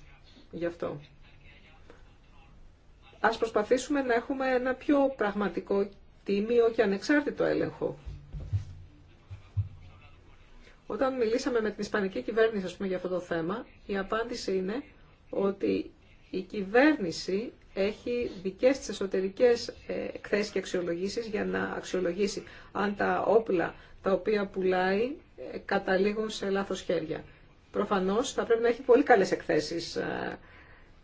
γι' αυτό. Ας προσπαθήσουμε να έχουμε ένα πιο πραγματικό, τίμιο και ανεξάρτητο έλεγχο. Όταν μιλήσαμε με την Ισπανική κυβέρνηση, για αυτό το θέμα, η απάντηση είναι ότι η κυβέρνηση έχει δικές της εσωτερικές ε, εκθέσεις και αξιολογήσεις για να αξιολογήσει αν τα όπλα τα οποία πουλάει ε, καταλήγουν σε λάθος χέρια. Προφανώς θα πρέπει να έχει πολύ καλές εκθέσεις ε,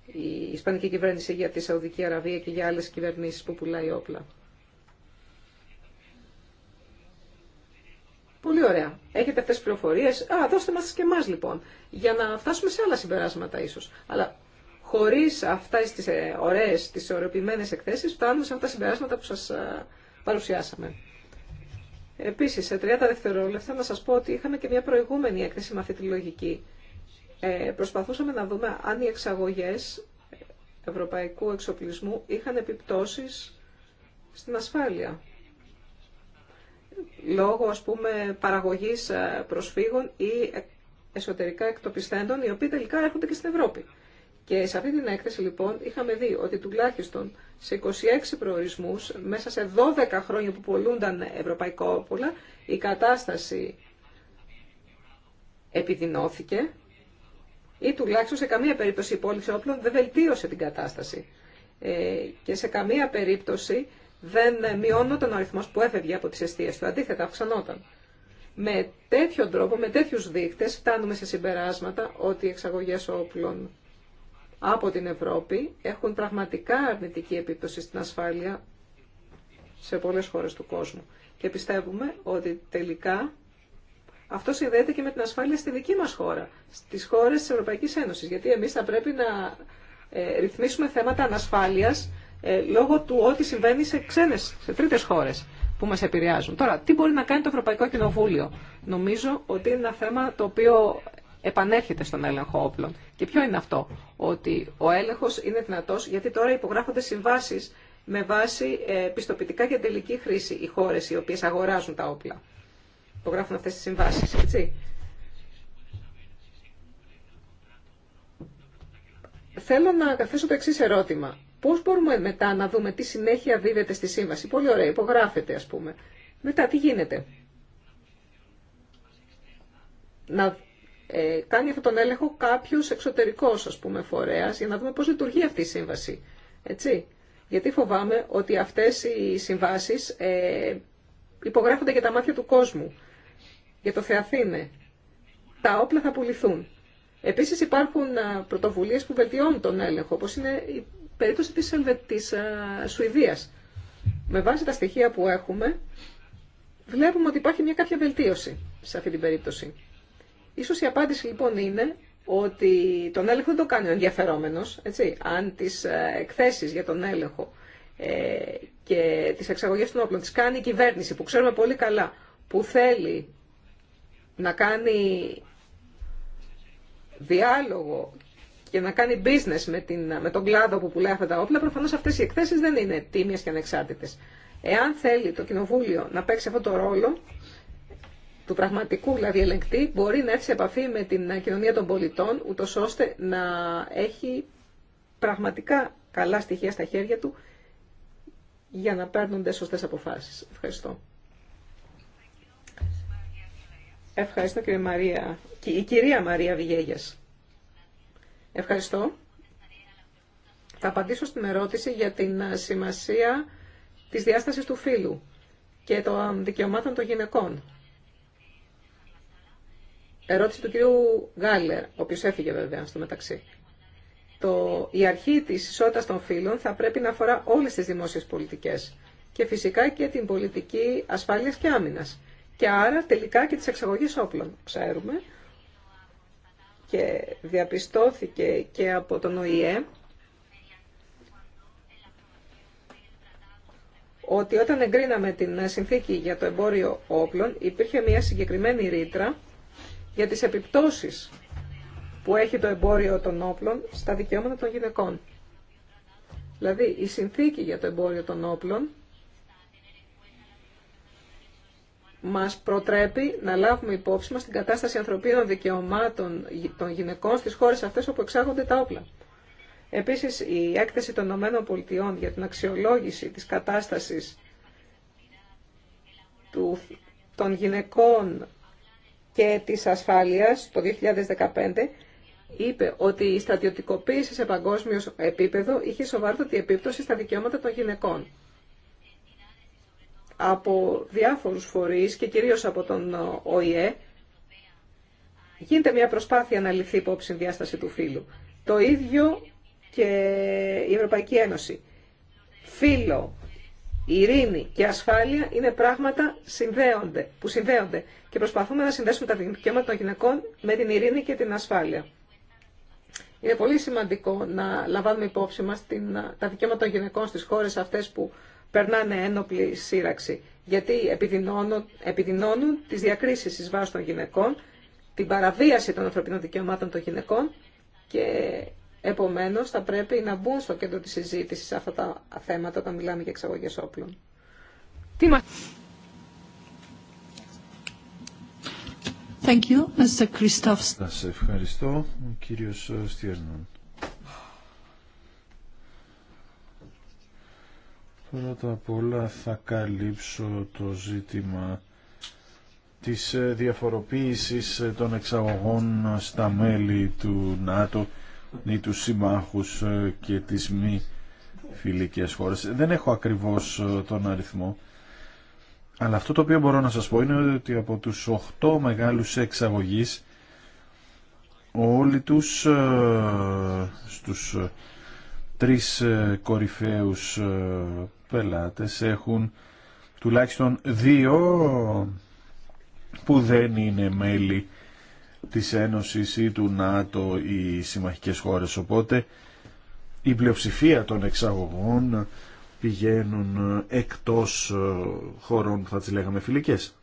η Ισπανική κυβέρνηση για τη Σαουδική Αραβία και για άλλες κυβερνήσεις που πουλάει όπλα. Πολύ ωραία. Έχετε αυτέ τις πληροφορίε. Α, δώστε μα και εμά λοιπόν. Για να φτάσουμε σε άλλα συμπεράσματα ίσως. Αλλά Χωρίς αυτέ τις ε, ωραίε τις ισορροπημένε εκθέσει, φτάνουμε σε αυτά τα συμπεράσματα που σα ε, παρουσιάσαμε. Επίση, σε 30 δευτερόλεπτα να σα πω ότι είχαμε και μια προηγούμενη έκθεση με αυτή τη λογική. Ε, προσπαθούσαμε να δούμε αν οι εξαγωγέ ευρωπαϊκού εξοπλισμού είχαν επιπτώσει στην ασφάλεια. Λόγω, ας πούμε, παραγωγής ε, προσφύγων ή εσωτερικά εκτοπιστέντων, οι οποίοι τελικά έρχονται και στην Ευρώπη. Και σε αυτή την έκθεση λοιπόν είχαμε δει ότι τουλάχιστον σε 26 προορισμούς μέσα σε 12 χρόνια που πολλούνταν ευρωπαϊκό όπουλα η κατάσταση επιδεινώθηκε ή τουλάχιστον σε καμία περίπτωση η πώληση όπλων δεν βελτίωσε την κατάσταση ε, και σε καμία περίπτωση δεν μειώνονταν ο αριθμός που έφευγε από τις αιστείες του. Αντίθετα, αυξανόταν. Με τέτοιο τρόπο, με τέτοιους δείκτες, φτάνουμε σε συμπεράσματα ότι οι εξαγωγές όπλων από την Ευρώπη έχουν πραγματικά αρνητική επίπτωση στην ασφάλεια σε πολλές χώρες του κόσμου. Και πιστεύουμε ότι τελικά αυτό συνδέεται και με την ασφάλεια στη δική μας χώρα, στις χώρες της Ευρωπαϊκής Ένωσης, γιατί εμείς θα πρέπει να ε, ρυθμίσουμε θέματα ανασφάλειας ε, λόγω του ότι συμβαίνει σε ξένες, σε τρίτες χώρες που μας επηρεάζουν. Τώρα, τι μπορεί να κάνει το Ευρωπαϊκό Κοινοβούλιο. Νομίζω ότι είναι ένα θέμα το οποίο επανέρχεται στον έλεγχο όπλων. Και ποιο είναι αυτό, ότι ο έλεγχος είναι δυνατός γιατί τώρα υπογράφονται συμβάσεις με βάση ε, πιστοποιητικά για τελική χρήση οι χώρες οι οποίες αγοράζουν τα όπλα. Υπογράφουν αυτές τις συμβάσεις, έτσι. Θέλω να καθέσω το εξή ερώτημα. Πώ μπορούμε μετά να δούμε τι συνέχεια δίδεται στη σύμβαση. Πολύ ωραία, υπογράφεται α πούμε. Μετά τι γίνεται. Να ε, κάνει αυτόν τον έλεγχο κάποιο εξωτερικό, ας πούμε φορέας για να δούμε πώ λειτουργεί αυτή η σύμβαση. Έτσι. Γιατί φοβάμαι ότι αυτές οι συμβάσεις ε, υπογράφονται για τα μάτια του κόσμου. Για το Θεαθήνε. Τα όπλα θα πουληθούν. Επίσης υπάρχουν πρωτοβουλίε που βελτιώνουν τον έλεγχο, όπως είναι η περίπτωση τη Σουηδία. Με βάση τα στοιχεία που έχουμε, βλέπουμε ότι υπάρχει μια κάποια βελτίωση σε αυτή την περίπτωση. Ίσως η απάντηση λοιπόν είναι ότι τον έλεγχο δεν το κάνει ο ενδιαφερόμενος, έτσι, αν τις ε, εκθέσεις για τον έλεγχο ε, και τις εξαγωγές των όπλων τις κάνει η κυβέρνηση που ξέρουμε πολύ καλά που θέλει να κάνει διάλογο και να κάνει business με, την, με τον κλάδο που πουλάει αυτά τα όπλα, προφανώς αυτές οι εκθέσεις δεν είναι τίμιες και ανεξάρτητες. Εάν θέλει το Κοινοβούλιο να παίξει αυτό το ρόλο, του πραγματικού δηλαδή ελεγκτή μπορεί να έρθει σε επαφή με την κοινωνία των πολιτών, ούτω ώστε να έχει πραγματικά καλά στοιχεία στα χέρια του για να παίρνονται σωστές αποφάσεις. Ευχαριστώ. Ευχαριστώ κύριε Μαρία, η κυρία Μαρία Βιγέγιας. Ευχαριστώ. Θα απαντήσω στην ερώτηση για την ε, σημασία της διάστασης του φύλου και των δικαιωμάτων των γυναικών ερώτηση του κυρίου Γκάλερ, ο οποίος έφυγε βέβαια στο μεταξύ. Το, η αρχή της ισότητας των φύλων θα πρέπει να αφορά όλες τις δημόσιες πολιτικές και φυσικά και την πολιτική ασφάλειας και άμυνας και άρα τελικά και τις εξαγωγές όπλων. Ξέρουμε και διαπιστώθηκε και από τον ΟΗΕ ότι όταν εγκρίναμε την συνθήκη για το εμπόριο όπλων υπήρχε μια συγκεκριμένη ρήτρα για τις επιπτώσεις που έχει το εμπόριο των όπλων στα δικαιώματα των γυναικών. Δηλαδή, η συνθήκη για το εμπόριο των όπλων μας προτρέπει να λάβουμε υπόψη μας την κατάσταση ανθρωπίνων δικαιωμάτων των γυναικών στις χώρες αυτές όπου εξάγονται τα όπλα. Επίσης, η έκθεση των ΗΠΑ για την αξιολόγηση της κατάστασης των γυναικών και της ασφάλειας το 2015 είπε ότι η στρατιωτικοποίηση σε παγκόσμιο επίπεδο είχε σοβαρότατη επίπτωση στα δικαιώματα των γυναικών. Από διάφορους φορείς και κυρίως από τον ΟΗΕ γίνεται μια προσπάθεια να ληφθεί υπόψη διάσταση του φύλου. Το ίδιο και η Ευρωπαϊκή Ένωση. Φύλο, η ειρήνη και η ασφάλεια είναι πράγματα συνδέονται, που συνδέονται και προσπαθούμε να συνδέσουμε τα δικαιώματα των γυναικών με την ειρήνη και την ασφάλεια. Είναι πολύ σημαντικό να λαμβάνουμε υπόψη μας την, τα δικαιώματα των γυναικών στις χώρες αυτές που περνάνε ένοπλη σύραξη, γιατί επιδεινώνουν, επιδεινώνουν τις διακρίσεις εις των γυναικών, την παραβίαση των ανθρωπίνων δικαιωμάτων των γυναικών και Επομένως, θα πρέπει να μπουν στο κέντρο τη συζήτηση αυτά τα θέματα όταν μιλάμε για εξαγωγέ όπλων. Τι Thank you, Mr. ευχαριστώ, κύριο κύριος ε, Στιέρνον. Πρώτα απ' όλα θα καλύψω το ζήτημα της ε, διαφοροποίησης ε, των εξαγωγών στα μέλη του ΝΑΤΟ ή τους συμμάχους ε, και τις μη φιλικές χώρες. Δεν έχω ακριβώς ε, τον αριθμό. Αλλά αυτό το οποίο μπορώ να σας πω είναι ότι από τους 8 μεγάλους εξαγωγείς όλοι τους ε, στους τρεις κορυφαίους πελάτες έχουν τουλάχιστον δύο που δεν είναι μέλη της Ένωσης ή του ΝΑΤΟ ή συμμαχικές χώρες. Οπότε η πλειοψηφία των εξαγωγών πηγαίνουν εκτός ε, χωρών θα τις λέγαμε φιλικές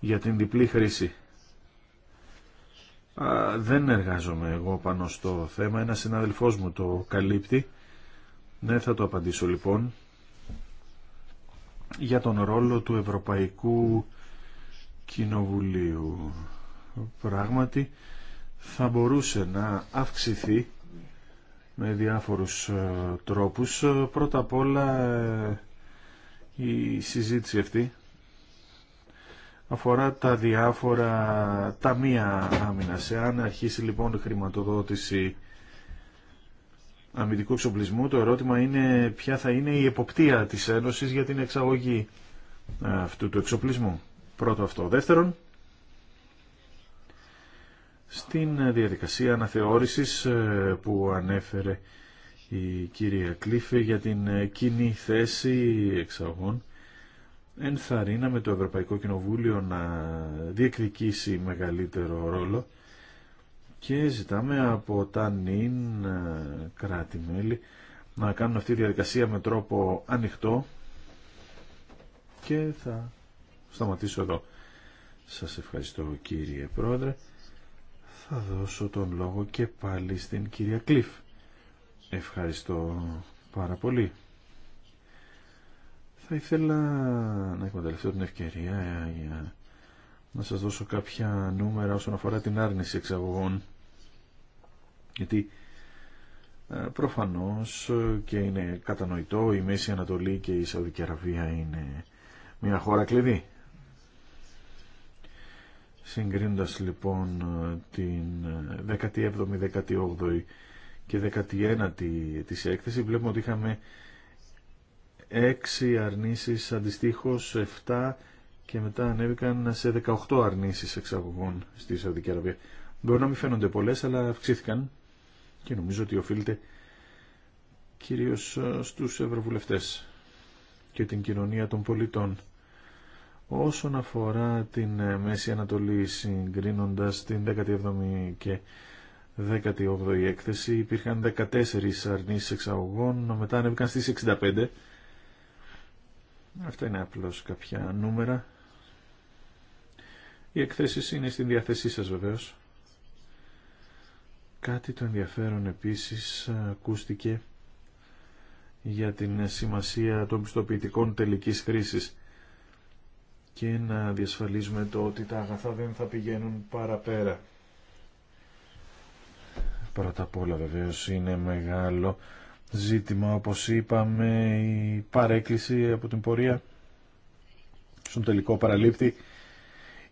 για την διπλή χρήση. Α, δεν εργάζομαι εγώ πάνω στο θέμα, ένα συνάδελφός μου το καλύπτει. Ναι, θα το απαντήσω λοιπόν για τον ρόλο του Ευρωπαϊκού Κοινοβουλίου πράγματι θα μπορούσε να αυξηθεί με διάφορους ε, τρόπους. Ε, πρώτα απ' όλα ε, η συζήτηση αυτή αφορά τα διάφορα ταμεία άμυνας. Εάν αρχίσει λοιπόν η χρηματοδότηση αμυντικού εξοπλισμού, το ερώτημα είναι ποια θα είναι η εποπτεία της Ένωσης για την εξαγωγή αυτού του εξοπλισμού. Πρώτο αυτό. Δεύτερον, στην διαδικασία αναθεώρησης ε, που ανέφερε η κυρία Κλήφε για την ε, κοινή θέση εξαγών ενθαρρύναμε το Ευρωπαϊκό Κοινοβούλιο να διεκδικήσει μεγαλύτερο ρόλο και ζητάμε από τα νυν ε, κράτη-μέλη να κάνουν αυτή τη διαδικασία με τρόπο ανοιχτό και θα σταματήσω εδώ. Σας ευχαριστώ κύριε Πρόεδρε θα δώσω τον λόγο και πάλι στην κυρία Κλίφ. Ευχαριστώ πάρα πολύ. Θα ήθελα να εκμεταλλευτώ την ευκαιρία για να σας δώσω κάποια νούμερα όσον αφορά την άρνηση εξαγωγών. Γιατί ε, προφανώς και είναι κατανοητό η Μέση Ανατολή και η Σαουδική Αραβία είναι μια χώρα κλειδί Συγκρίνοντας λοιπόν ε, την 17η, ε, 18η και 19η της έκθεση βλέπουμε ότι είχαμε 6 αρνήσεις αντιστοίχως 7 και μετά ανέβηκαν σε 18 αρνήσεις εξαγωγών στη Σαουδική Αραβία. Μπορεί να μην φαίνονται πολλές αλλά αυξήθηκαν και νομίζω ότι οφείλεται κυρίως ε, στους ευρωβουλευτές και την κοινωνία των πολιτών Όσον αφορά την ε, Μέση Ανατολή συγκρίνοντας την 17η και 18η έκθεση υπήρχαν 14 αρνήσεις εξαγωγών, μετά ανέβηκαν στις 65. Αυτά είναι απλώς κάποια νούμερα. Οι έκθεση είναι στην διάθεσή σας βεβαίως. Κάτι το ενδιαφέρον επίσης ακούστηκε για την σημασία των πιστοποιητικών τελικής χρήσης και να διασφαλίζουμε το ότι τα αγαθά δεν θα πηγαίνουν παραπέρα. Πρώτα απ' όλα βεβαίως είναι μεγάλο ζήτημα όπως είπαμε η παρέκκληση από την πορεία στον τελικό παραλήπτη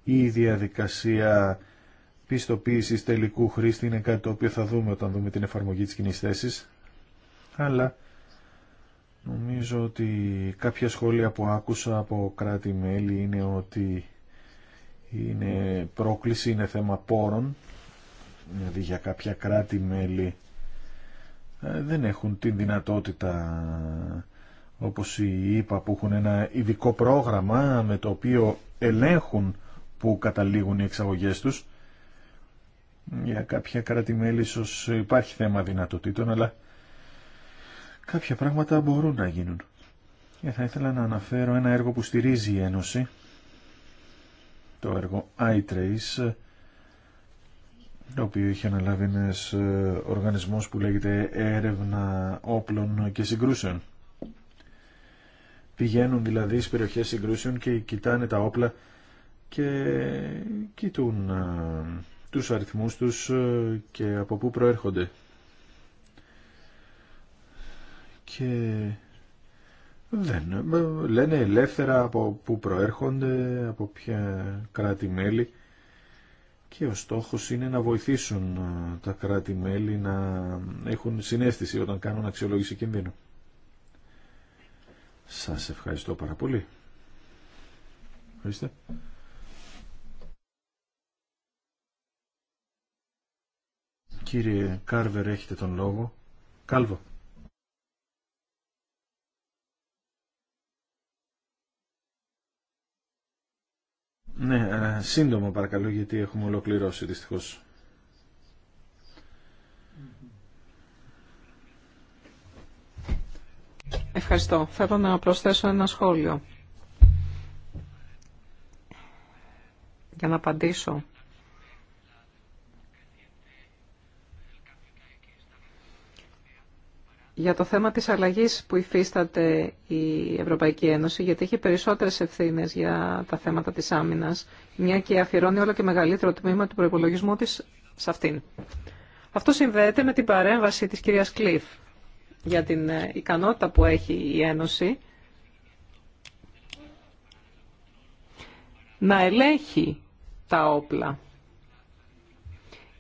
η διαδικασία πιστοποίησης τελικού χρήστη είναι κάτι το οποίο θα δούμε όταν δούμε την εφαρμογή της κοινής θέσης. αλλά Νομίζω ότι κάποια σχόλια που άκουσα από κράτη-μέλη είναι ότι είναι πρόκληση, είναι θέμα πόρων. Δηλαδή για κάποια κράτη-μέλη ε, δεν έχουν την δυνατότητα όπως οι ΙΠΑ που έχουν ένα ειδικό πρόγραμμα με το οποίο ελέγχουν που καταλήγουν οι εξαγωγές τους. Για κάποια κράτη-μέλη ίσως υπάρχει θέμα δυνατοτήτων, αλλά κάποια πράγματα μπορούν να γίνουν. Και ε, θα ήθελα να αναφέρω ένα έργο που στηρίζει η Ένωση, το έργο iTrace, το οποίο είχε αναλάβει ένα ε, οργανισμός που λέγεται έρευνα όπλων και συγκρούσεων. Πηγαίνουν δηλαδή στις περιοχές συγκρούσεων και κοιτάνε τα όπλα και κοιτούν ε, τους αριθμούς τους και από πού προέρχονται και δεν, ε, λένε ελεύθερα από πού προέρχονται, από ποια κράτη-μέλη και ο στόχος είναι να βοηθήσουν ε, τα κράτη-μέλη να έχουν συνέστηση όταν κάνουν αξιολόγηση κινδύνου. Σας ευχαριστώ πάρα πολύ. Κύριε Κάρβερ, έχετε τον λόγο. Κάλβο. Ναι, ε, σύντομα παρακαλώ γιατί έχουμε ολοκληρώσει δυστυχώς. Ευχαριστώ. Θέλω να προσθέσω ένα σχόλιο για να απαντήσω για το θέμα της αλλαγής που υφίσταται η Ευρωπαϊκή Ένωση, γιατί έχει περισσότερες ευθύνες για τα θέματα της άμυνας, μια και αφιερώνει όλο και μεγαλύτερο τμήμα του προϋπολογισμού της σε αυτήν. Αυτό συνδέεται με την παρέμβαση της κυρίας Κλίφ για την ε, ικανότητα που έχει η Ένωση να ελέγχει τα όπλα.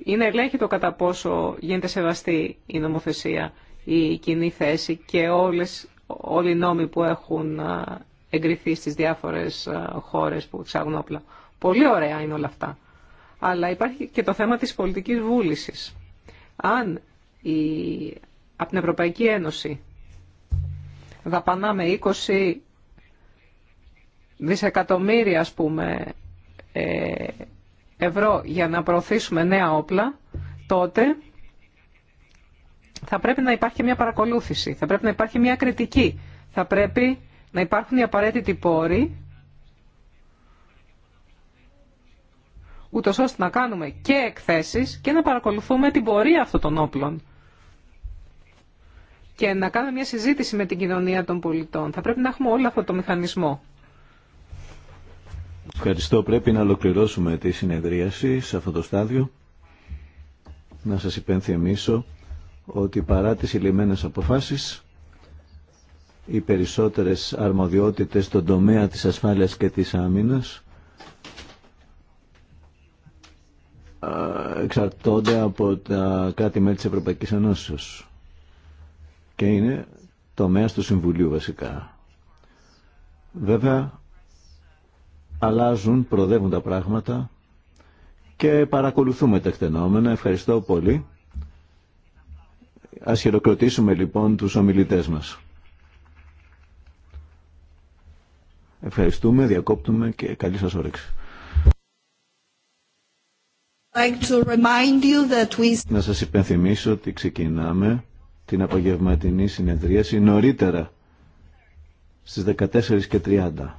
Είναι το κατά πόσο γίνεται σεβαστή η νομοθεσία η κοινή θέση και όλες, όλοι οι νόμοι που έχουν εγκριθεί στις διάφορες χώρες που εξάγουν όπλα. Πολύ ωραία είναι όλα αυτά. Αλλά υπάρχει και το θέμα της πολιτικής βούλησης. Αν η, από την Ευρωπαϊκή Ένωση δαπανάμε 20 δισεκατομμύρια ας πούμε ε, ευρώ για να προωθήσουμε νέα όπλα, τότε θα πρέπει να υπάρχει μια παρακολούθηση, θα πρέπει να υπάρχει μια κριτική, θα πρέπει να υπάρχουν οι απαραίτητοι πόροι, ούτως ώστε να κάνουμε και εκθέσεις και να παρακολουθούμε την πορεία αυτών των όπλων και να κάνουμε μια συζήτηση με την κοινωνία των πολιτών. Θα πρέπει να έχουμε όλο αυτό το μηχανισμό. Ευχαριστώ. Πρέπει να ολοκληρώσουμε τη συνεδρίαση σε αυτό το στάδιο. Να σας υπενθυμίσω ότι παρά τις ηλυμένες αποφάσεις οι περισσότερες αρμοδιότητες στον τομέα της ασφάλειας και της άμυνας εξαρτώνται από τα κράτη-μέλη της Ευρωπαϊκής Ενώσεως και είναι τομέας του Συμβουλίου βασικά. Βέβαια, αλλάζουν, προδεύουν τα πράγματα και παρακολουθούμε τα εκτενόμενα. Ευχαριστώ πολύ. Ας χειροκροτήσουμε λοιπόν τους ομιλητές μας. Ευχαριστούμε, διακόπτουμε και καλή σας όρεξη. Like to remind you that Να σας υπενθυμίσω ότι ξεκινάμε την απογευματινή συνεδρίαση νωρίτερα στις 14.30.